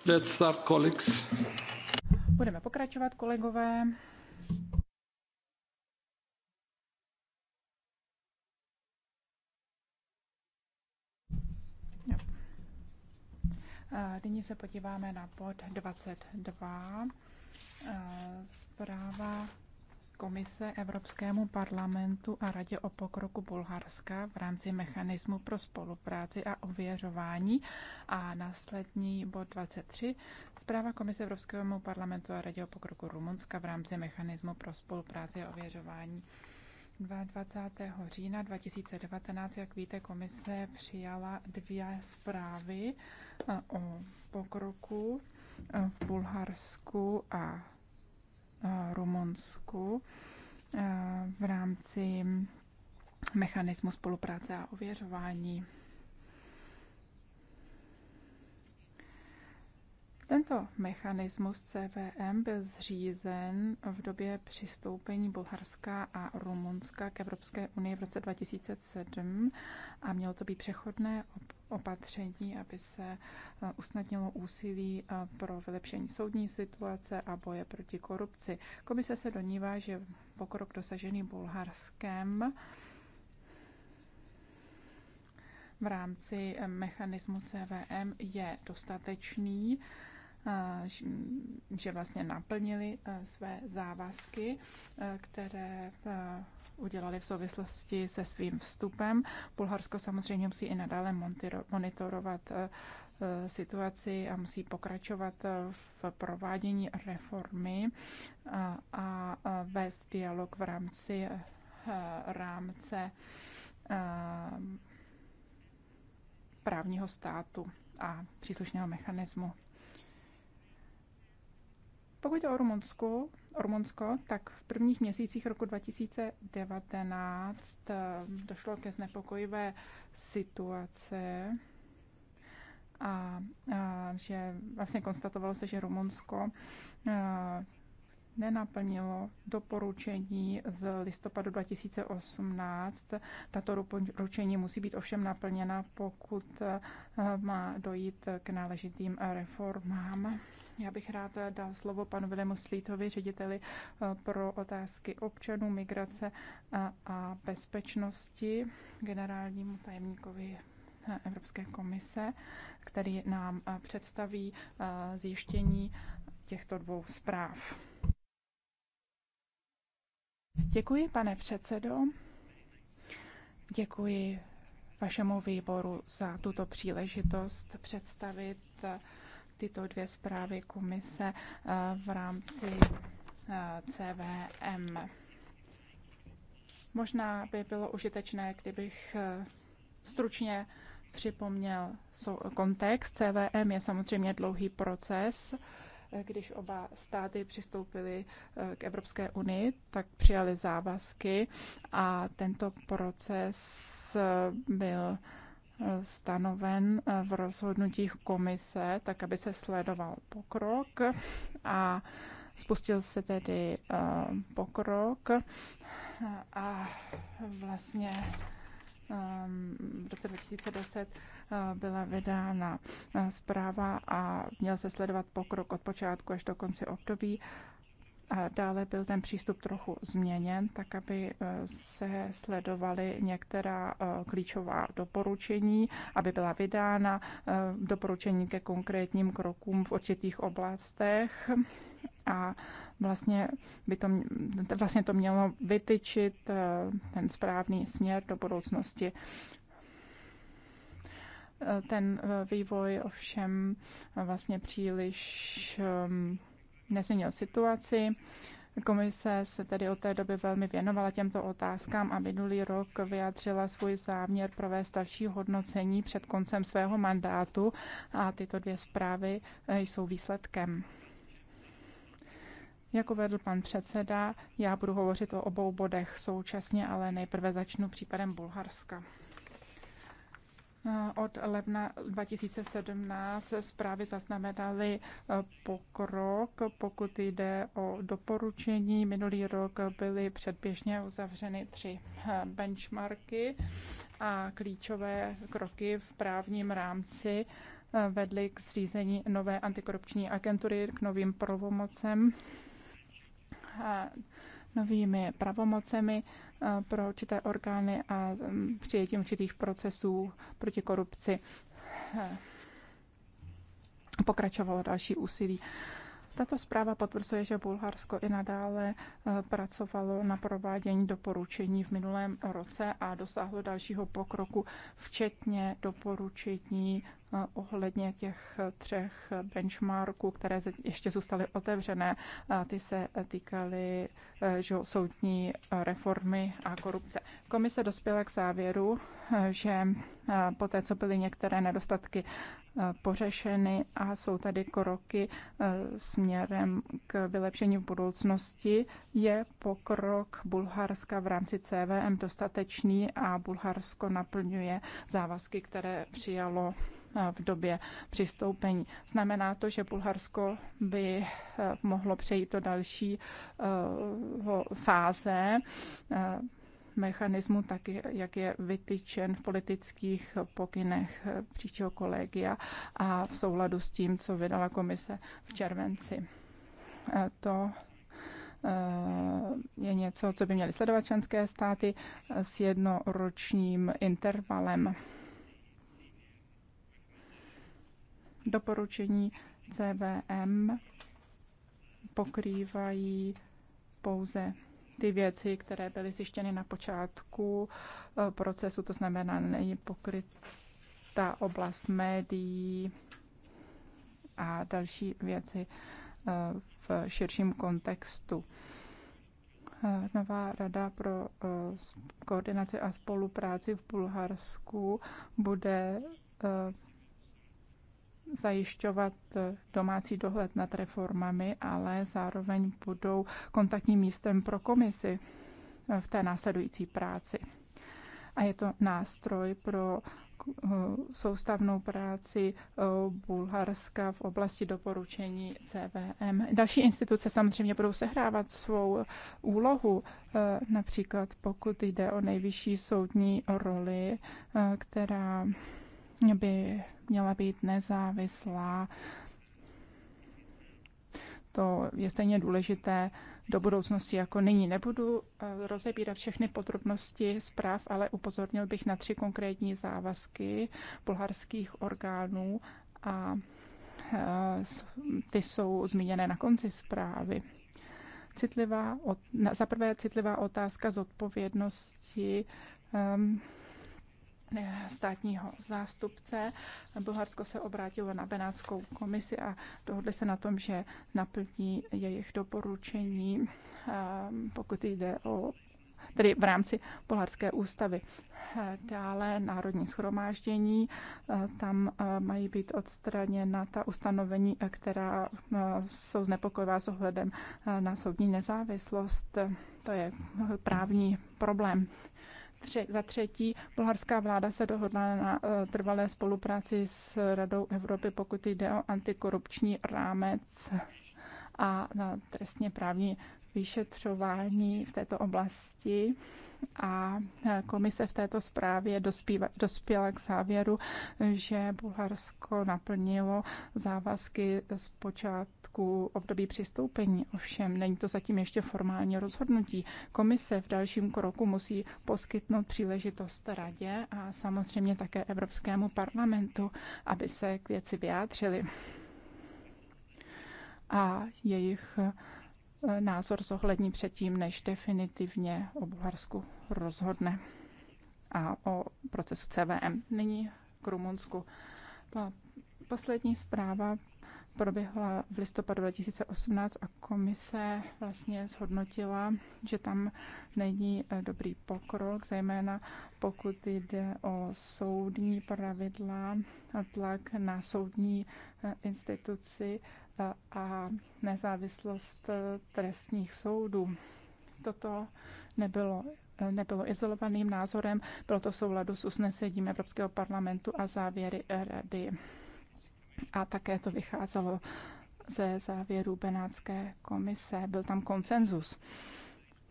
Let's start, colleagues. Budeme pokračovat, kolegové. Nyní se podíváme na bod 22. Zpráva Komise Evropskému parlamentu a Radě o pokroku Bulharska v rámci mechanismu pro spolupráci a ověřování a následní bod 23. Zpráva Komise Evropskému parlamentu a Radě o pokroku Rumunska v rámci mechanismu pro spolupráci a ověřování. 22. října 2019, jak víte, komise přijala dvě zprávy eh, o pokroku eh, v Bulharsku a Eh, Rumunsku eh, v rámci mechanismu spolupráce a ověřování. Tento mechanismus CVM byl zřízen v době přistoupení Bulharska a Rumunska k Evropské unii v roce 2007 a mělo to být přechodné opatření, aby se eh, usnadnilo úsilí eh, pro vylepšení soudní situace a boje proti korupci. Komise se donívá, že pokrok dosažený Bulharskem v rámci eh, mechanismu CVM je dostatečný, že vlastně naplnili své závazky, které udělali v souvislosti se svým vstupem. Bulharsko samozřejmě musí i nadále monitorovat eh, eh, situaci a musí pokračovat eh, v provádění reformy a, a vést dialog v rámci rámce právního státu a příslušného mechanismu pokud je o Rumunsku, o Rumunsko, tak v prvních měsících roku 2019 eh, došlo ke znepokojivé situace a, a eh, že vlastně konstatovalo se, že Rumunsko eh, nenaplnilo doporučení z listopadu 2018. Tato doporučení musí být ovšem naplněna, pokud má dojít k náležitým reformám. Já bych rád dal slovo panu Vilemu Slítovi, řediteli eh, pro otázky občanů, migrace a, a bezpečnosti, generálnímu tajemníkovi eh, Evropské komise, který nám eh, představí zjištění těchto dvou zpráv. Děkuji, pane předsedo. Děkuji vašemu výboru za tuto příležitost představit tyto dvě zprávy komise eh, v rámci eh, CVM. Možná by bylo užitečné, kdybych eh, stručně připomněl kontext. CVM je samozřejmě dlouhý proces. Když oba státy přistoupily k Evropské unii, tak přijali závazky a tento proces byl stanoven eh, v rozhodnutích komise, tak aby se sledoval pokrok a spustil se tedy eh, pokrok a vlastně eh, v roce 2010 byla vydána zpráva a měl se sledovat pokrok od počátku až do konce období a dále byl ten přístup trochu změněn, tak aby eh, se sledovaly některá eh, klíčová doporučení, aby byla vydána eh, doporučení ke konkrétním krokům v určitých oblastech a vlastně, by to, vlastně to mělo vytyčit ten správný směr do budoucnosti. Ten vývoj ovšem vlastně příliš ehm, nezměnil situaci. Komise se tedy od té doby velmi věnovala těmto otázkám a minulý rok vyjadřila svůj záměr provést další hodnocení před koncem svého mandátu a tyto dvě zprávy eh, jsou výsledkem. Jak uvedl pan předseda, já budu hovořit o obou bodech současně, ale nejprve začnu případem Bulharska. Eh, od ledna 2017 zprávy zaznamenaly eh, pokrok, pokud jde o doporučení. Minulý rok byly předběžně uzavřeny tři eh, benchmarky a klíčové kroky v právním rámci vedly k zřízení nové antikorupční agentury, k novým pravomocem a novými pravomocemi Eh, pro určité orgány a mm, přijetím určitých procesů proti korupci eh, pokračovalo další úsilí. Tato zpráva potvrzuje, že Bulharsko i nadále eh, pracovalo na provádění doporučení v minulém roce a dosáhlo dalšího pokroku, včetně doporučení ohledně těch třech benchmarků, které ještě zůstaly otevřené. Ty se týkaly e, že soudní reformy a korupce. Komise dospěla k závěru, e, že e, poté, co byly některé nedostatky pořešeny a jsou tady kroky směrem k vylepšení v budoucnosti. Je pokrok Bulharska v rámci CVM dostatečný a Bulharsko naplňuje závazky, které přijalo v době přistoupení. Znamená to, že Bulharsko by eh, mohlo přejít do další eh, fáze eh, mechanismu, tak jak je vytyčen v politických pokynech příštího kolegia a v souladu s tím, co vydala komise v červenci. To je něco, co by měly sledovat členské státy s jednoročním intervalem. Doporučení CVM pokrývají pouze ty věci, které byly zjištěny na počátku eh, procesu, to znamená, není ta oblast médií a další věci eh, v širším kontextu. Eh, Nová rada pro koordinaci a spolupráci v Bulharsku bude zajišťovat eh, domácí dohled nad reformami, ale zároveň budou kontaktním místem pro komisi eh, v té následující práci. A je to nástroj pro eh, soustavnou práci Bulharska v oblasti doporučení CVM. Další instituce samozřejmě budou sehrávat svou úlohu, například pokud jde o nejvyšší soudní roli, která by měla být nezávislá. To je stejně důležité do budoucnosti jako nyní. Nebudu eh, rozebírat všechny podrobnosti zpráv, ale upozornil bych na tři konkrétní závazky bulharských orgánů a eh, ty jsou zmíněné na konci zprávy. Citlivá, za prvé citlivá otázka zodpovědnosti odpovědnosti ehm, státního zástupce. Bulharsko se obrátilo na Benátskou komisi a dohodli se na tom, že naplní jejich doporučení, ehm, pokud jde o tedy v rámci Bulharské ústavy. Dále Národní schromáždění, eh, tam eh, mají být odstraněna ta ustanovení, eh, která jsou znepokojivá s ohledem na soudní nezávislost. To je právní problém. Tře- za třetí, bulharská vláda se dohodla na e, trvalé spolupráci s Radou Evropy, pokud jde o antikorupční rámec a na trestně právní vyšetřování v této oblasti a komise v této zprávě dospíva, dospěla k závěru, že Bulharsko naplnilo závazky z počátku období přistoupení. Ovšem, není to zatím ještě formální rozhodnutí. Komise v dalším kroku musí poskytnout příležitost radě a samozřejmě také Evropskému parlamentu, aby se k věci vyjádřili. A jejich názor zohlední předtím, než definitivně o Bulharsku rozhodne a o procesu CVM. Nyní k Rumunsku. Poslední zpráva proběhla v listopadu 2018 a komise vlastně zhodnotila, že tam není eh, dobrý pokrok, zejména pokud jde o soudní pravidla a tlak na soudní eh, instituci a nezávislost eh, trestních soudů. Toto nebylo eh, nebylo izolovaným názorem, bylo to v souladu s usnesením Evropského parlamentu a závěry rady. A také to vycházelo ze závěrů Benátské komise. Byl tam konsenzus.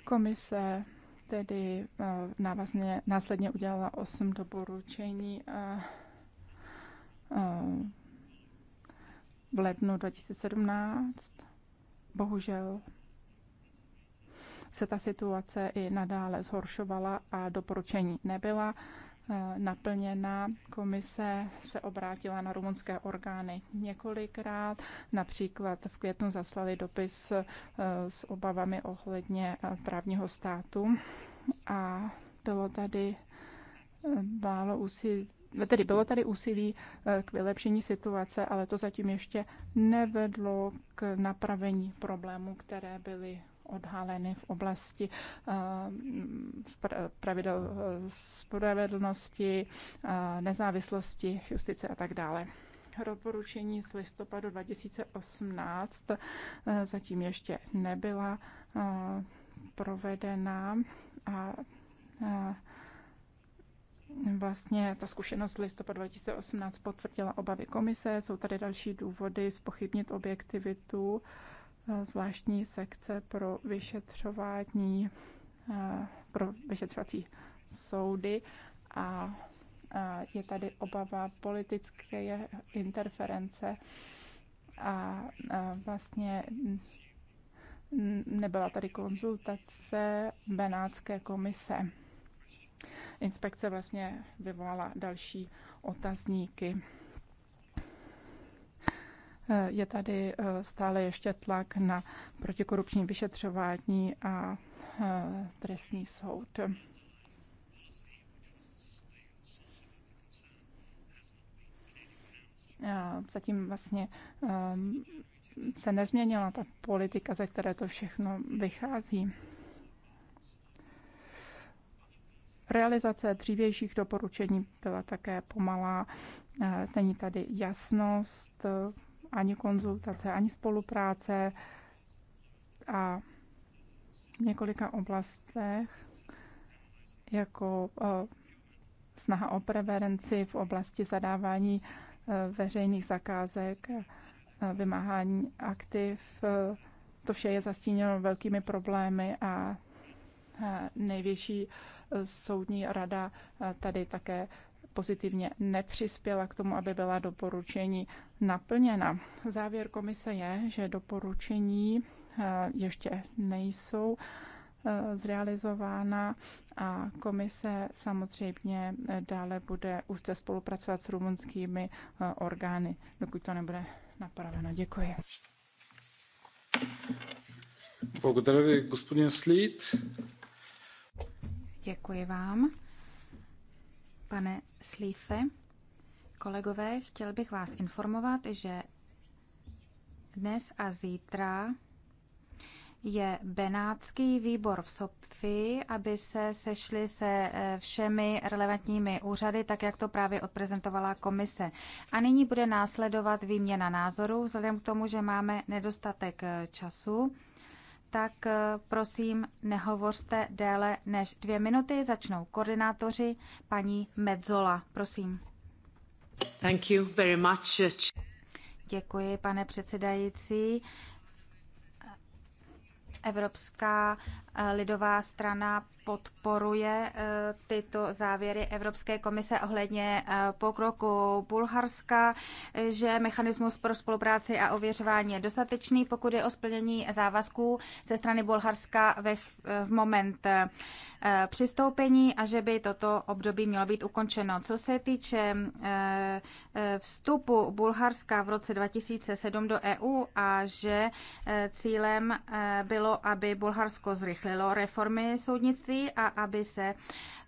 Komise tedy eh, návazně, následně udělala osm doporučení a, a v lednu 2017. Bohužel se ta situace i nadále zhoršovala a doporučení nebyla eh, naplněna. Komise se obrátila na rumunské orgány několikrát, například v květnu zaslali dopis eh, s obavami ohledně eh, právního státu a bylo tady málo úsilí tedy bylo tady úsilí eh, k vylepšení situace, ale to zatím ještě nevedlo k napravení problémů, které byly odhaleny v oblasti eh, pravidel eh, spravedlnosti, nezávislosti, justice a tak dále. Doporučení z listopadu 2018 zatím ještě nebyla provedena a Vlastně ta zkušenost z listopadu 2018 potvrdila obavy komise. Jsou tady další důvody spochybnit objektivitu eh, zvláštní sekce pro vyšetřování, eh, pro vyšetřovací soudy a eh, je tady obava politické interference a vlastně nebyla tady konzultace Benátské komise inspekce vlastně vyvolala další otazníky. Eh, je tady eh, stále ještě tlak na protikorupční vyšetřování a eh, trestní soud. Zatím vlastně ehm, se nezměnila ta politika, ze které to všechno vychází. Realizace dřívějších doporučení byla také pomalá, eh, není tady jasnost, eh, ani konzultace, ani spolupráce a v několika oblastech, jako eh, snaha o prevenci v oblasti zadávání veřejných zakázek, vymáhání aktiv. To vše je zastíněno velkými problémy a největší soudní rada eh, tady také pozitivně nepřispěla k tomu, aby byla doporučení naplněna. Závěr komise je, že doporučení eh, ještě nejsou eh, zrealizována a komise samozřejmě dále bude úzce spolupracovat s rumunskými orgány, dokud to nebude napraveno. Děkuji. Благодаря ви, господин Слит. Děkuji vám. Pane Slífe, kolegové, chtěl bych vás informovat, že dnes a zítra je Benátský výbor v Sofii, aby se sešli se eh, všemi relevantními úřady, tak jak to právě odprezentovala komise. A nyní bude následovat výměna názorů, vzhledem k tomu, že máme nedostatek eh, času tak eh, prosím nehovořte déle než dvě minuty. Začnou koordinátoři paní Medzola. Prosím. Thank you very much. Eh, Děkuji, pane předsedající. Evropská Lidová strana podporuje e, tyto závěry Evropské komise ohledně e, pokroku Bulharska, že mechanismus pro spolupráci a ověřování je dostatečný, pokud je o splnění závazků ze strany Bulharska ve, e, v moment přistoupení a že by toto období mělo být ukončeno. Co se týče vstupu Bulharska v roce 2007 do EU a že cílem bylo, aby Bulharsko zrychlilo urychlilo reformy soudnictví a aby se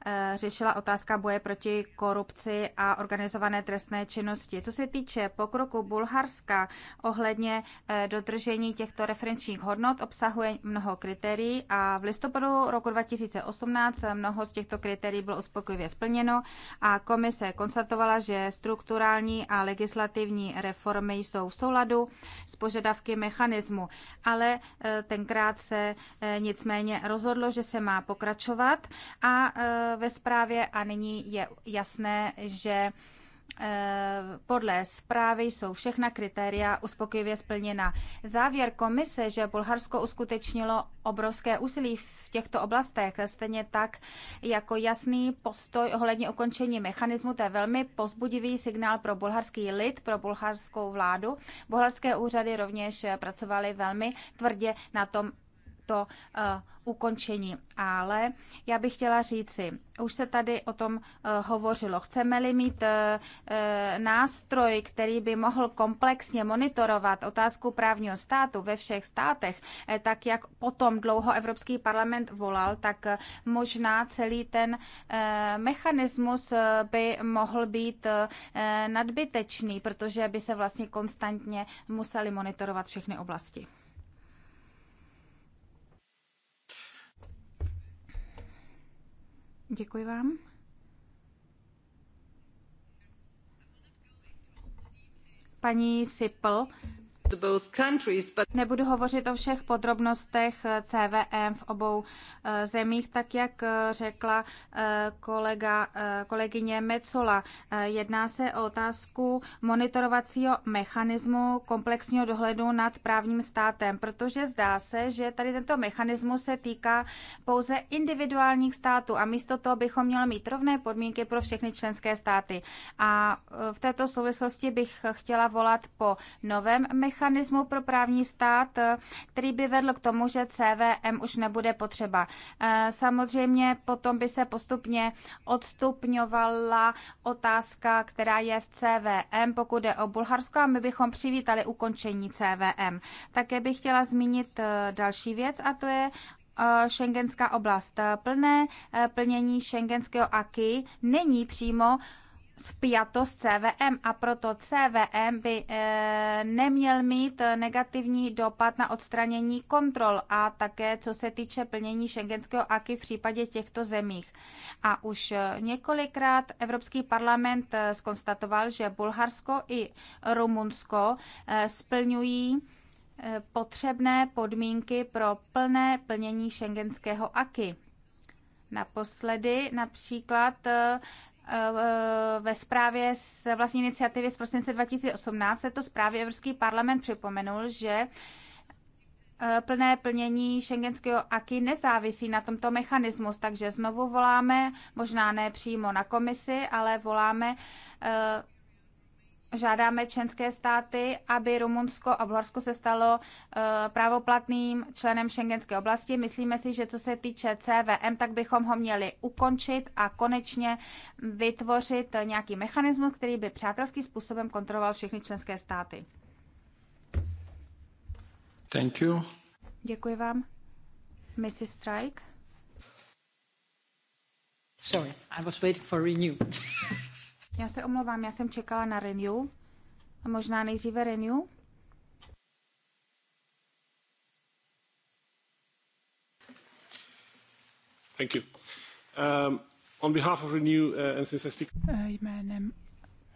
Eh, řešila otázka boje proti korupci a organizované trestné činnosti. Co se týče pokroku Bulharska ohledně eh, dodržení těchto referenčních hodnot, obsahuje mnoho kritérií a v listopadu roku 2018 mnoho z těchto kritérií bylo uspokojivě splněno a komise konstatovala, že strukturální a legislativní reformy jsou v souladu s požadavky mechanismu, ale eh, tenkrát se nicméně rozhodlo, že se má pokračovat a ve zprávě a nyní je jasné, že eh, podle zprávy jsou všechna kritéria uspokojivě splněna. Závěr komise, že Bulharsko uskutečnilo obrovské úsilí v těchto oblastech, stejně tak jako jasný postoj ohledně ukončení mechanismu, to je velmi pozbudivý signál pro bulharský lid, pro bulharskou vládu. Bulharské úřady rovněž pracovaly velmi tvrdě na tom, to eh, ukončení. Ale já bych chtěla říci, už se tady o tom eh, hovořilo, chceme-li mít eh, nástroj, který by mohl komplexně monitorovat otázku právního státu ve všech státech, tak jak potom dlouho Evropský parlament volal, tak možná celý ten mechanismus by mohl být nadbytečný, protože by se vlastně konstantně museli monitorovat všechny oblasti. Děkuji vám. Paní Sipl, Nebudu hovořit o všech podrobnostech CVM e v obou eh, zemích, tak jak eh, řekla eh, kolega, kolegyně Mecola. Jedná se o otázku monitorovacího mechanismu komplexního dohledu nad právním státem, protože zdá se, že tady tento mechanismus se týká pouze individuálních států a místo toho bychom měli mít rovné podmínky pro všechny členské státy. A v této souvislosti bych chtěla volat po novém mechanismu, mechanismu pro právní stát, eh, který by vedl k tomu, že CVM už nebude potřeba. Eh, samozřejmě potom by se postupně odstupňovala otázka, která je v CVM, pokud je o Bulharsko, a my bychom přivítali ukončení CVM. Také bych chtěla zmínit eh, další věc, a to je šengenská oblast. Plné plnění šengenského AKI není přímo spjato s CVM a proto CVM by eh, neměl mít negativní dopad na odstranění kontrol a také co se týče plnění šengenského aky v případě těchto zemích. A už eh, několikrát Evropský parlament skonstatoval, eh, že Bulharsko i Rumunsko splňují potřebné podmínky pro plné plnění šengenského aky. Naposledy například Eh, ve zprávě z vlastní iniciativy z prosince 2018 se to zprávě Evropský parlament připomenul, že eh, plné plnění šengenského aky nezávisí na tomto mechanismu, takže znovu voláme, možná ne přímo na komisi, ale voláme eh, žádáme členské státy, aby Rumunsko a Bulharsko se stalo eh, právoplatným členem šengenské oblasti. Myslíme si, že co se týče CVM, tak bychom ho měli ukončit a konečně vytvořit nějaký mechanismus, který by přátelským způsobem kontroloval všechny členské státy. Thank you. Děkuji vám. Mrs. Strike. Sorry, I was waiting for renew. Já se omlouvám, já jsem čekala na Renew. A možná nejdříve Renew? Thank you. Um, on behalf of Renew, uh, and since I speak... Eh, jménem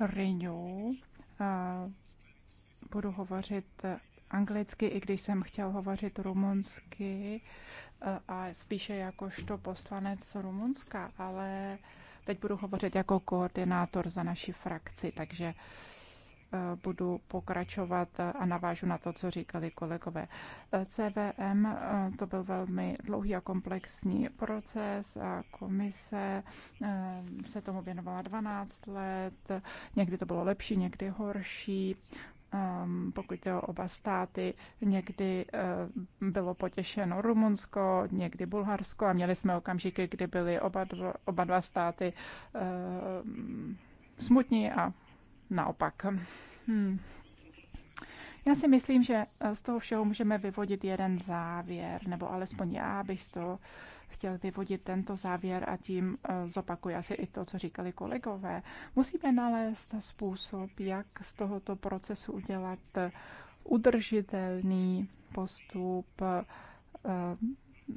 Renew uh, budu hovořit anglicky, i když jsem chtěl hovořit rumunsky eh, a spíše jakožto poslanec Rumunska, ale uh, Teď budu hovořit jako koordinátor za naši frakci, takže eh, budu pokračovat eh, a navážu na to, co říkali kolegové. Eh, CVM to byl velmi dlouhý a komplexní proces a komise se tomu věnovala 12 let. Někdy to bylo lepší, někdy horší. Ehm, pokud jde o oba státy, někdy eh, bylo potěšeno Rumunsko, někdy Bulharsko a měli jsme okamžiky, kdy byly oba dva, oba dva státy ehm, smutní a naopak. Hmm. Já si myslím, že eh, z toho všeho můžeme vyvodit jeden závěr, nebo alespoň já bych z toho chtěl vyvodit tento závěr a tím eh, zopakuje asi i to, co říkali kolegové. Musíme nalézt způsob, jak z tohoto procesu udělat udržitelný postup eh,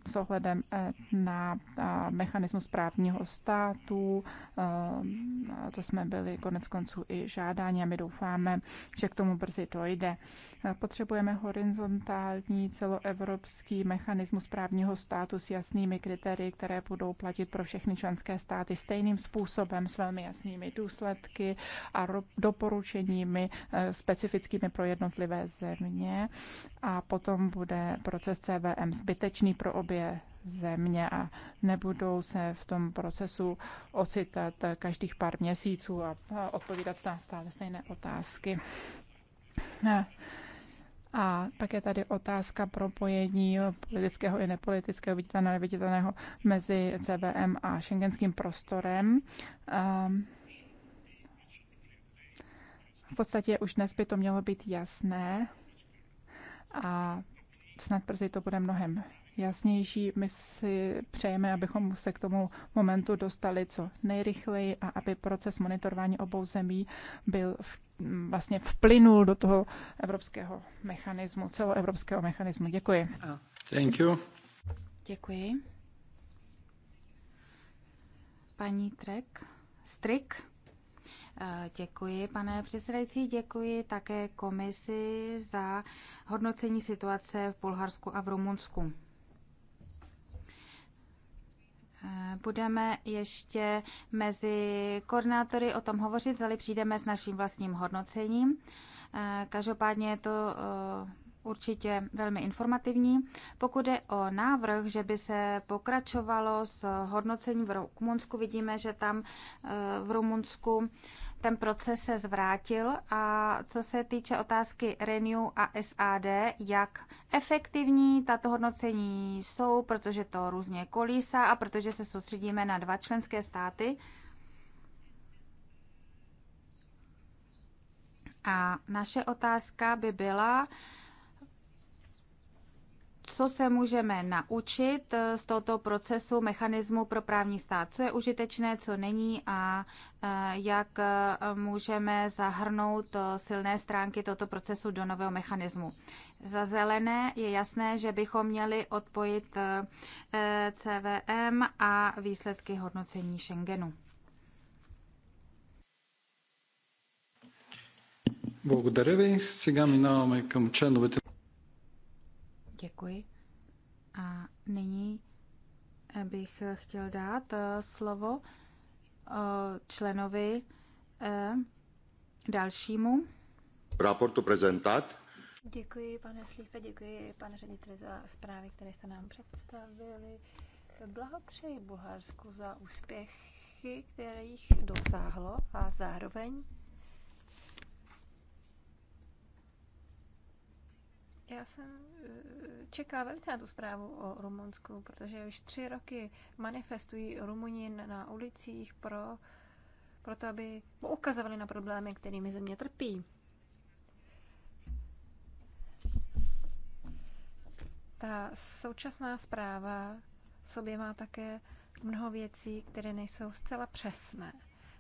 s ohledem eh, na eh, mechanismus právního státu. Eh, to jsme byli konec konců i žádání a my doufáme, že k tomu brzy dojde. Potřebujeme horizontální celoevropský mechanismus právního státu s jasnými kritérii, které budou platit pro všechny členské státy stejným způsobem, s velmi jasnými důsledky a doporučeními specifickými pro jednotlivé země. A potom bude proces CVM zbytečný pro obě země a nebudou se v tom procesu ocitat každých pár měsíců a odpovídat na stále stejné otázky. A pak je tady otázka propojení politického i nepolitického, viditelného viditelného mezi CVM a šengenským prostorem. V podstatě už dnes by to mělo být jasné a snad brzy to bude mnohem jasnější. My si přejeme, abychom se k tomu momentu dostali co nejrychleji a aby proces monitorování obou zemí byl v, vlastně vplynul do toho evropského mechanismu, celoevropského mechanismu. Děkuji. Thank you. Děkuji. Paní Trek, Strik. Eh, děkuji, pane předsedající, děkuji také komisi za hodnocení situace v Bulharsku a v Rumunsku. Budeme ještě mezi koordinátory o tom hovořit, zali přijdeme s naším vlastním hodnocením. Eh, každopádně je to eh, určitě velmi informativní. Pokud je o návrh, že by se pokračovalo s hodnocením v Rumunsku, vidíme, že tam eh, v Rumunsku ten proces se zvrátil a co se týče otázky Renew a SAD, jak efektivní tato hodnocení jsou, protože to různě kolísa a protože se soustředíme na dva členské státy. A naše otázka by byla, co se můžeme naučit eh, z tohoto procesu mechanismu pro právní stát, co je užitečné, co není a eh, jak eh, můžeme zahrnout silné stránky tohoto procesu do nového mechanismu. Za zelené je jasné, že bychom měli odpojit CVM a výsledky hodnocení Schengenu. Благодаря ви. Сега минаваме към членовете. Děkuji. A nyní eh, bych eh, chtěl dát eh, slovo členovi dalšímu. Raportu prezentat. Děkuji, pane Slípe, děkuji, pane řediteli, za zprávy, které jste nám představili. Blahopřeji Bulharsku za úspěchy, kterých dosáhlo a zároveň Já jsem eh, čeká velice na tu zprávu o Rumunsku, protože už tři roky manifestují Rumuni na ulicích pro, pro to, aby ukazovali na problémy, kterými země trpí. Ta současná zpráva v sobě má také mnoho věcí, které nejsou zcela přesné.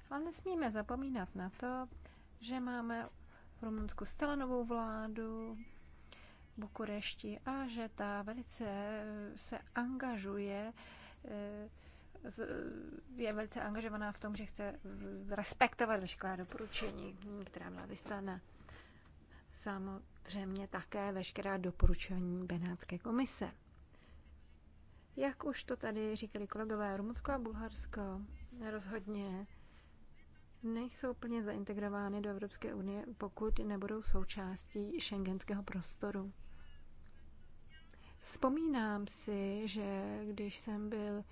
Ale nesmíme zapomínat na to, že máme v Rumunsku zcela novou vládu, Bukurešti a že ta velice eh, se angažuje eh, je velice angažovaná v tom, že chce respektovat veškerá doporučení, která byla vystána. Samozřejmě také veškerá doporučení Benátské komise. Jak už to tady říkali kolegové, Rumunsko a Bulharsko rozhodně nejsou plně zaintegrovány do Evropské unie, pokud nebudou součástí šengenského prostoru. Vzpomínám si, že když jsem byl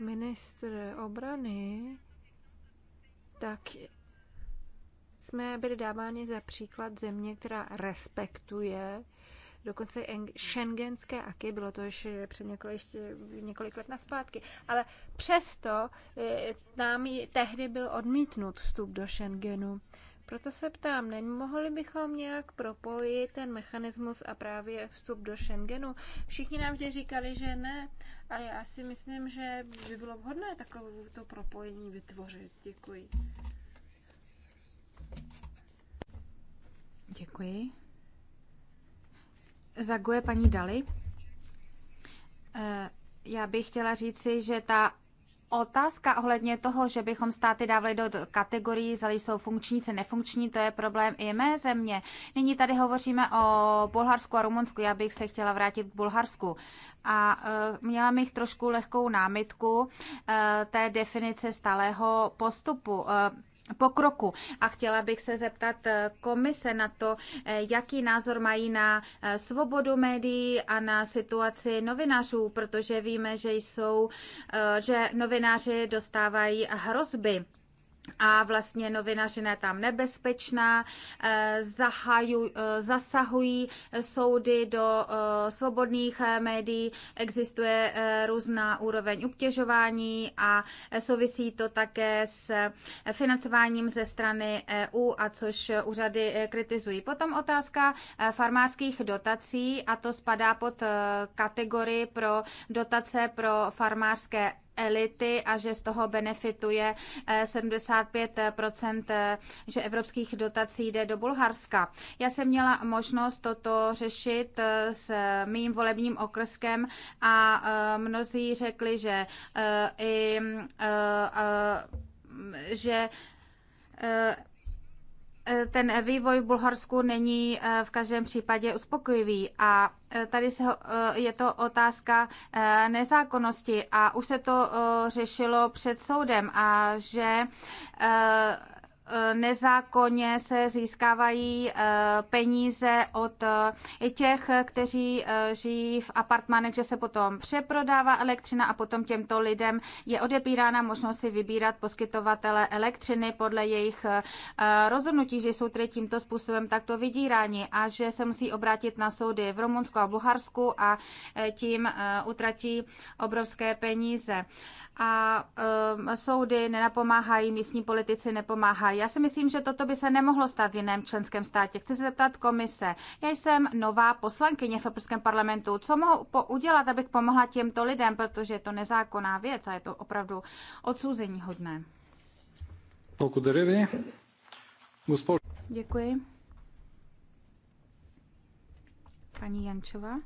ministr obrany, tak jsme byli dáváni za příklad země, která respektuje dokonce šengenské aky, bylo to ještě eh, před několik, ještě několik let zpátky, ale přesto eh, nám tehdy byl odmítnut vstup do Schengenu. Proto se ptám, nemohli bychom nějak propojit ten mechanismus a právě vstup do Schengenu? Všichni nám vždy říkali, že ne, ale já si myslím, že by bylo vhodné takovou to propojení vytvořit. Děkuji. Děkuji. Zaguje paní Dali. Eh, já bych chtěla říci, že ta Otázka ohledně toho, že bychom státy dávali do kategorií, zda jsou funkční, či nefunkční, to je problém i mé země. Nyní tady hovoříme o Bulharsku a Rumunsku. Já bych se chtěla vrátit k Bulharsku. A e, měla bych trošku lehkou námitku e, té definice stalého postupu. E, pokroku. A chtěla bych se zeptat eh, komise na to, eh, jaký názor mají na eh, svobodu médií a na situaci novinářů, protože víme, že jsou, že novináři dostávají hrozby a vlastně novinařina tam nebezpečná, eh, zahaju, eh, zasahují soudy do eh, svobodných médií, existuje různá úroveň obtěžování a souvisí to také s financováním ze strany EU, a což úřady kritizují. Potom otázka farmářských dotací a to spadá pod kategorii pro dotace pro farmářské elity a že z toho benefituje 75 eh, eh, že evropských dotací jde do Bulharska. Já jsem měla možnost toto řešit eh, s mým volebním okrskem a mnozí řekli, že i že ten vývoj v Bulharsku není eh, v každém případě uspokojivý a eh, tady se, eh, je to otázka nezákonnosti a už se to řešilo před soudem a že Eh, nezákonně se získávají eh, peníze od eh, těch, kteří žijí v apartmanech, že se potom přeprodává elektřina a potom těmto lidem je odepírána možnost si vybírat poskytovatele elektřiny podle jejich rozhodnutí, že jsou tedy tímto způsobem takto vydíráni a že se musí obrátit na soudy v Rumunsku a Bulharsku a tím utratí obrovské peníze a um, soudy nenapomáhají, místní politici nepomáhají. Já si myslím, že toto by se nemohlo stát v jiném členském státě. Chci se zeptat komise. Já jsem nová poslankyně v Evropském parlamentu. Co mohu po- udělat, abych pomohla těmto lidem, protože je to nezákonná věc a je to opravdu odsouzení hodné. Pokud vy, Děkuji. Paní Jančová.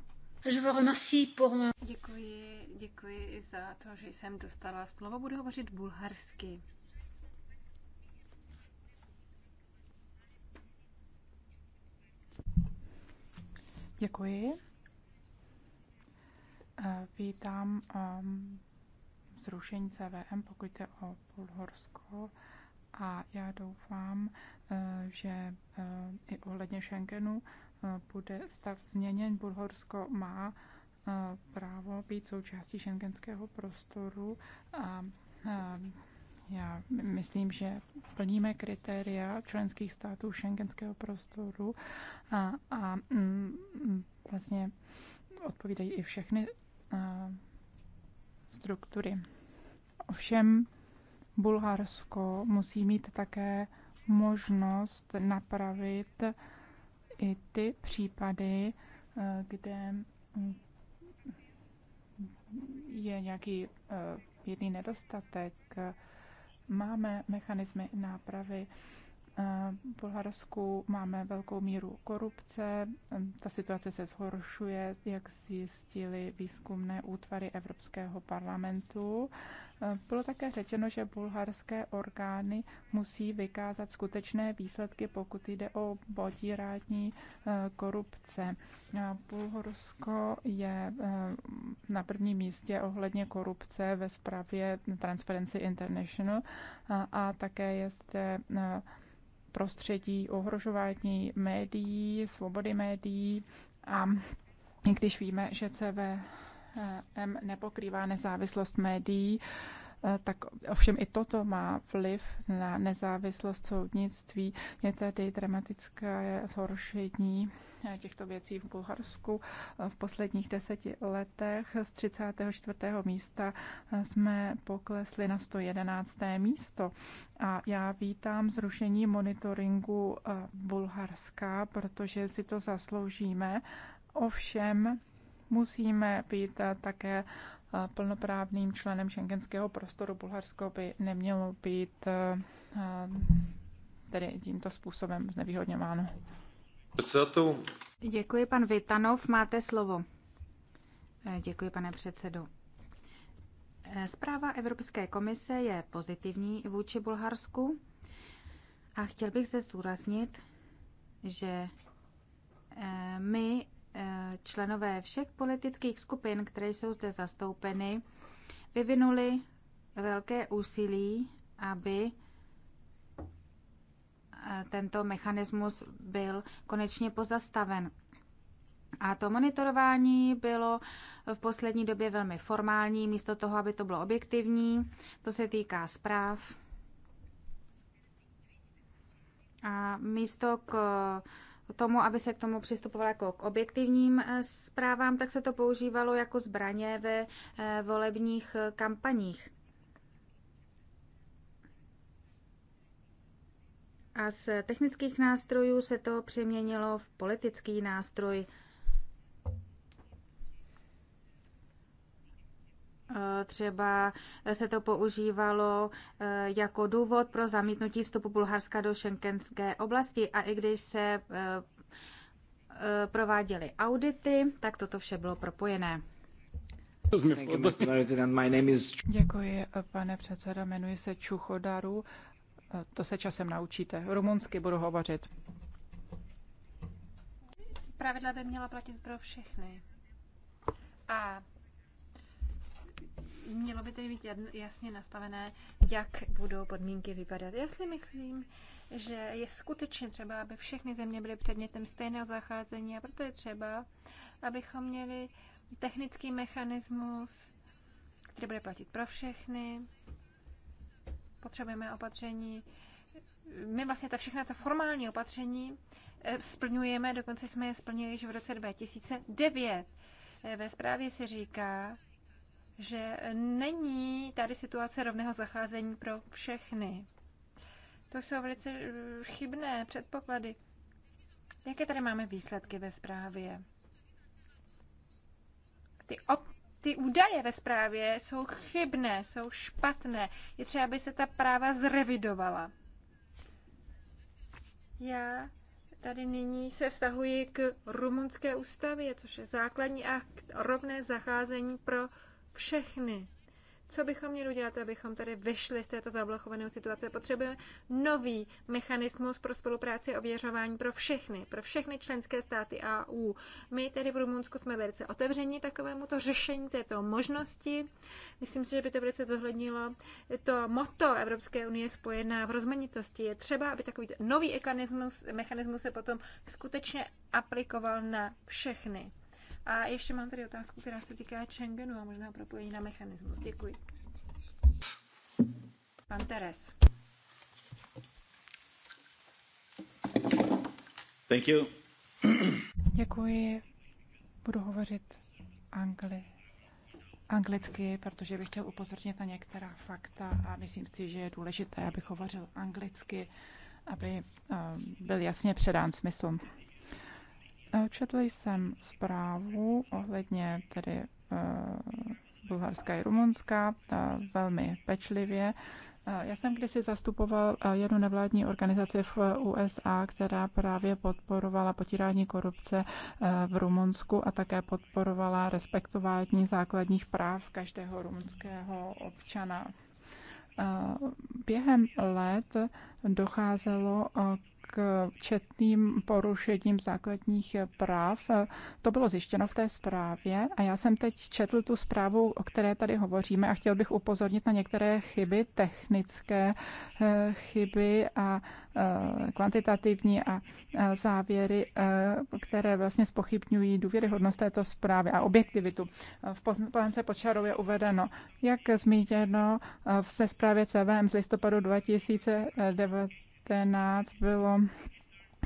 Je vous remercie pour... Děkuji Děkuji i za to, že jsem dostala slovo. Budu hovořit bulharsky. Děkuji. Eh, vítám ehm, zrušení CVM, pokud jde o bulharsko, A já doufám, eh, že eh, i ohledně Schengenu bude stav změněn. Bulharsko má právo být součástí šengenského prostoru a já myslím, že plníme kritéria členských států šengenského prostoru a, a mm, vlastně odpovídají i všechny struktury. Ovšem Bulharsko musí mít také možnost napravit i ty případy, kde je nějaký jedný eh, nedostatek, máme mechanismy nápravy. Eh, v Bulharsku máme velkou míru korupce, ta situace se zhoršuje, jak zjistili výzkumné útvary Evropského parlamentu bylo také řečeno, že bulharské orgány musí vykázat skutečné výsledky, pokud jde o potírání eh, korupce. Bulharsko je eh, na prvním místě ohledně korupce ve zprávě Transparency International a také je zde eh, prostředí ohrožování médií, svobody médií a i když víme, že CV M nepokrývá nezávislost médií, eh, tak ovšem i toto má vliv na nezávislost soudnictví. Je tady dramatické zhoršení eh, těchto věcí v Bulharsku. Eh, v posledních deseti letech z 34. místa jsme poklesli na 111. místo. A já vítám zrušení monitoringu Bulharska, protože si to zasloužíme. Ovšem, musíme být eh, také eh, plnoprávným členem šengenského prostoru. Bulharsko by nemělo být eh, tedy tímto způsobem znevýhodňováno. Děkuji, pan Vitanov, máte slovo. Děkuji, pane předsedo. Zpráva Evropské komise je pozitivní vůči Bulharsku a chtěl bych se zdůraznit, že my členové všech politických skupin, které jsou zde zastoupeny, vyvinuli velké úsilí, aby eh, tento mechanismus byl konečně pozastaven. A to monitorování bylo v poslední době velmi formální, místo toho, aby to bylo objektivní. To se týká zpráv. A místo k tomu, aby se k tomu přistupovalo jako k objektivním eh, zprávám, tak se to používalo jako zbraně ve eh, volebních eh, kampaních. A z technických nástrojů se to přeměnilo v politický nástroj Třeba se to používalo eh, jako důvod pro zamítnutí vstupu Bulharska do šenkenské oblasti a i když se eh, eh, prováděly audity, tak toto vše bylo propojené. Děkuji, pane předseda, jmenuji se Čuchodaru. To se časem naučíte. Rumunsky budu hovořit. Pravidla by měla platit pro všechny. A mělo by tedy být jasně nastavené, jak budou podmínky vypadat. Já si myslím, že je skutečně třeba, aby všechny země byly předmětem stejného zacházení a proto je třeba, abychom měli technický mechanismus, který bude platit pro všechny. Potřebujeme opatření. My vlastně ta všechna ta formální opatření eh, splňujeme, dokonce jsme je splnili již v roce 2009. Eh, ve zprávě se říká, že není tady situace rovného zacházení pro všechny. To jsou velice eh, chybné předpoklady. Jaké tady máme výsledky ve zprávě? Ty, op- ty údaje ve zprávě jsou chybné, jsou špatné. Je třeba, aby se ta práva zrevidovala. Já tady nyní se vztahuji k rumunské ústavě, což je základní akt rovné zacházení pro všechny. Co bychom měli udělat, abychom tady vyšli z této zablokované situace? Potřebujeme nový mechanismus pro spolupráci a ověřování pro všechny, pro všechny členské státy a EU. My tedy v Rumunsku jsme velice otevření takovému to řešení této možnosti. Myslím si, že by to velice zohlednilo to moto Evropské unie spojená v rozmanitosti. Je třeba, aby takový nový mechanismus, mechanismus se potom skutečně aplikoval na všechny. A ještě mám tady otázku, která se týká Schengenu a možná propojení na mechanismus. Děkuji. Pan Teres. Thank you. Děkuji. Budu hovořit angli. anglicky, protože bych chtěl upozornit na některá fakta a myslím si, že je důležité, abych hovořil anglicky, aby eh, byl jasně předán smysl. Eh, četl jsem zprávu ohledně tedy eh, Bulharska i Rumunska velmi pečlivě. Eh, já jsem kdysi zastupoval jednu nevládní organizaci v USA, která právě podporovala potírání korupce v Rumunsku a také podporovala respektování základních práv každého rumunského občana. Během let docházelo k četným porušením základních práv. To bylo zjištěno v té zprávě a já jsem teď četl tu zprávu, o které tady hovoříme a chtěl bych upozornit na některé chyby, technické eh, chyby a eh, kvantitativní a eh, závěry, které vlastně spochybňují důvěryhodnost této zprávy a objektivitu. V poslance Počarově je uvedeno, jak zmíněno v se zprávě CVM z listopadu 2009 2019 bylo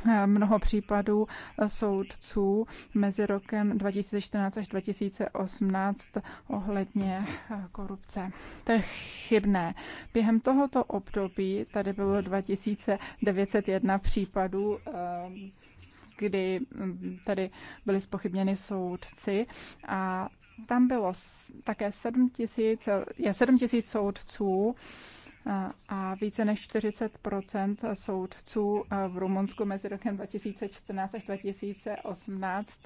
eh, mnoho případů eh, soudců mezi rokem 2014 až 2018 ohledně eh, korupce. To je chybné. Během tohoto období tady bylo 2901 případů kdy mm, tady byly spochybněny soudci a tam bylo také 7000, je 7 soudců, a více než 40 soudců v Rumunsku mezi rokem 2014 až 2018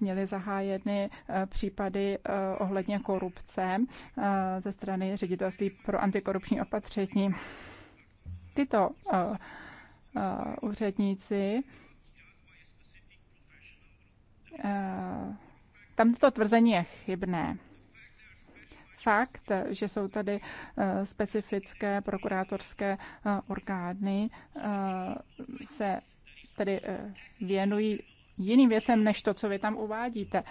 měli zahájeny případy ohledně korupce ze strany ředitelství pro antikorupční opatření. Tyto úředníci tam to tvrzení je chybné fakt, že jsou tady eh, specifické prokurátorské eh, orgány, eh, se tedy věnují jiným věcem, než to, co vy tam uvádíte.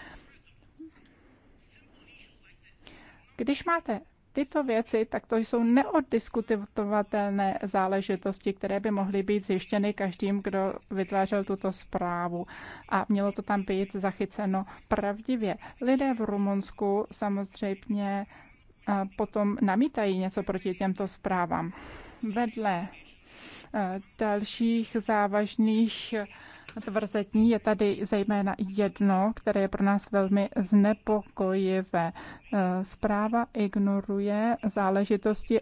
Když máte tyto věci, tak to jsou neoddiskutovatelné záležitosti, které by mohly být zjištěny každým, kdo vytvářel tuto zprávu. A mělo to tam být zachyceno pravdivě. Lidé v Rumunsku samozřejmě potom namítají něco proti těmto zprávám. Vedle e, dalších závažných tvrzetní je tady zejména jedno, které je pro nás velmi znepokojivé. E, zpráva ignoruje záležitosti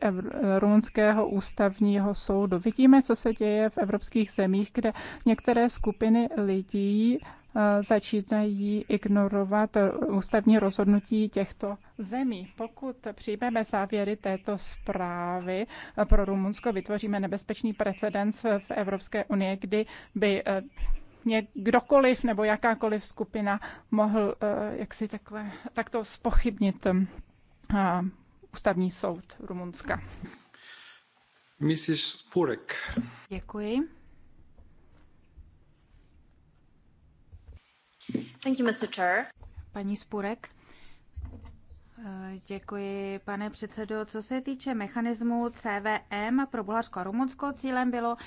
Rumunského ústavního soudu. Vidíme, co se děje v evropských zemích, kde některé skupiny lidí Eh, začínají ignorovat ústavní rozhodnutí těchto zemí. Pokud přijmeme závěry této zprávy eh, pro Rumunsko, vytvoříme nebezpečný precedens v Evropské unii, kdy by eh, kdokoliv nebo jakákoliv skupina mohl jak si takhle, takto spochybnit ústavní soud Rumunska. Mrs. Purek. Děkuji. Paní Spurek. Eh, děkuji, pane předsedo. Co se týče mechanismu CVM pro Bulharsko a Rumunsko, cílem bylo,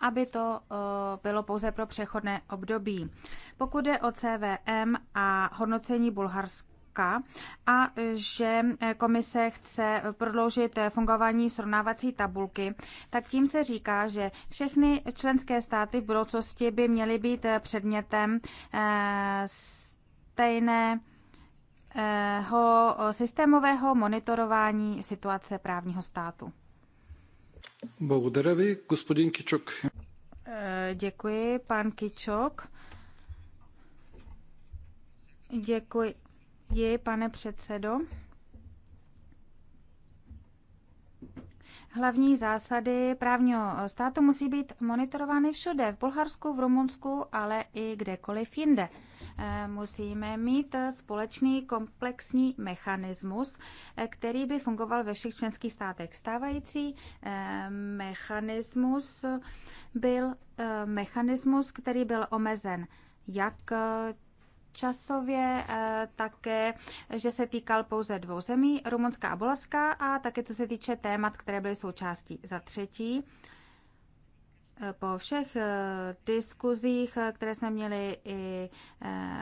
aby to eh, bylo pouze pro přechodné období. Pokud je o CVM a hodnocení Bulharska, roka a že komise chce prodloužit fungování srovnávací tabulky, tak tím se říká, že všechny členské státy v budoucnosti by měly být předmětem eh, stejné eh, systémového monitorování situace právního státu. Благодаря ви, господин Кичок. Eh, děkuji, pan Kičok. Děkuji. Je pane předsedo. Hlavní zásady právního státu musí být monitorovány všude, v Bulharsku, v Rumunsku, ale i kdekoliv jinde. Eh, musíme mít společný komplexní mechanismus, eh, který by fungoval ve všech členských státech. Stávající eh, mechanismus byl mechanismus, který byl omezen jak časově eh, také, že se týkal pouze dvou zemí, Rumunská a Bolaska, a také co se týče témat, které byly součástí za třetí. Eh, po všech eh, diskuzích, které jsme měli i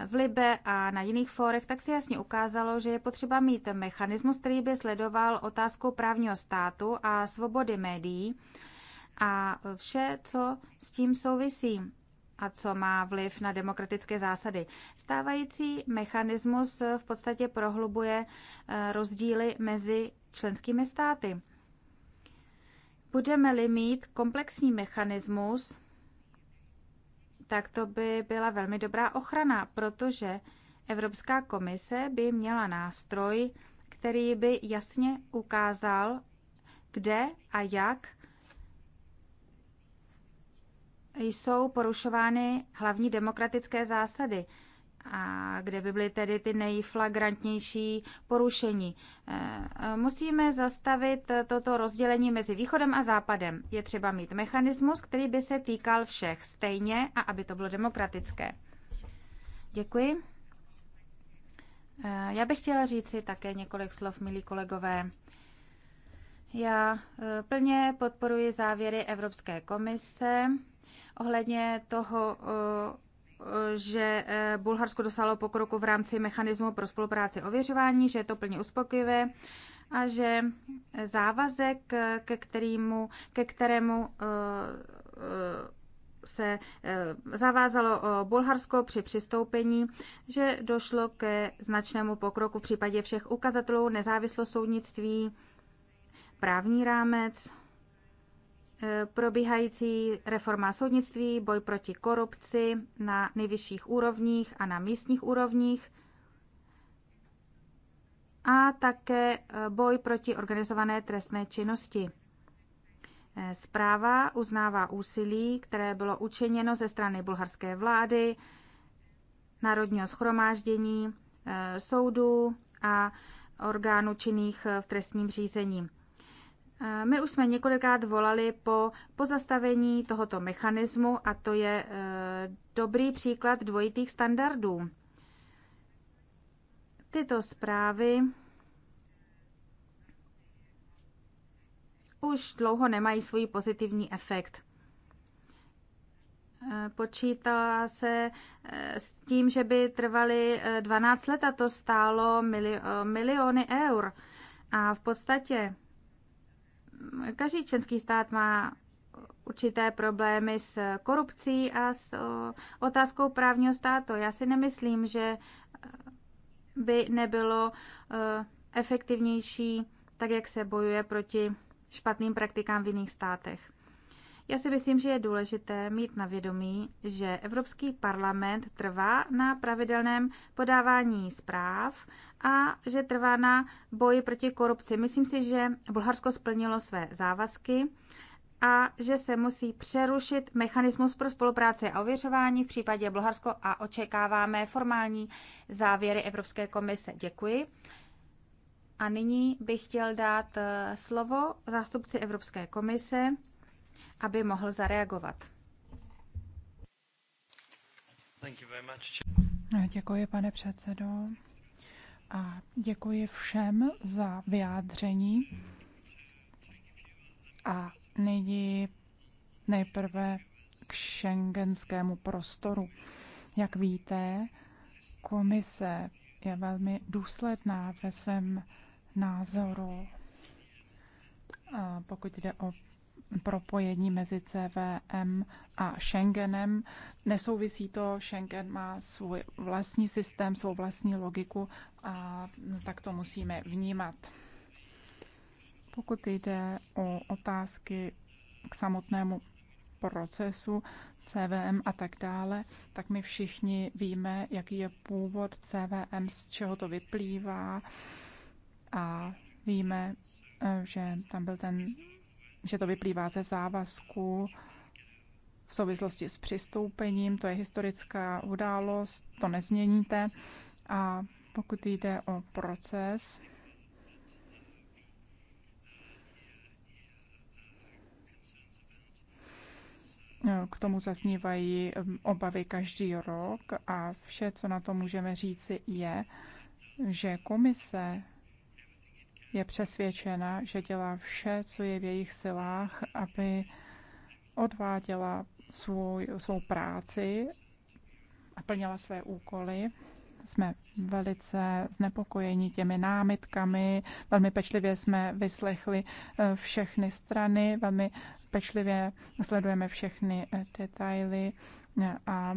v Libe a na jiných fórech, tak se jasně ukázalo, že je potřeba mít mechanismus, který by sledoval otázku právního státu a svobody médií a vše, co s tím souvisí a co má vliv na demokratické zásady. Stávající mechanismus v podstatě prohlubuje eh, rozdíly mezi členskými státy. Budeme-li mít komplexní mechanismus, tak to by byla velmi dobrá ochrana, protože Evropská komise by měla nástroj, který by jasně ukázal, kde a jak jsou porušovány hlavní demokratické zásady, a kde by byly tedy ty nejflagrantnější porušení. Eh, musíme zastavit toto rozdělení mezi východem a západem. Je třeba mít mechanismus, který by se týkal všech stejně a aby to bylo demokratické. Děkuji. Eh, já bych chtěla říci také několik slov, milí kolegové. Já eh, plně podporuji závěry Evropské komise ohledně toho, eh, že eh, Bulharsko dosáhlo pokroku v rámci mechanismu pro spolupráci ověřování, že je to plně uspokojivé a že závazek, eh, ke, kterému, ke kterému se zavázalo Bulharsko při přistoupení, že došlo ke značnému pokroku v případě všech ukazatelů nezávislost soudnictví, právní rámec, probíhající reforma soudnictví, boj proti korupci na nejvyšších úrovních a na místních úrovních a také e, boj proti organizované trestné činnosti. E, zpráva uznává úsilí, které bylo učiněno ze strany bulharské vlády, Národního schromáždění, e, soudu a orgánů činných v trestním řízení. My už jsme několikrát volali po pozastavení tohoto mechanismu a to je eh, dobrý příklad dvojitých standardů. Tyto zprávy už dlouho nemají svůj pozitivní efekt. Eh, počítala se eh, s tím, že by trvaly 12 let a to stálo miliony eur. A v podstatě každý členský stát má určité problémy s korupcí a s otázkou právního státu. Já si nemyslím, že by nebylo e, efektivnější, tak jak se bojuje proti špatným praktikám v jiných státech. Já si myslím, že je důležité mít na vědomí, že Evropský parlament trvá na pravidelném podávání zpráv a že trvá na boji proti korupci. Myslím si, že Bulharsko splnilo své závazky a že se musí přerušit mechanismus pro spolupráci a ověřování v případě Bulharsko a očekáváme formální závěry Evropské komise. Děkuji. A nyní bych chtěl dát eh, slovo zástupci Evropské komise aby mohl zareagovat. No, děkuji, pane předsedo. A děkuji všem za vyjádření. A nyní nejprve k šengenskému prostoru. Jak víte, komise je velmi důsledná ve svém názoru, pokud jde o propojení mezi CVM a Schengenem. Nesouvisí to, Schengen má svůj vlastní systém, svou vlastní logiku a tak to musíme vnímat. Pokud jde o otázky k samotnému procesu CVM a tak dále, tak my všichni víme, jaký je původ CVM, z čeho to vyplývá a víme, že tam byl ten že to vyplývá ze závazku v souvislosti s přistoupením. To je historická událost, to nezměníte. A pokud jde o proces, K tomu zaznívají obavy každý rok a vše, co na to můžeme říci, je, že komise je přesvědčena, že dělá vše, co je v jejich silách, aby odváděla svůj, svou práci a plnila své úkoly. Jsme velice znepokojeni těmi námitkami, velmi pečlivě jsme vyslechli eh, všechny strany, velmi pečlivě sledujeme všechny eh, detaily a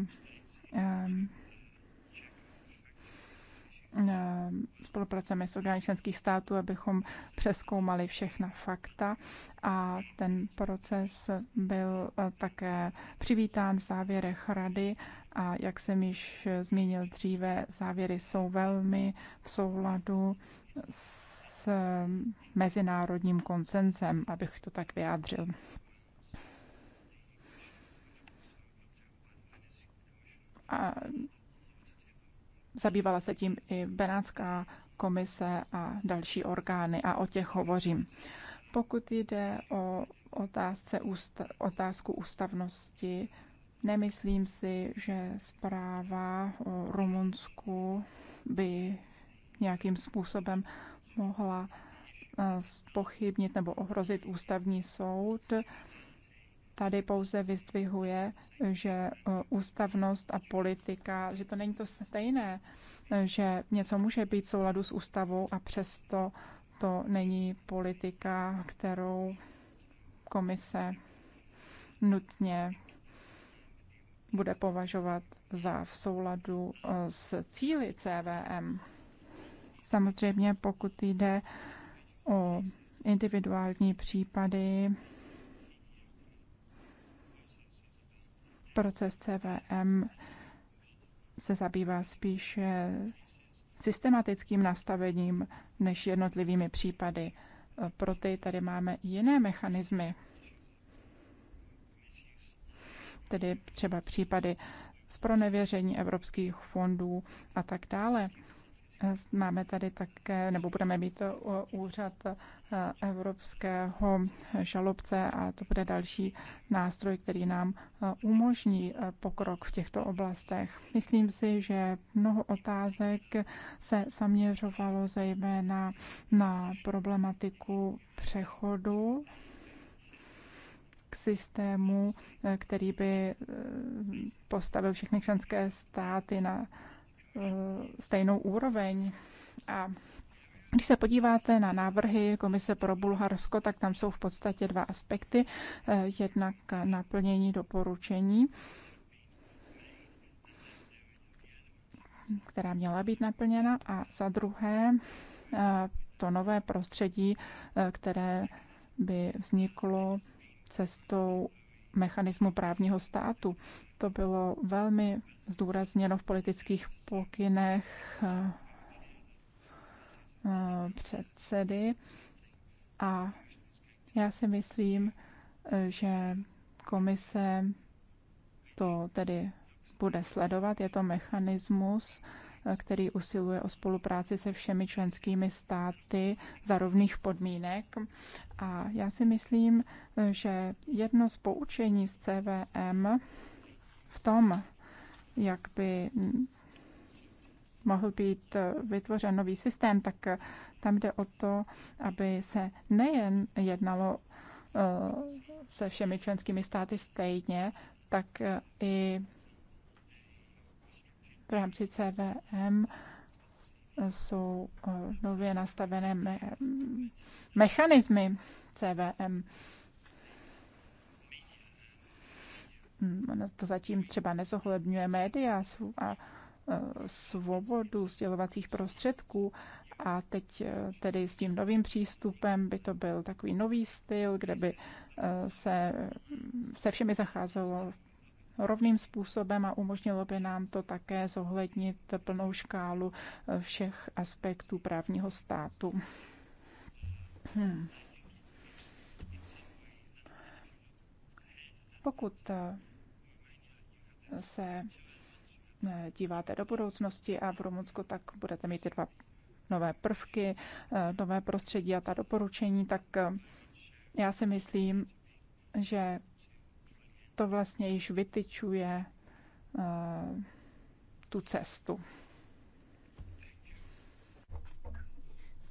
Eh, spolupracujeme s orgány členských států, abychom přeskoumali všechna fakta a ten proces byl eh, také přivítán v závěrech rady a jak jsem již eh, zmínil dříve, závěry jsou velmi v souladu s mezinárodním koncencem, abych to tak vyjádřil. A Zabývala se tím i Benátská komise a další orgány a o těch hovořím. Pokud jde o otázce, otázku ústavnosti, nemyslím si, že zpráva o Rumunsku by nějakým způsobem mohla spochybnit eh, nebo ohrozit ústavní soud tady pouze vyzdvihuje, že e, ústavnost a politika, že to není to stejné, e, že něco může být v souladu s ústavou a přesto to není politika, kterou komise nutně bude považovat za v souladu e, s cíly CVM. Samozřejmě, pokud jde o individuální případy, Proces CVM se zabývá spíše systematickým nastavením než jednotlivými případy. Pro ty tady máme jiné mechanismy, tedy třeba případy z pronevěření evropských fondů a tak dále. Máme tady také, nebo budeme mít eh, úřad eh, evropského žalobce a to bude další nástroj, který nám eh, umožní pokrok v těchto oblastech. Myslím si, že mnoho otázek se zaměřovalo zejména na problematiku přechodu k systému, který by postavil všechny členské státy na stejnou úroveň. A když se podíváte na návrhy Komise pro Bulharsko, tak tam jsou v podstatě dva aspekty. Eh, jednak naplnění doporučení, která měla být naplněna, a za druhé eh, to nové prostředí, eh, které by vzniklo cestou mechanismu právního státu. To bylo velmi zdůrazněno v politických pokynech eh, eh, předsedy a já si myslím, eh, že komise to tedy bude sledovat. Je to mechanismus, který usiluje o spolupráci se všemi členskými státy za rovných podmínek. A já si myslím, že jedno z poučení z CVM v tom, jak by mohl být vytvořen nový systém, tak eh, tam jde o to, aby se nejen jednalo eh, se všemi členskými státy stejně, tak eh, i v rámci CVM jsou nově nastavené me mechanismy CVM. Hm, to zatím třeba nezohledňuje média a e, svobodu sdělovacích prostředků. A teď e, tedy s tím novým přístupem by to byl takový nový styl, kde by e, se se všemi zacházelo rovným způsobem a umožnilo by nám to také zohlednit plnou škálu všech aspektů právního státu. Hmm. Pokud eh, se eh, díváte do budoucnosti a v Rumunsku, tak budete mít ty dva nové prvky, eh, nové prostředí a ta doporučení, tak já si myslím, že to vlastně již vytyčuje tu cestu.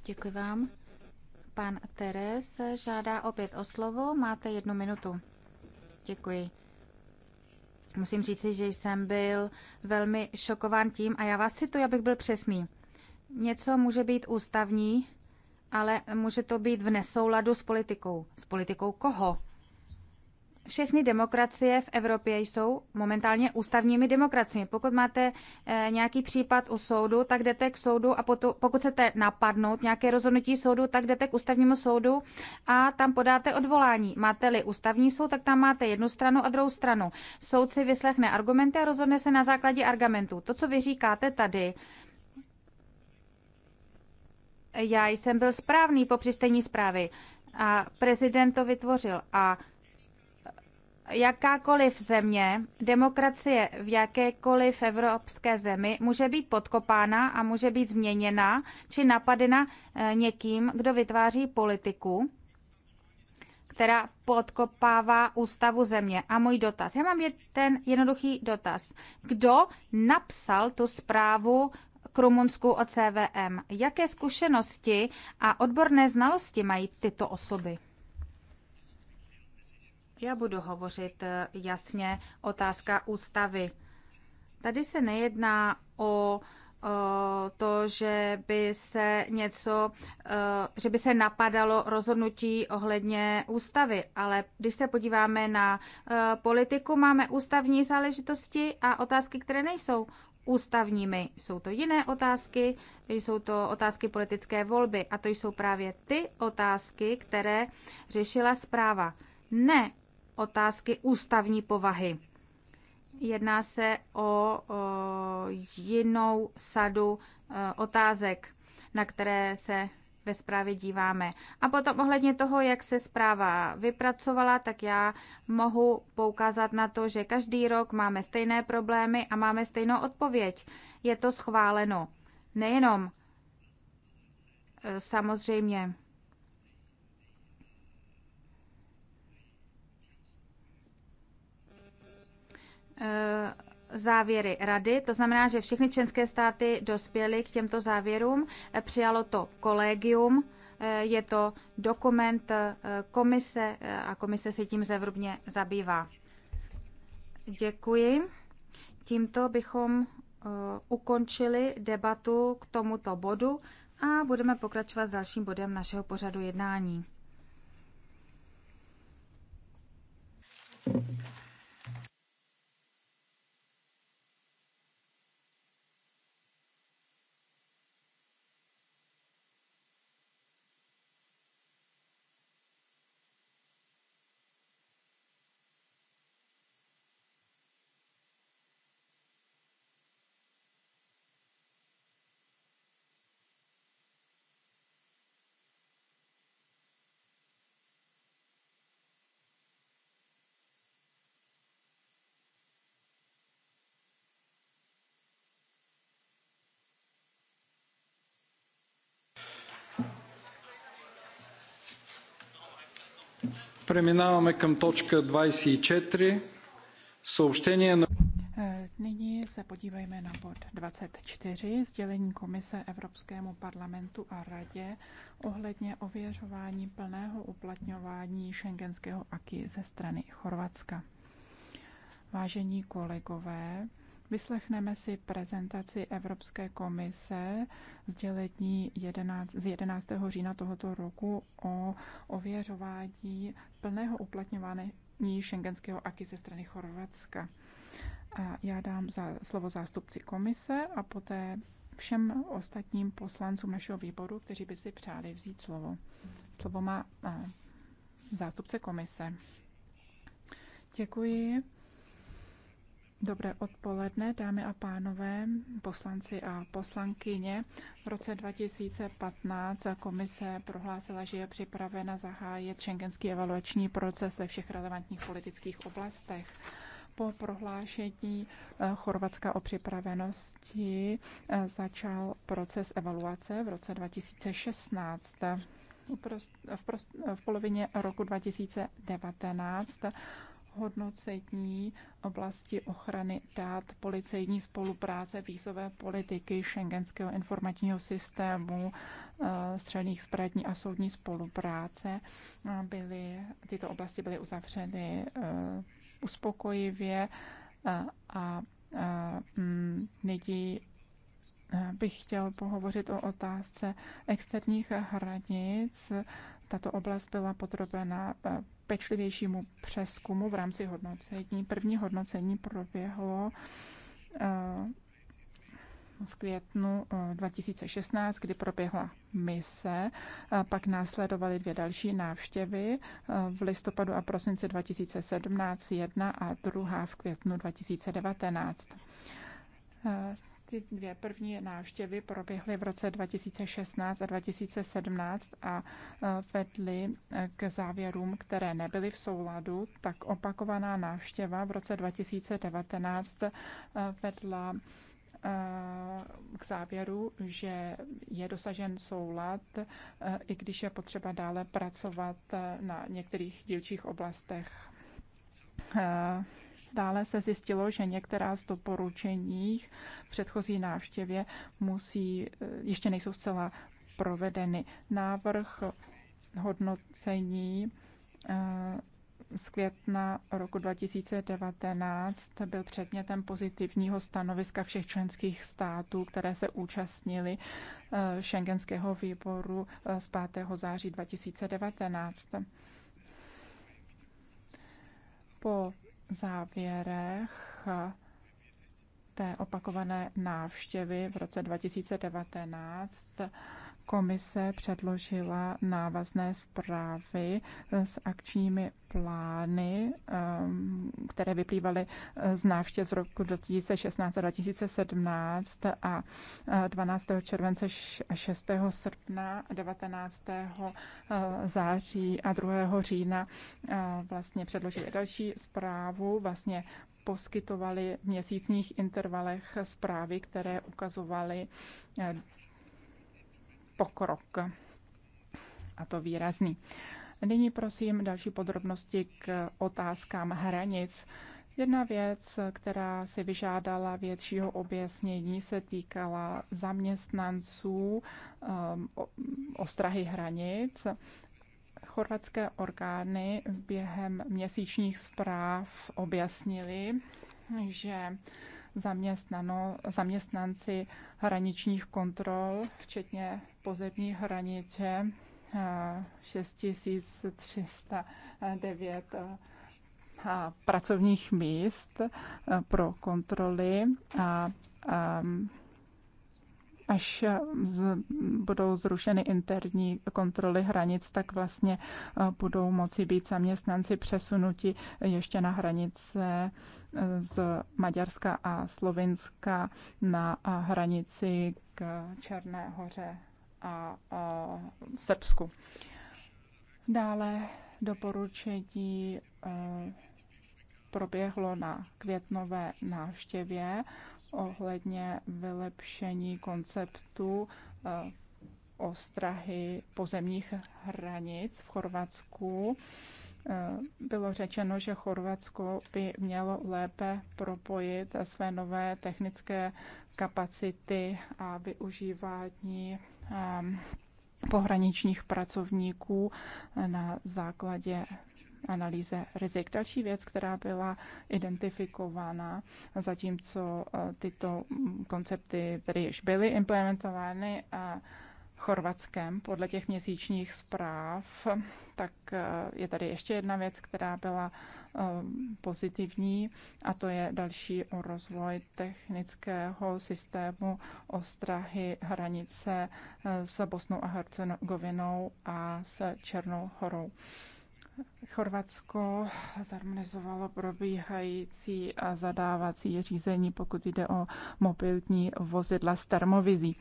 Děkuji vám. Pan Teres žádá opět o slovo. Máte jednu minutu. Děkuji. Musím říci, že jsem byl velmi šokován tím, a já vás cituji, abych byl přesný. Něco může být ústavní, ale může to být v nesouladu s politikou. S politikou koho? všechny demokracie v Evropě jsou momentálně ústavními demokraciemi. Pokud máte eh, nějaký případ u soudu, tak jdete k soudu a potu, pokud chcete napadnout nějaké rozhodnutí soudu, tak jdete k ústavnímu soudu a tam podáte odvolání. Máte-li ústavní soud, tak tam máte jednu stranu a druhou stranu. Soud si vyslechne argumenty a rozhodne se na základě argumentů. To, co vy říkáte tady, já jsem byl správný po přistení zprávy a prezident to vytvořil a jakákoliv země, demokracie v jakékoliv evropské zemi může být podkopána a může být změněna či napadena eh, někým, kdo vytváří politiku, která podkopává ústavu země. A můj dotaz, já mám ten jednoduchý dotaz. Kdo napsal tu zprávu k Rumunsku o CVM? Jaké zkušenosti a odborné znalosti mají tyto osoby? Já budu hovořit eh, jasně. Otázka ústavy. Tady se nejedná o eh, to, že by se něco, eh, že by se napadalo rozhodnutí ohledně ústavy. Ale když se podíváme na politiku, máme ústavní záležitosti a otázky, které nejsou ústavními. Jsou to jiné otázky, jsou to otázky politické volby a to jsou právě ty otázky, které řešila zpráva. Ne otázky ústavní povahy. Jedná se o, o jinou sadu e, otázek, na které se ve zprávě díváme. A potom ohledně toho, jak se zpráva vypracovala, tak já mohu poukázat na to, že každý rok máme stejné problémy a máme stejnou odpověď. Je to schváleno. Nejenom e, samozřejmě Eh, závěry rady, to znamená, že všechny členské státy dospěly k těmto závěrům, eh, přijalo to kolegium, eh, je to dokument komise a komise se tím zevrubně zabývá. Děkuji. Tímto bychom ukončili debatu k tomuto bodu a budeme pokračovat s dalším bodem našeho pořadu jednání. Преминаваме към точка 24. Съобщение на... Nyní se podívejme na bod 24, sdělení Komise Evropskému parlamentu a Radě ohledně ověřování plného uplatňování šengenského aky ze strany Chorvatska. Vážení kolegové, Vyslechneme si prezentaci Evropské komise 11, z 11. října tohoto roku o ověřování plného uplatňování šengenského aky ze strany Chorvatska. A já dám za slovo zástupci komise a poté všem ostatním poslancům našeho výboru, kteří by si přáli vzít slovo. Slovo má zástupce komise. Děkuji. Dobré odpoledne, dámy a pánové, poslanci a poslankyně. V roce 2015 komise prohlásila, že je připravena zahájit šengenský evaluační proces ve všech relevantních politických oblastech po prohlášení eh, Chorvatska o připravenosti eh, začal proces evaluace v roce 2016 v polovině roku 2019 hodnocení oblasti ochrany dát, policejní spolupráce, vízové politiky, šengenského informačního systému, eh, střelných zbraní a soudní spolupráce. Eh, byly, tyto oblasti byly uzavřeny eh, uspokojivě a, a, a mm, nyní bych chtěl pohovořit o otázce externích hranic. Tato oblast byla podrobena eh, pečlivějšímu přeskumu v rámci hodnocení. První hodnocení proběhlo eh, v květnu 2016, eh, kdy proběhla mise. Pak následovaly dvě další návštěvy v listopadu a prosinci 2017, jedna a druhá v květnu 2019. Ty dvě první návštěvy proběhly v roce 2016 a 2017 a e, vedly e, k závěrům, které nebyly v souladu, tak opakovaná návštěva v roce 2019 e, vedla k závěru, že je dosažen soulad, i když je potřeba dále pracovat na některých dílčích oblastech Dále se zjistilo, že některá z doporučení předchozí návštěvě musí, eh, ještě nejsou zcela provedeny. Návrh hodnocení eh, z května roku 2019 byl předmětem pozitivního stanoviska všech členských států, které se účastnili eh, šengenského výboru z 5. září 2019. Po závěrech té opakované návštěvy v roce 2019 komise předložila návazné zprávy s akčními plány, které vyplývaly eh, z návštěv z roku 2016 a 2017 a 12. Eh, července a 6. srpna, 19. Eh, září a 2. října vlastně předložili další zprávu, vlastně poskytovali v měsíčních intervalech zprávy, které ukazovaly pokrok. A to výrazný. Nyní prosím další podrobnosti k otázkám hranic. Jedna věc, která si vyžádala většího objasnění, se týkala zaměstnanců um, ostrahy hranic. Chorvatské orgány během měsíčních zpráv objasnili, že zaměstnano, zaměstnanci hraničních kontrol, včetně pozemní hranice, 6309 eh, pracovních míst eh, pro kontroly a, ehm, až eh, z, budou zrušeny interní kontroly hranic, tak vlastně budou moci být zaměstnanci přesunuti ještě na hranice z Maďarska a Slovinska na hranici k Černé hoře a a Srbsku. Dále doporučení e, proběhlo na květnové návštěvě ohledně vylepšení konceptu e, ostrahy pozemních hranic v Chorvatsku. E, bylo řečeno, že Chorvatsko by mělo lépe propojit své nové technické kapacity a využívání Um, pohraničních pracovníků na základě analýze rizik. Další věc, která byla identifikována, zatímco uh, tyto koncepty které již byly implementovány a Chorvatském podle těch měsíčních zpráv, tak eh, je tady ještě jedna věc, která byla eh, pozitivní a to je další rozvoj technického systému ostrahy hranice eh, s Bosnou a Hercegovinou a s Černou horou. Chorvatsko zharmonizovalo probíhající a zadávací řízení, pokud jde o mobilní vozidla s termovizí.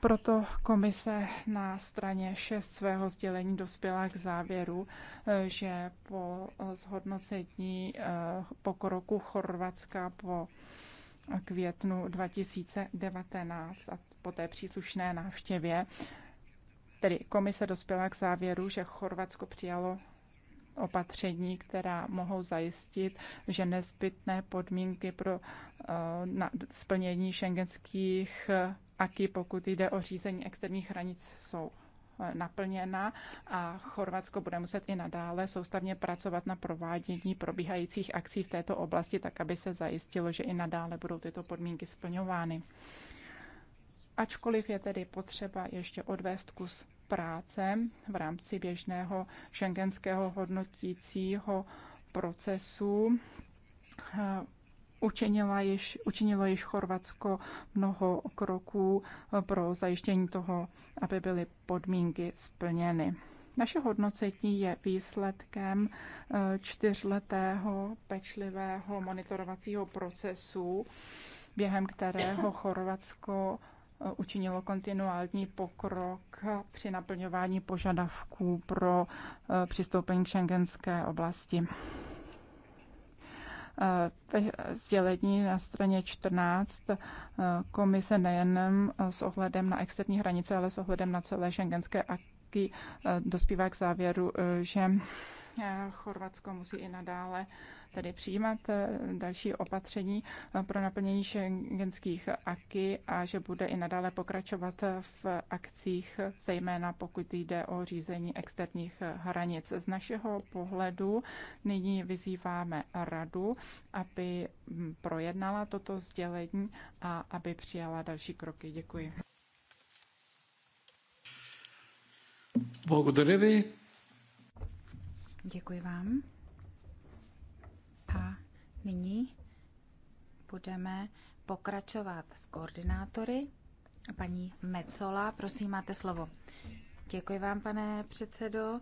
Proto komise na straně 6 svého sdělení dospěla k závěru, eh, že po zhodnocení eh, pokroku Chorvatska po květnu 2019 a po té příslušné návštěvě, tedy komise dospěla k závěru, že Chorvatsko přijalo opatření, která mohou zajistit, že nezbytné podmínky pro eh, na splnění šengenských aký, pokud jde o řízení externích hranic, jsou eh, naplněna a Chorvatsko bude muset i nadále soustavně pracovat na provádění probíhajících akcí v této oblasti, tak aby se zajistilo, že i nadále budou tyto podmínky splňovány. Ačkoliv je tedy potřeba ještě odvést kus práce v rámci běžného šengenského hodnotícího procesu, eh, Učinila již, učinilo již Chorvatsko mnoho kroků eh, pro zajištění toho, aby byly podmínky splněny. Naše hodnocení je výsledkem eh, čtyřletého pečlivého monitorovacího procesu, během kterého Chorvatsko eh, učinilo kontinuální pokrok při naplňování požadavků pro přistoupení k šengenské oblasti ve eh, sdělení na straně 14 eh, komise nejen eh, s ohledem na externí hranice, ale s ohledem na celé šengenské aky dospívá k závěru, že Eh, Chorvatsko musí i nadále tedy přijímat eh, další opatření eh, pro naplnění šengenských aky a že bude i nadále pokračovat v akcích, zejména pokud jde o řízení externích hranic. Z našeho pohledu nyní vyzýváme radu, aby hm, projednala toto sdělení a aby přijala další kroky. Děkuji. Благодаря ви. Děkuji vám. A nyní budeme pokračovat s koordinátory. Paní Mecola, prosím, máte slovo. Děkuji vám, pane předsedo.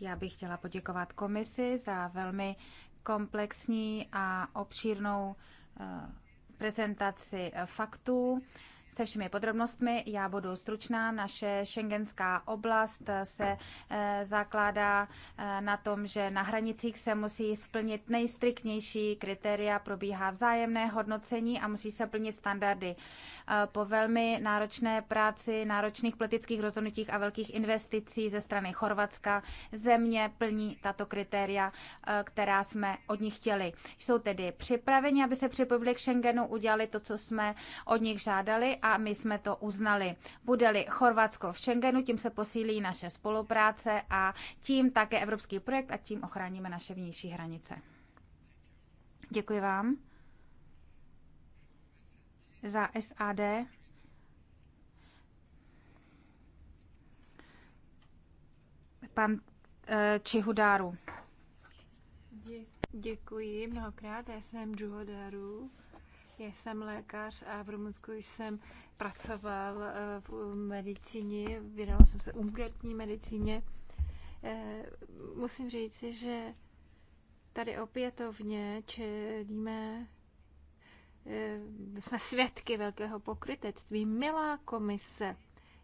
Já bych chtěla poděkovat komisi za velmi komplexní a obšírnou eh, prezentaci faktů se všemi podrobnostmi. Já budu stručná. Naše šengenská oblast se eh, zakládá eh, na tom, že na hranicích se musí splnit nejstriktnější kritéria, probíhá vzájemné hodnocení a musí se plnit standardy. Eh, po velmi náročné práci, náročných politických rozhodnutích a velkých investicí ze strany Chorvatska země plní tato kritéria, která jsme od nich chtěli. Jsou tedy připraveni, aby se připojili k Schengenu, udělali to, co jsme od nich žádali a my jsme to uznali. Bude-li Chorvatsko v Schengenu, tím se posílí naše spolupráce a tím také evropský projekt a tím ochráníme naše vnější hranice. Děkuji vám za SAD. Pan eh, Čihudáru. Děkuji mnohokrát, já jsem Čihudáru. Jsem lékař a v Rumunsku jsem pracoval eh, eh, v medicíně, věnoval jsem se umgertní medicíně. Eh, musím říct, že tady opětovně čelíme jsme svědky velkého pokrytectví. Milá komise,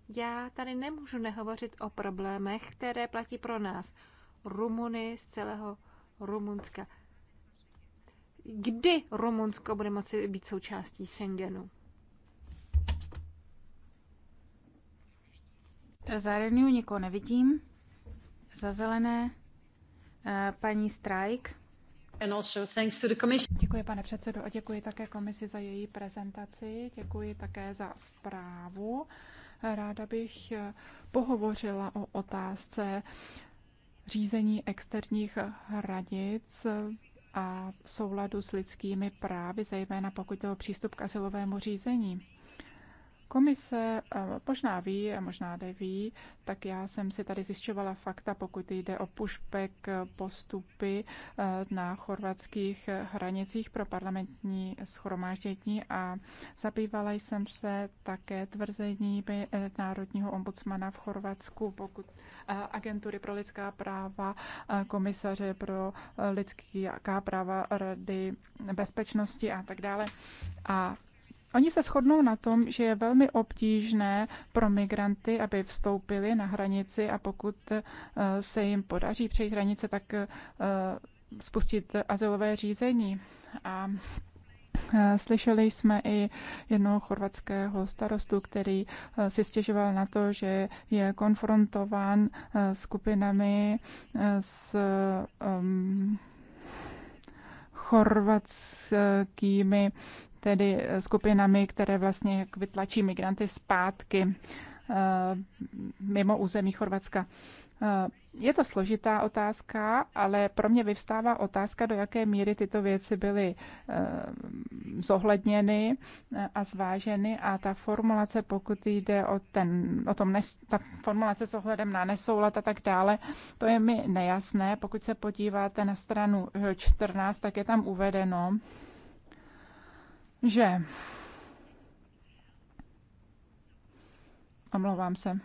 já tady nemůžu nehovořit o problémech, které platí pro nás, Rumuny z celého Rumunska kdy Rumunsko bude moci být součástí Schengenu. Za Renew nikoho nevidím. Za zelené eh, paní Strajk. Děkuji, pane předsedo, a děkuji také komisi za její prezentaci. Děkuji také za zprávu. Ráda bych eh, pohovořila o otázce řízení externích hranic a souladu s lidskými právy, zejména pokud jde o přístup k asilovému řízení. Komise eh, možná ví a možná neví, tak já jsem si tady zjišťovala fakta, pokud jde o pushback postupy eh, na chorvatských hranicích pro parlamentní schromáždění a zabývala jsem se také tvrzení eh, národního ombudsmana v Chorvatsku, pokud agentury pro lidská práva, komisaře pro lidská práva, rady bezpečnosti a tak dále. A Oni se shodnou na tom, že je velmi obtížné pro migranty, aby vstoupili na hranici a pokud eh, se jim podaří přejít hranice, tak eh, spustit azylové řízení. A eh, Slyšeli jsme i jednoho chorvatského starostu, který si stěžoval na to, že je konfrontován skupinami s um, chorvatskými tedy skupinami, které vlastně jak vytlačí migranty zpátky eh, mimo území Chorvatska. Eh, je to složitá otázka, ale pro mě vyvstává otázka, do jaké míry tyto věci byly eh, zohledněny eh, a zváženy a ta formulace, pokud jde o, ten, o tom, nes, ta formulace s ohledem na nesoulad a tak dále, to je mi nejasné. Pokud se podíváte na stranu 14, tak je tam uvedeno, že omlouvám se.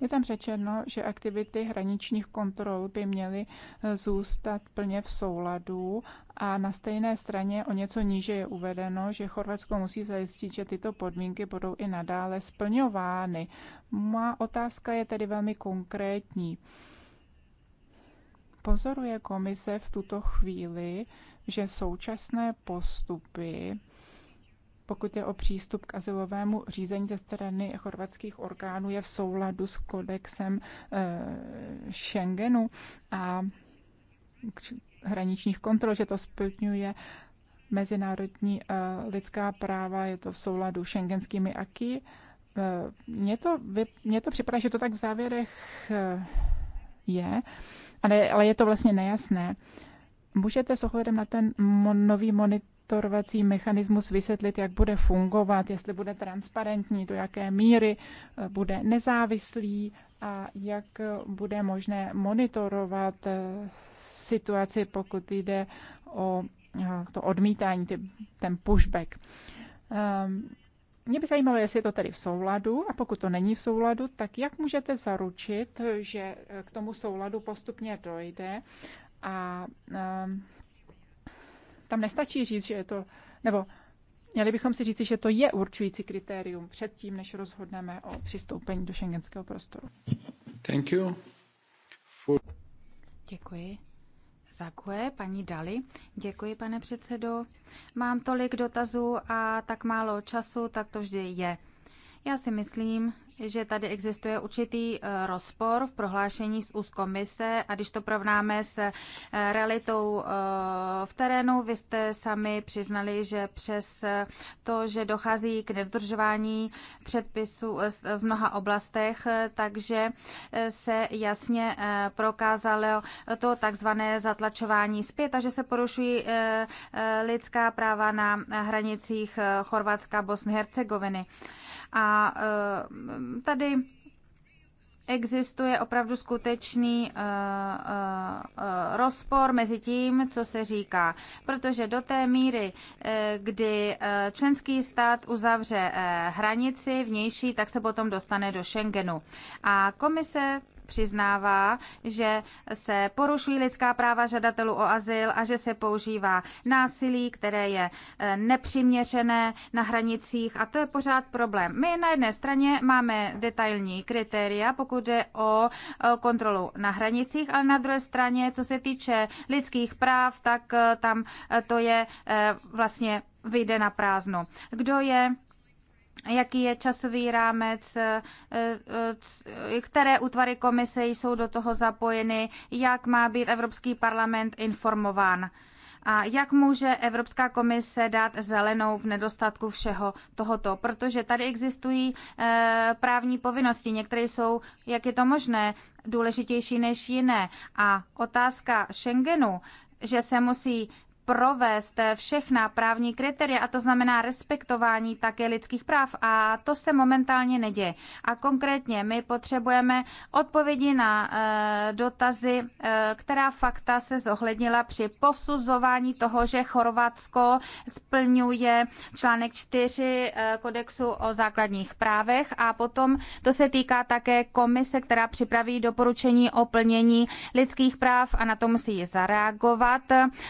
Je tam řečeno, že aktivity hraničních kontrol by měly eh, zůstat plně v souladu a na stejné straně o něco níže je uvedeno, že Chorvatsko musí zajistit, že tyto podmínky budou i nadále splňovány. Má otázka je tedy velmi konkrétní. Pozoruje komise v tuto chvíli, že současné postupy pokud je o přístup k asilovému řízení ze strany chorvatských orgánů, je v souladu s kodexem eh, Schengenu a hraničních kontrol, že to splňuje mezinárodní eh, lidská práva, je to v souladu s šengenskými aky. Eh, mně to, mně to připadá, že to tak v závěrech je, ale, ale je to vlastně nejasné. Můžete s ohledem na ten nový monitor monitorovací mechanismus vysvětlit, jak bude fungovat, jestli bude transparentní, do jaké míry eh, bude nezávislý a jak eh, bude možné monitorovat eh, situaci, pokud jde o to odmítání, ten pushback. Ehm, mě by zajímalo, jestli je to tedy v souladu a pokud to není v souladu, tak jak můžete zaručit, že k tomu souladu postupně dojde a ehm, tam nestačí říct, že je to, nebo měli bychom si říct, že to je určující kritérium předtím, než rozhodneme o přistoupení do šengenského prostoru. Thank you. For... Děkuji. Zakuje, paní Dali. Děkuji, pane předsedo. Mám tolik dotazů a tak málo času, tak to vždy je. Já si myslím, že tady existuje určitý eh, rozpor v prohlášení z úst komise a když to provnáme s eh, realitou eh, v terénu, vy jste sami přiznali, že přes to, že dochází k nedodržování předpisů v mnoha oblastech, takže se jasně prokázalo to takzvané zatlačování zpět a že se porušují lidská práva na hranicích Chorvatska a Bosny Hercegoviny. A eh, tady existuje opravdu skutečný eh, eh, rozpor mezi tím, co se říká. Protože do té míry, kdy členský stát uzavře hranici vnější, tak se potom dostane do Schengenu. A komise přiznává, že se porušují lidská práva žadatelů o azyl a že se používá násilí, které je eh, nepřiměřené na hranicích a to je pořád problém. My na jedné straně máme detailní kritéria, pokud jde o eh, kontrolu na hranicích, ale na druhé straně, co se týče lidských práv, tak eh, tam to je vlastně vyjde na prázdno. Kdo je jaký je časový rámec, eh, eh, které útvary komise jsou do toho zapojeny, jak má být Evropský parlament informován. A jak může Evropská komise dát zelenou v nedostatku všeho tohoto? Protože tady existují e, právní povinnosti. Některé jsou, jak je to možné, důležitější než jiné. A otázka Schengenu, že se musí provést všechna právní kritéria, a to znamená respektování také lidských práv. A to se momentálně neděje. A konkrétně my potřebujeme odpovědi na eh, dotazy, eh, která fakta se zohlednila při posuzování toho, že Chorvatsko splňuje článek 4 eh, kodexu o základních právech. A potom to se týká také komise, která připraví doporučení o plnění lidských práv a na to musí zareagovat.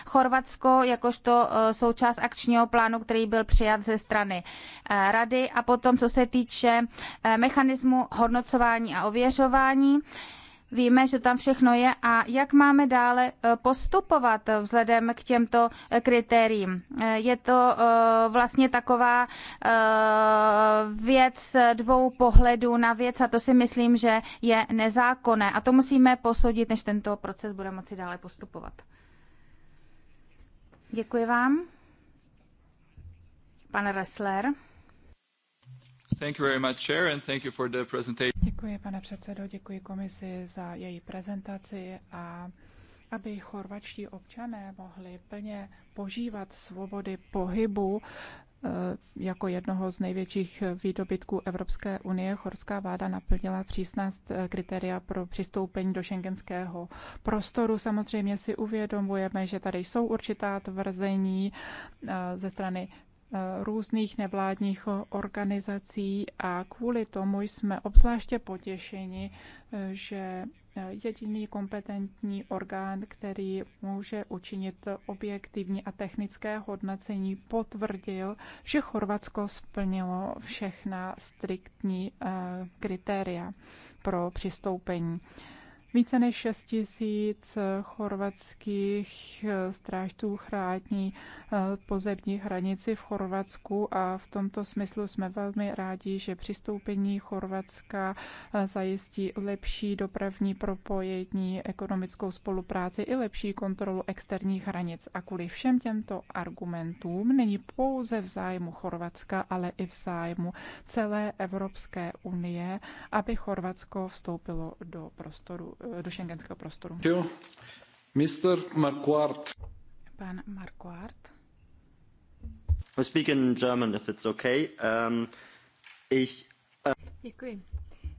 Chorvatsko Turecko jakožto eh, součást akčního plánu, který byl přijat ze strany eh, rady. A potom, co se týče eh, mechanismu hodnocování a ověřování, Víme, že tam všechno je a jak máme dále postupovat vzhledem k těmto kritériím. Je to vlastně taková věc dvou pohledů na věc a to si myslím, že je nezákonné a to musíme posoudit, než tento proces bude moci dále postupovat. Děkuji vám. Pan Ressler. Thank you very much, Chair, and thank you for the presentation. Děkuji, pane předsedo, děkuji komisi za její prezentaci a aby chorvačtí občané mohli plně požívat svobody pohybu, Eh, jako jednoho z největších výdobytků Evropské unie chorská vláda naplnila přísná eh, kritéria pro přistoupení do šengenského prostoru. Samozřejmě si uvědomujeme, že tady jsou určitá tvrzení eh, ze strany různých nevládních organizací a kvůli tomu jsme obzvláště potěšeni, že jediný kompetentní orgán, který může učinit objektivní a technické hodnocení, potvrdil, že Chorvatsko splnilo všechna striktní eh, kritéria pro přistoupení. Více než 6 tisíc eh, chorvatských eh, strážců chrátní eh, pozemní hranici v Chorvatsku a v tomto smyslu jsme velmi rádi, že přistoupení Chorvatska zajistí lepší dopravní propojení, ekonomickou spolupráci i lepší kontrolu externích hranic. A kvůli všem těmto argumentům není pouze v zájmu Chorvatska, ale i v zájmu celé Evropské unie, aby Chorvatsko vstoupilo do prostoru Eh, do šengenského prostoru. Jo. Mr. Marquardt. Pan Marquardt. I speak in German, if it's okay. Um, ich, uh... Děkuji.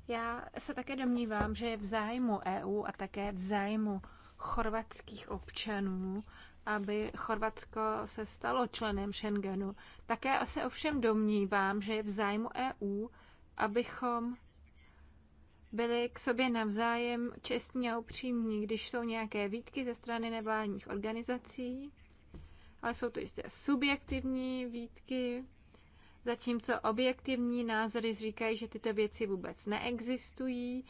Já se také domnívám, že je v zájmu EU a také v zájmu chorvatských občanů, aby Chorvatsko se stalo členem Schengenu. Také se ovšem domnívám, že je v zájmu EU, abychom byli k sobě navzájem čestní a upřímní, když jsou nějaké výtky ze strany nevládních organizací, ale jsou to jisté subjektivní výtky, zatímco objektivní názory říkají, že tyto věci vůbec neexistují,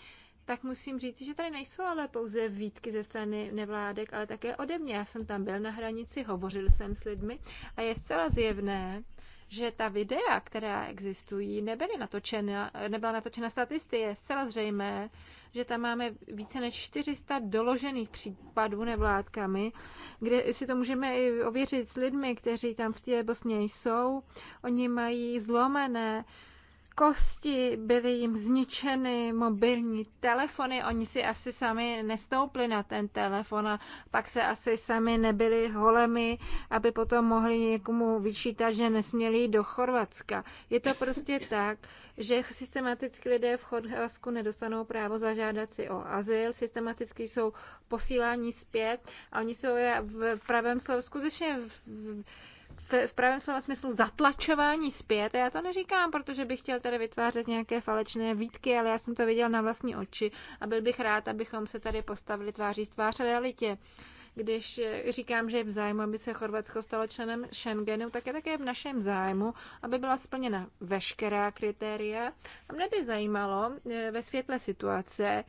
tak musím říct, že tady nejsou ale pouze výtky ze strany nevládek, ale také ode mě. Já jsem tam byl na hranici, hovořil jsem s lidmi a je zcela zjevné, že ta videa, která existují, nebyly natočena, nebyla natočena statisty. Je zcela zřejmé, že tam máme více než 400 doložených případů nevládkami, kde si to můžeme i ověřit s lidmi, kteří tam v té Bosně jsou. Oni mají zlomené kosti, byly jim zničeny mobilní telefony, oni si asi sami nestoupli na ten telefon a pak se asi sami nebyli holemi, aby potom mohli někomu vyčítat, že nesměli jít do Chorvatska. Je to prostě tak, že systematicky lidé v Chorvatsku nedostanou právo zažádat si o azyl, systematicky jsou posílání zpět a oni jsou v pravém slovu skutečně v, v, v, v pravém slova smyslu zatlačování zpět. Já to neříkám, protože bych chtěl tady vytvářet nějaké falečné výtky, ale já jsem to viděl na vlastní oči a byl bych rád, abychom se tady postavili tváří v tvář realitě. Když eh, říkám, že je v zájmu, aby se Chorvatsko stalo členem Schengenu, tak je také v našem zájmu, aby byla splněna veškerá kritéria. A mne by zajímalo eh, ve světle situace,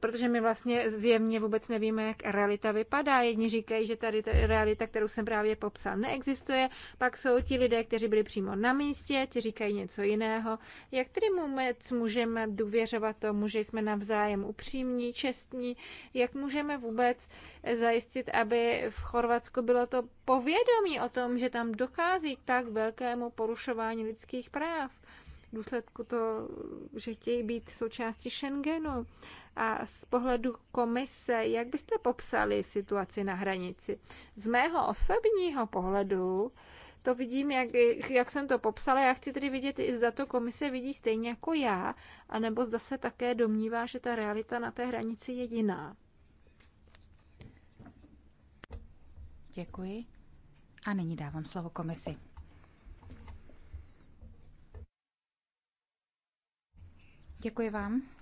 protože my vlastně zjevně vůbec nevíme, jak realita vypadá. Jedni říkají, že tady ta realita, kterou jsem právě popsal, neexistuje, pak jsou ti lidé, kteří byli přímo na místě, ti říkají něco jiného. Jak tedy vůbec můžeme důvěřovat tomu, že jsme navzájem upřímní, čestní? Jak můžeme vůbec zajistit, aby v Chorvatsku bylo to povědomí o tom, že tam dochází k tak velkému porušování lidských práv? v důsledku to, že chtějí být součástí Schengenu. A z pohledu komise, jak byste popsali situaci na hranici? Z mého osobního pohledu to vidím, jak, jak jsem to popsala. Já chci tedy vidět, i zda to komise vidí stejně jako já, anebo zda se také domnívá, že ta realita na té hranici je jiná. Děkuji. A nyní dávám slovo komisi. Děkuji vám.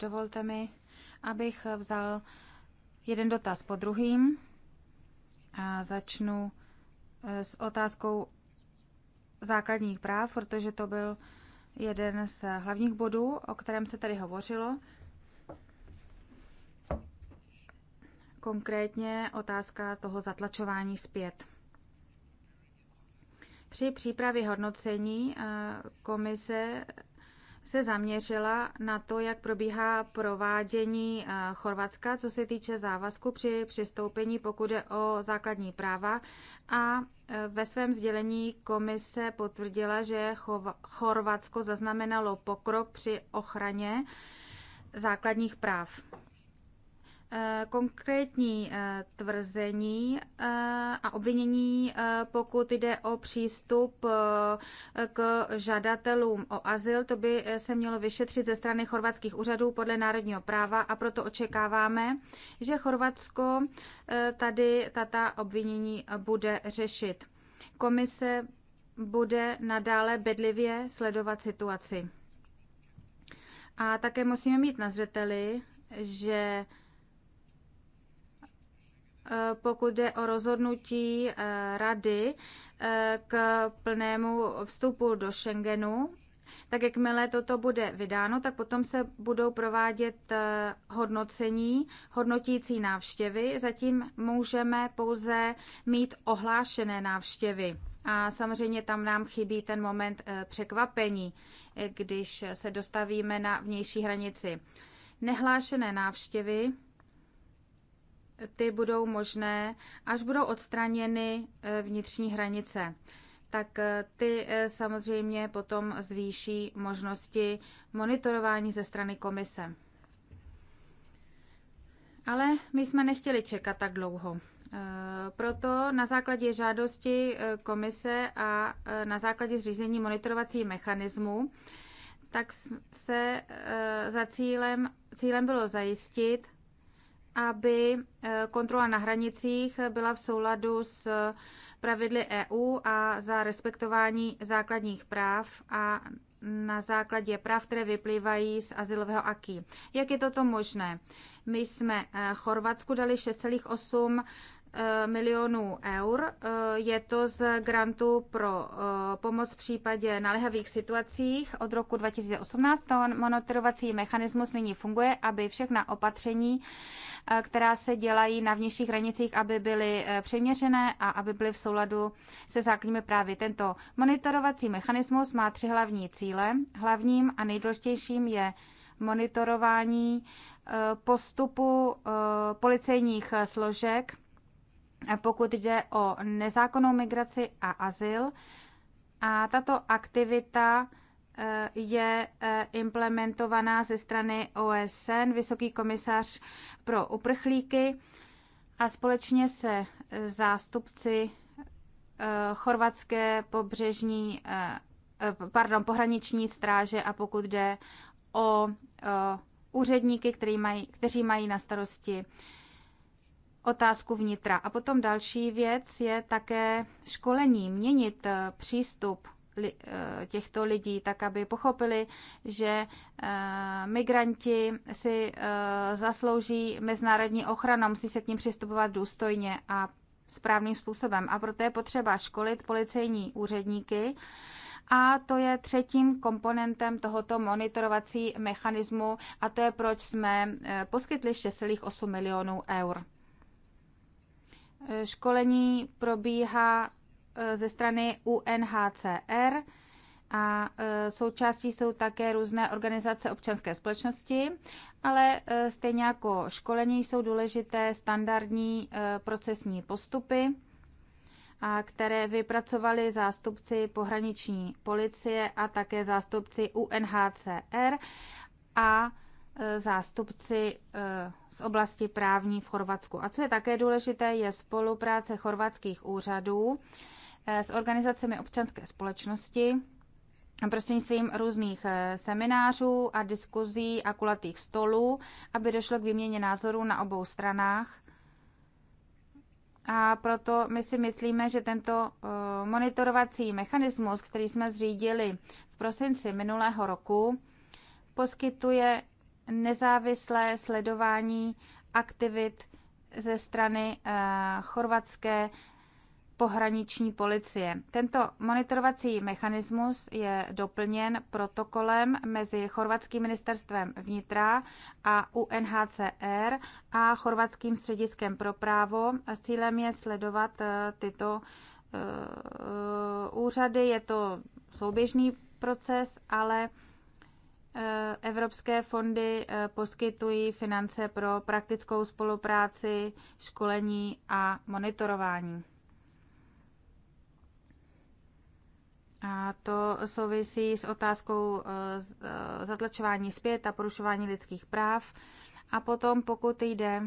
Dovolte mi, abych vzal jeden dotaz po druhým a začnu eh, s otázkou základních práv, protože to byl jeden z hlavních bodů, o kterém se tady hovořilo. Konkrétně otázka toho zatlačování zpět. Při přípravě hodnocení eh, komise se zaměřila na to, jak probíhá provádění eh, Chorvatska, co se týče závazku při přistoupení, pokud je o základní práva. A eh, ve svém sdělení komise potvrdila, že Chorvatsko zaznamenalo pokrok při ochraně základních práv. Eh, konkrétní eh, tvrzení eh, a obvinění, pokud jde o přístup k žadatelům o azyl. To by se mělo vyšetřit ze strany chorvatských úřadů podle národního práva a proto očekáváme, že Chorvatsko tady tata obvinění bude řešit. Komise bude nadále bedlivě sledovat situaci. A také musíme mít na zřeteli, že Eh, pokud jde o rozhodnutí eh, rady eh, k plnému vstupu do Schengenu, tak jakmile toto bude vydáno, tak potom se budou provádět hodnocení, hodnotící návštěvy. Zatím můžeme pouze mít ohlášené návštěvy. A samozřejmě tam nám chybí ten moment překvapení, když se dostavíme na vnější hranici. Nehlášené návštěvy ty budou možné, až budou odstraněny eh, vnitřní hranice. Tak eh, ty eh, samozřejmě potom zvýší možnosti monitorování ze strany komise. Ale my jsme nechtěli čekat tak dlouho. Proto na základě žádosti komise a na základě zřízení monitorovacího mechanismu, tak se za cílem, cílem bylo zajistit, aby eh, kontrola na hranicích byla v souladu s eh, pravidly EU a za respektování základních práv a na základě práv, které vyplývají z asilového aký. Jak je toto možné? My jsme eh, Chorvatsku dali 6,8 Eh, milionů eur. Eh, je to z grantu pro eh, pomoc v případě naléhavých situacích. Od roku 2018 to monitorovací mechanismus nyní funguje, aby všechna opatření, která se dělají na vnějších hranicích, aby byly přiměřené a aby byly v souladu se základními právy. Tento monitorovací mechanismus má tři hlavní cíle. Hlavním a nejdůležitějším je monitorování postupu policejních složek pokud jde o nezákonnou migraci a azyl. A tato aktivita eh, je eh, implementovaná ze strany OSN, Vysoký komisař pro uprchlíky a společně se eh, zástupci chorvatské pobřežní, pardon, pohraniční stráže a pokud jde o úředníky, který mají, kteří mají na starosti otázku vnitra. A potom další věc je také školení, měnit eh, přístup eh, těchto lidí, tak aby pochopili, že eh, migranti si zaslouží mezinárodní ochranu, musí se k ním přistupovat důstojně a správným způsobem. A proto je potřeba školit policejní úředníky. A to je třetím komponentem tohoto monitorovací mechanismu a to je, proč jsme poskytli 6,8 milionů eur. Školení probíhá e, ze strany UNHCR a e, součástí jsou také různé organizace občanské společnosti, ale e, stejně jako školení jsou důležité standardní procesní postupy, které vypracovali zástupci pohraniční policie a také zástupci UNHCR a Eh, zástupci eh, z oblasti právní v Chorvatsku. A co je také důležité, je spolupráce chorvatských úřadů eh, s organizacemi občanské společnosti prostřednictvím různých seminářů a diskuzí a kulatých stolů, aby došlo k výměně názorů na obou stranách. A proto my si myslíme, že tento monitorovací mechanismus, který jsme zřídili v prosinci minulého roku, poskytuje nezávislé sledování aktivit ze strany eh, chorvatské pohraniční policie. Tento monitorovací mechanismus je doplněn protokolem mezi chorvatským ministerstvem vnitra a UNHCR a chorvatským střediskem pro právo. cílem je sledovat eh, tyto eh, úřady. Je to souběžný proces, ale Eh, evropské fondy eh, poskytují finance pro praktickou spolupráci, školení a monitorování. A to souvisí s otázkou eh, zatlačování zpět a porušování lidských práv. A potom, pokud jde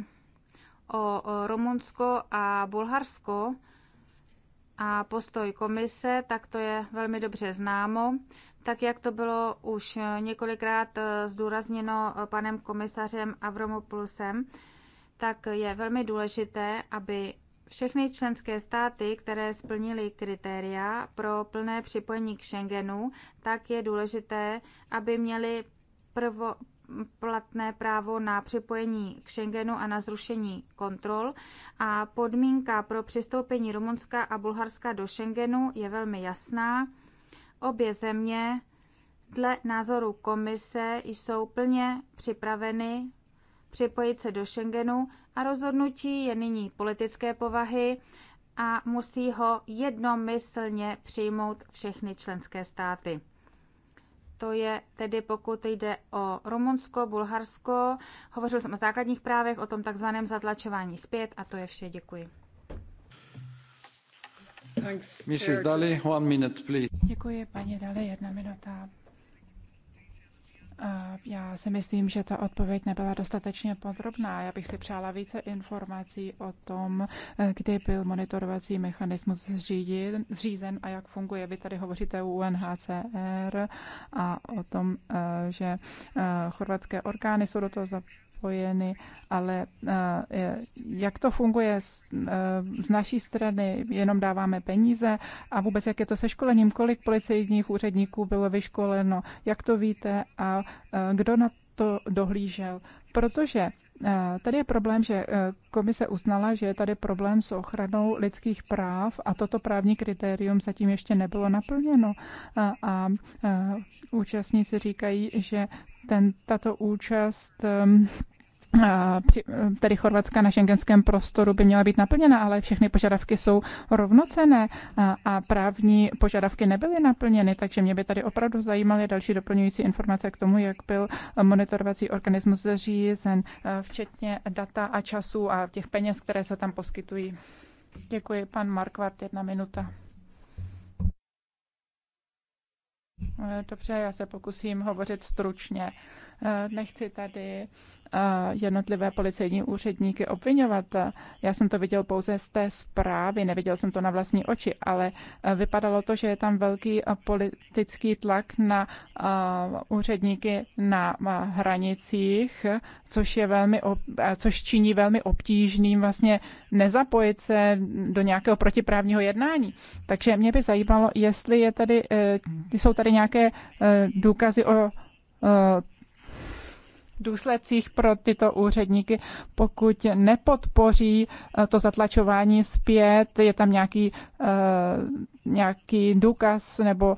o Rumunsko a Bulharsko, a postoj komise, tak to je velmi dobře známo. Tak jak to bylo už několikrát eh, zdůrazněno eh, panem komisařem Avromopulsem, tak je velmi důležité, aby všechny členské státy, které splnily kritéria pro plné připojení k Schengenu, tak je důležité, aby měly prvo, platné právo na připojení k Schengenu a na zrušení kontrol a podmínka pro přistoupení Rumunska a Bulharska do Schengenu je velmi jasná. Obě země dle názoru komise jsou plně připraveny připojit se do Schengenu a rozhodnutí je nyní politické povahy a musí ho jednomyslně přijmout všechny členské státy to je tedy pokud jde o Rumunsko, Bulharsko. Hovořil jsem o základních právech, o tom takzvaném zatlačování zpět a to je vše. Děkuji. Thanks. Mrs. Daly, one minute, please. Děkuji, paní Daly, jedna minuta. Já si myslím, že ta odpověď nebyla dostatečně podrobná. Já bych si přála více informací o tom, eh, kdy byl monitorovací mechanismus zřízen, a jak funguje. Vy tady hovoříte o UNHCR a o tom, eh, že eh, chorvatské orgány jsou do toho zapojeny, ale eh, jak to funguje eh, z naší strany, jenom dáváme peníze a vůbec jak je to se školením, kolik policejních úředníků bylo vyškoleno, jak to víte a eh, kdo na to dohlížel. Protože Tady je problém, že komise uznala, že je tady problém s ochranou lidských práv a toto právní kritérium zatím ještě nebylo naplněno. A, a účastníci říkají, že ten, tato účast um, tedy Chorvatska na šengenském prostoru by měla být naplněna, ale všechny požadavky jsou rovnocené a právní požadavky nebyly naplněny, takže mě by tady opravdu zajímaly další doplňující informace k tomu, jak byl monitorovací organismus zřízen, včetně data a času a těch peněz, které se tam poskytují. Děkuji, pan Markvart, jedna minuta. Dobře, já se pokusím hovořit stručně. Eh, nechci tady eh, jednotlivé policejní úředníky obvinovat. Já jsem to viděl pouze z té zprávy, neviděl jsem to na vlastní oči, ale eh, vypadalo to, že je tam velký politický tlak na úředníky na hranicích, což, je velmi, což činí velmi obtížným vlastně nezapojit se do nějakého protiprávního jednání. Takže mě by zajímalo, jestli je tady, jsou tady nějaké důkazy o důsledcích pro tyto úředníky, pokud nepodpoří eh, to zatlačování zpět, je tam nějaký, eh, nějaký důkaz nebo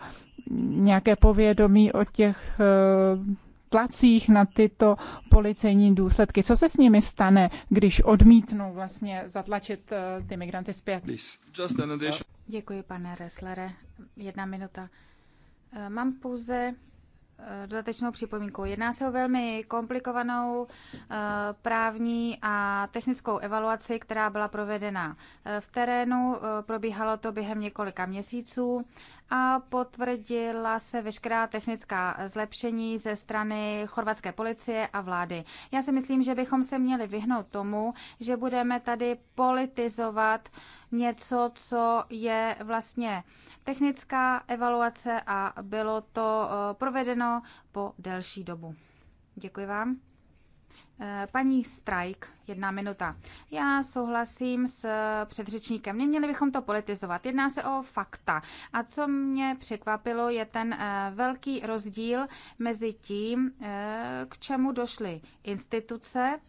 nějaké povědomí o těch eh, tlacích na tyto policejní důsledky. Co se s nimi stane, když odmítnou vlastně zatlačit ty migranty zpět? Děkuji, pane Resslere. Jedna minuta. Mám pouze Eh, dodatečnou připomínku. Jedná se o velmi komplikovanou eh, právní a technickou evaluaci, která byla provedena eh, v terénu. Probíhalo to během několika měsíců a potvrdila se veškerá technická zlepšení ze strany chorvatské policie a vlády. Já si myslím, že bychom se měli vyhnout tomu, že budeme tady politizovat něco, co je vlastně technická evaluace a bylo to eh, provedeno po delší dobu. Děkuji vám. Eh, paní Strajk, jedna minuta. Já souhlasím s eh, předřečníkem. Neměli bychom to politizovat. Jedná se o fakta. A co mě překvapilo, je ten eh, velký rozdíl mezi tím, k čemu došly instituce,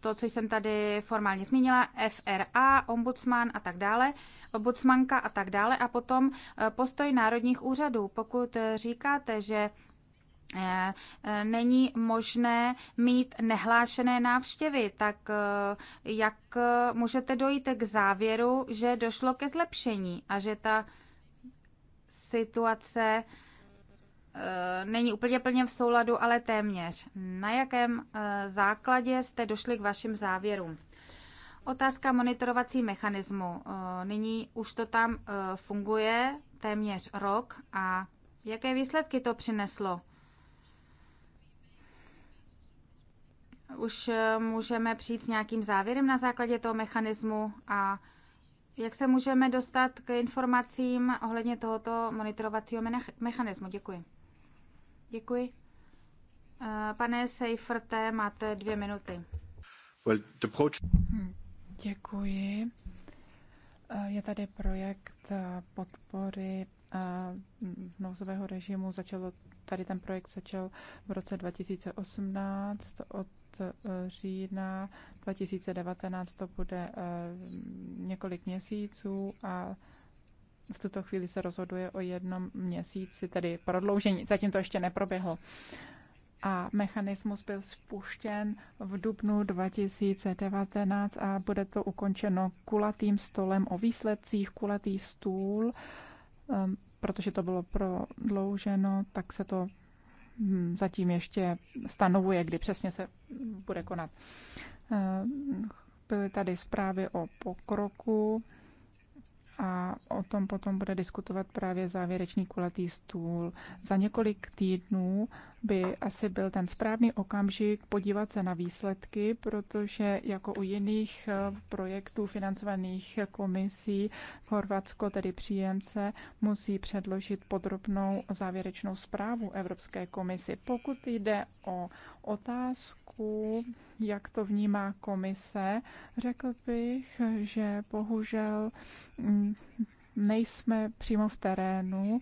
to, co jsem tady formálně zmínila, FRA, ombudsman a tak dále, ombudsmanka a tak dále, a potom postoj národních úřadů. Pokud říkáte, že Eh, eh, není možné mít nehlášené návštěvy, tak eh, jak můžete dojít k závěru, že došlo ke zlepšení a že ta situace není úplně plně v souladu, ale téměř. Na jakém základě jste došli k vašim závěrům? Otázka monitorovací mechanismu. Nyní už to tam funguje téměř rok a jaké výsledky to přineslo? už eh, můžeme přijít s nějakým závěrem na základě toho mechanismu a jak se můžeme dostat k informacím ohledně tohoto monitorovacího mechanismu? Děkuji. Děkuji. Eh, pane Seiferte, máte dvě minuty. Well, the project... Hm, děkuji. Eh, je tady projekt podpory nouzového režimu. Začalo, tady ten projekt začal v roce 2018 od října 2019 to bude eh, několik měsíců a v tuto chvíli se rozhoduje o jednom měsíci, tedy prodloužení. Zatím to ještě neproběhlo. A mechanismus byl spuštěn v dubnu 2019 a bude to ukončeno kulatým stolem o výsledcích, kulatý stůl, ehm, protože to bylo prodlouženo, tak se to Hmm, zatím ještě stanovuje, kdy přesně se bude konat. Eh, byly tady zprávy o pokroku a o tom potom bude diskutovat právě závěrečný kulatý stůl. Za několik týdnů by asi byl ten správný okamžik podívat se na výsledky, protože jako u jiných eh, projektů financovaných komisí Chorvatsko, tedy příjemce, musí předložit podrobnou závěrečnou zprávu Evropské komisi. Pokud jde o otázku, jak to vnímá komise, řekl bych, že bohužel mm, nejsme přímo v terénu,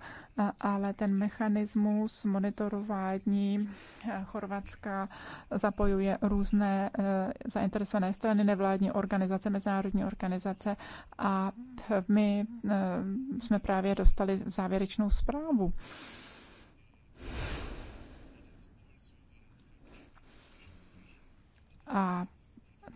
ale ten mechanismus monitorování e, Chorvatska zapojuje různé e, zainteresované strany, nevládní organizace, mezinárodní organizace a my e, jsme právě dostali závěrečnou zprávu. A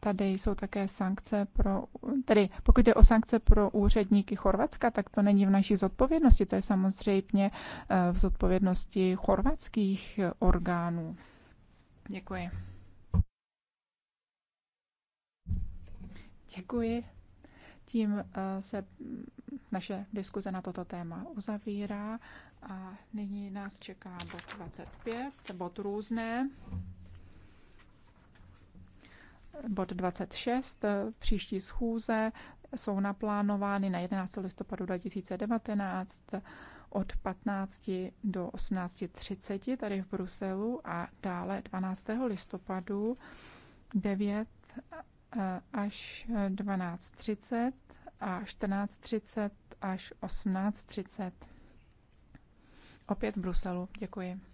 tady jsou také sankce pro, tedy pokud je o sankce pro úředníky Chorvatska, tak to není v naší zodpovědnosti, to je samozřejmě eh, v zodpovědnosti chorvatských eh, orgánů. Děkuji. Děkuji. Tím eh, se naše diskuze na toto téma uzavírá a nyní nás čeká bod 25, bod různé bod 26. Příští schůze jsou naplánovány na 11. listopadu 2019 od 15 do 18.30 tady v Bruselu a dále 12. listopadu 9 eh, až 12.30 a 14.30 až 18.30. Opět v Bruselu. Děkuji.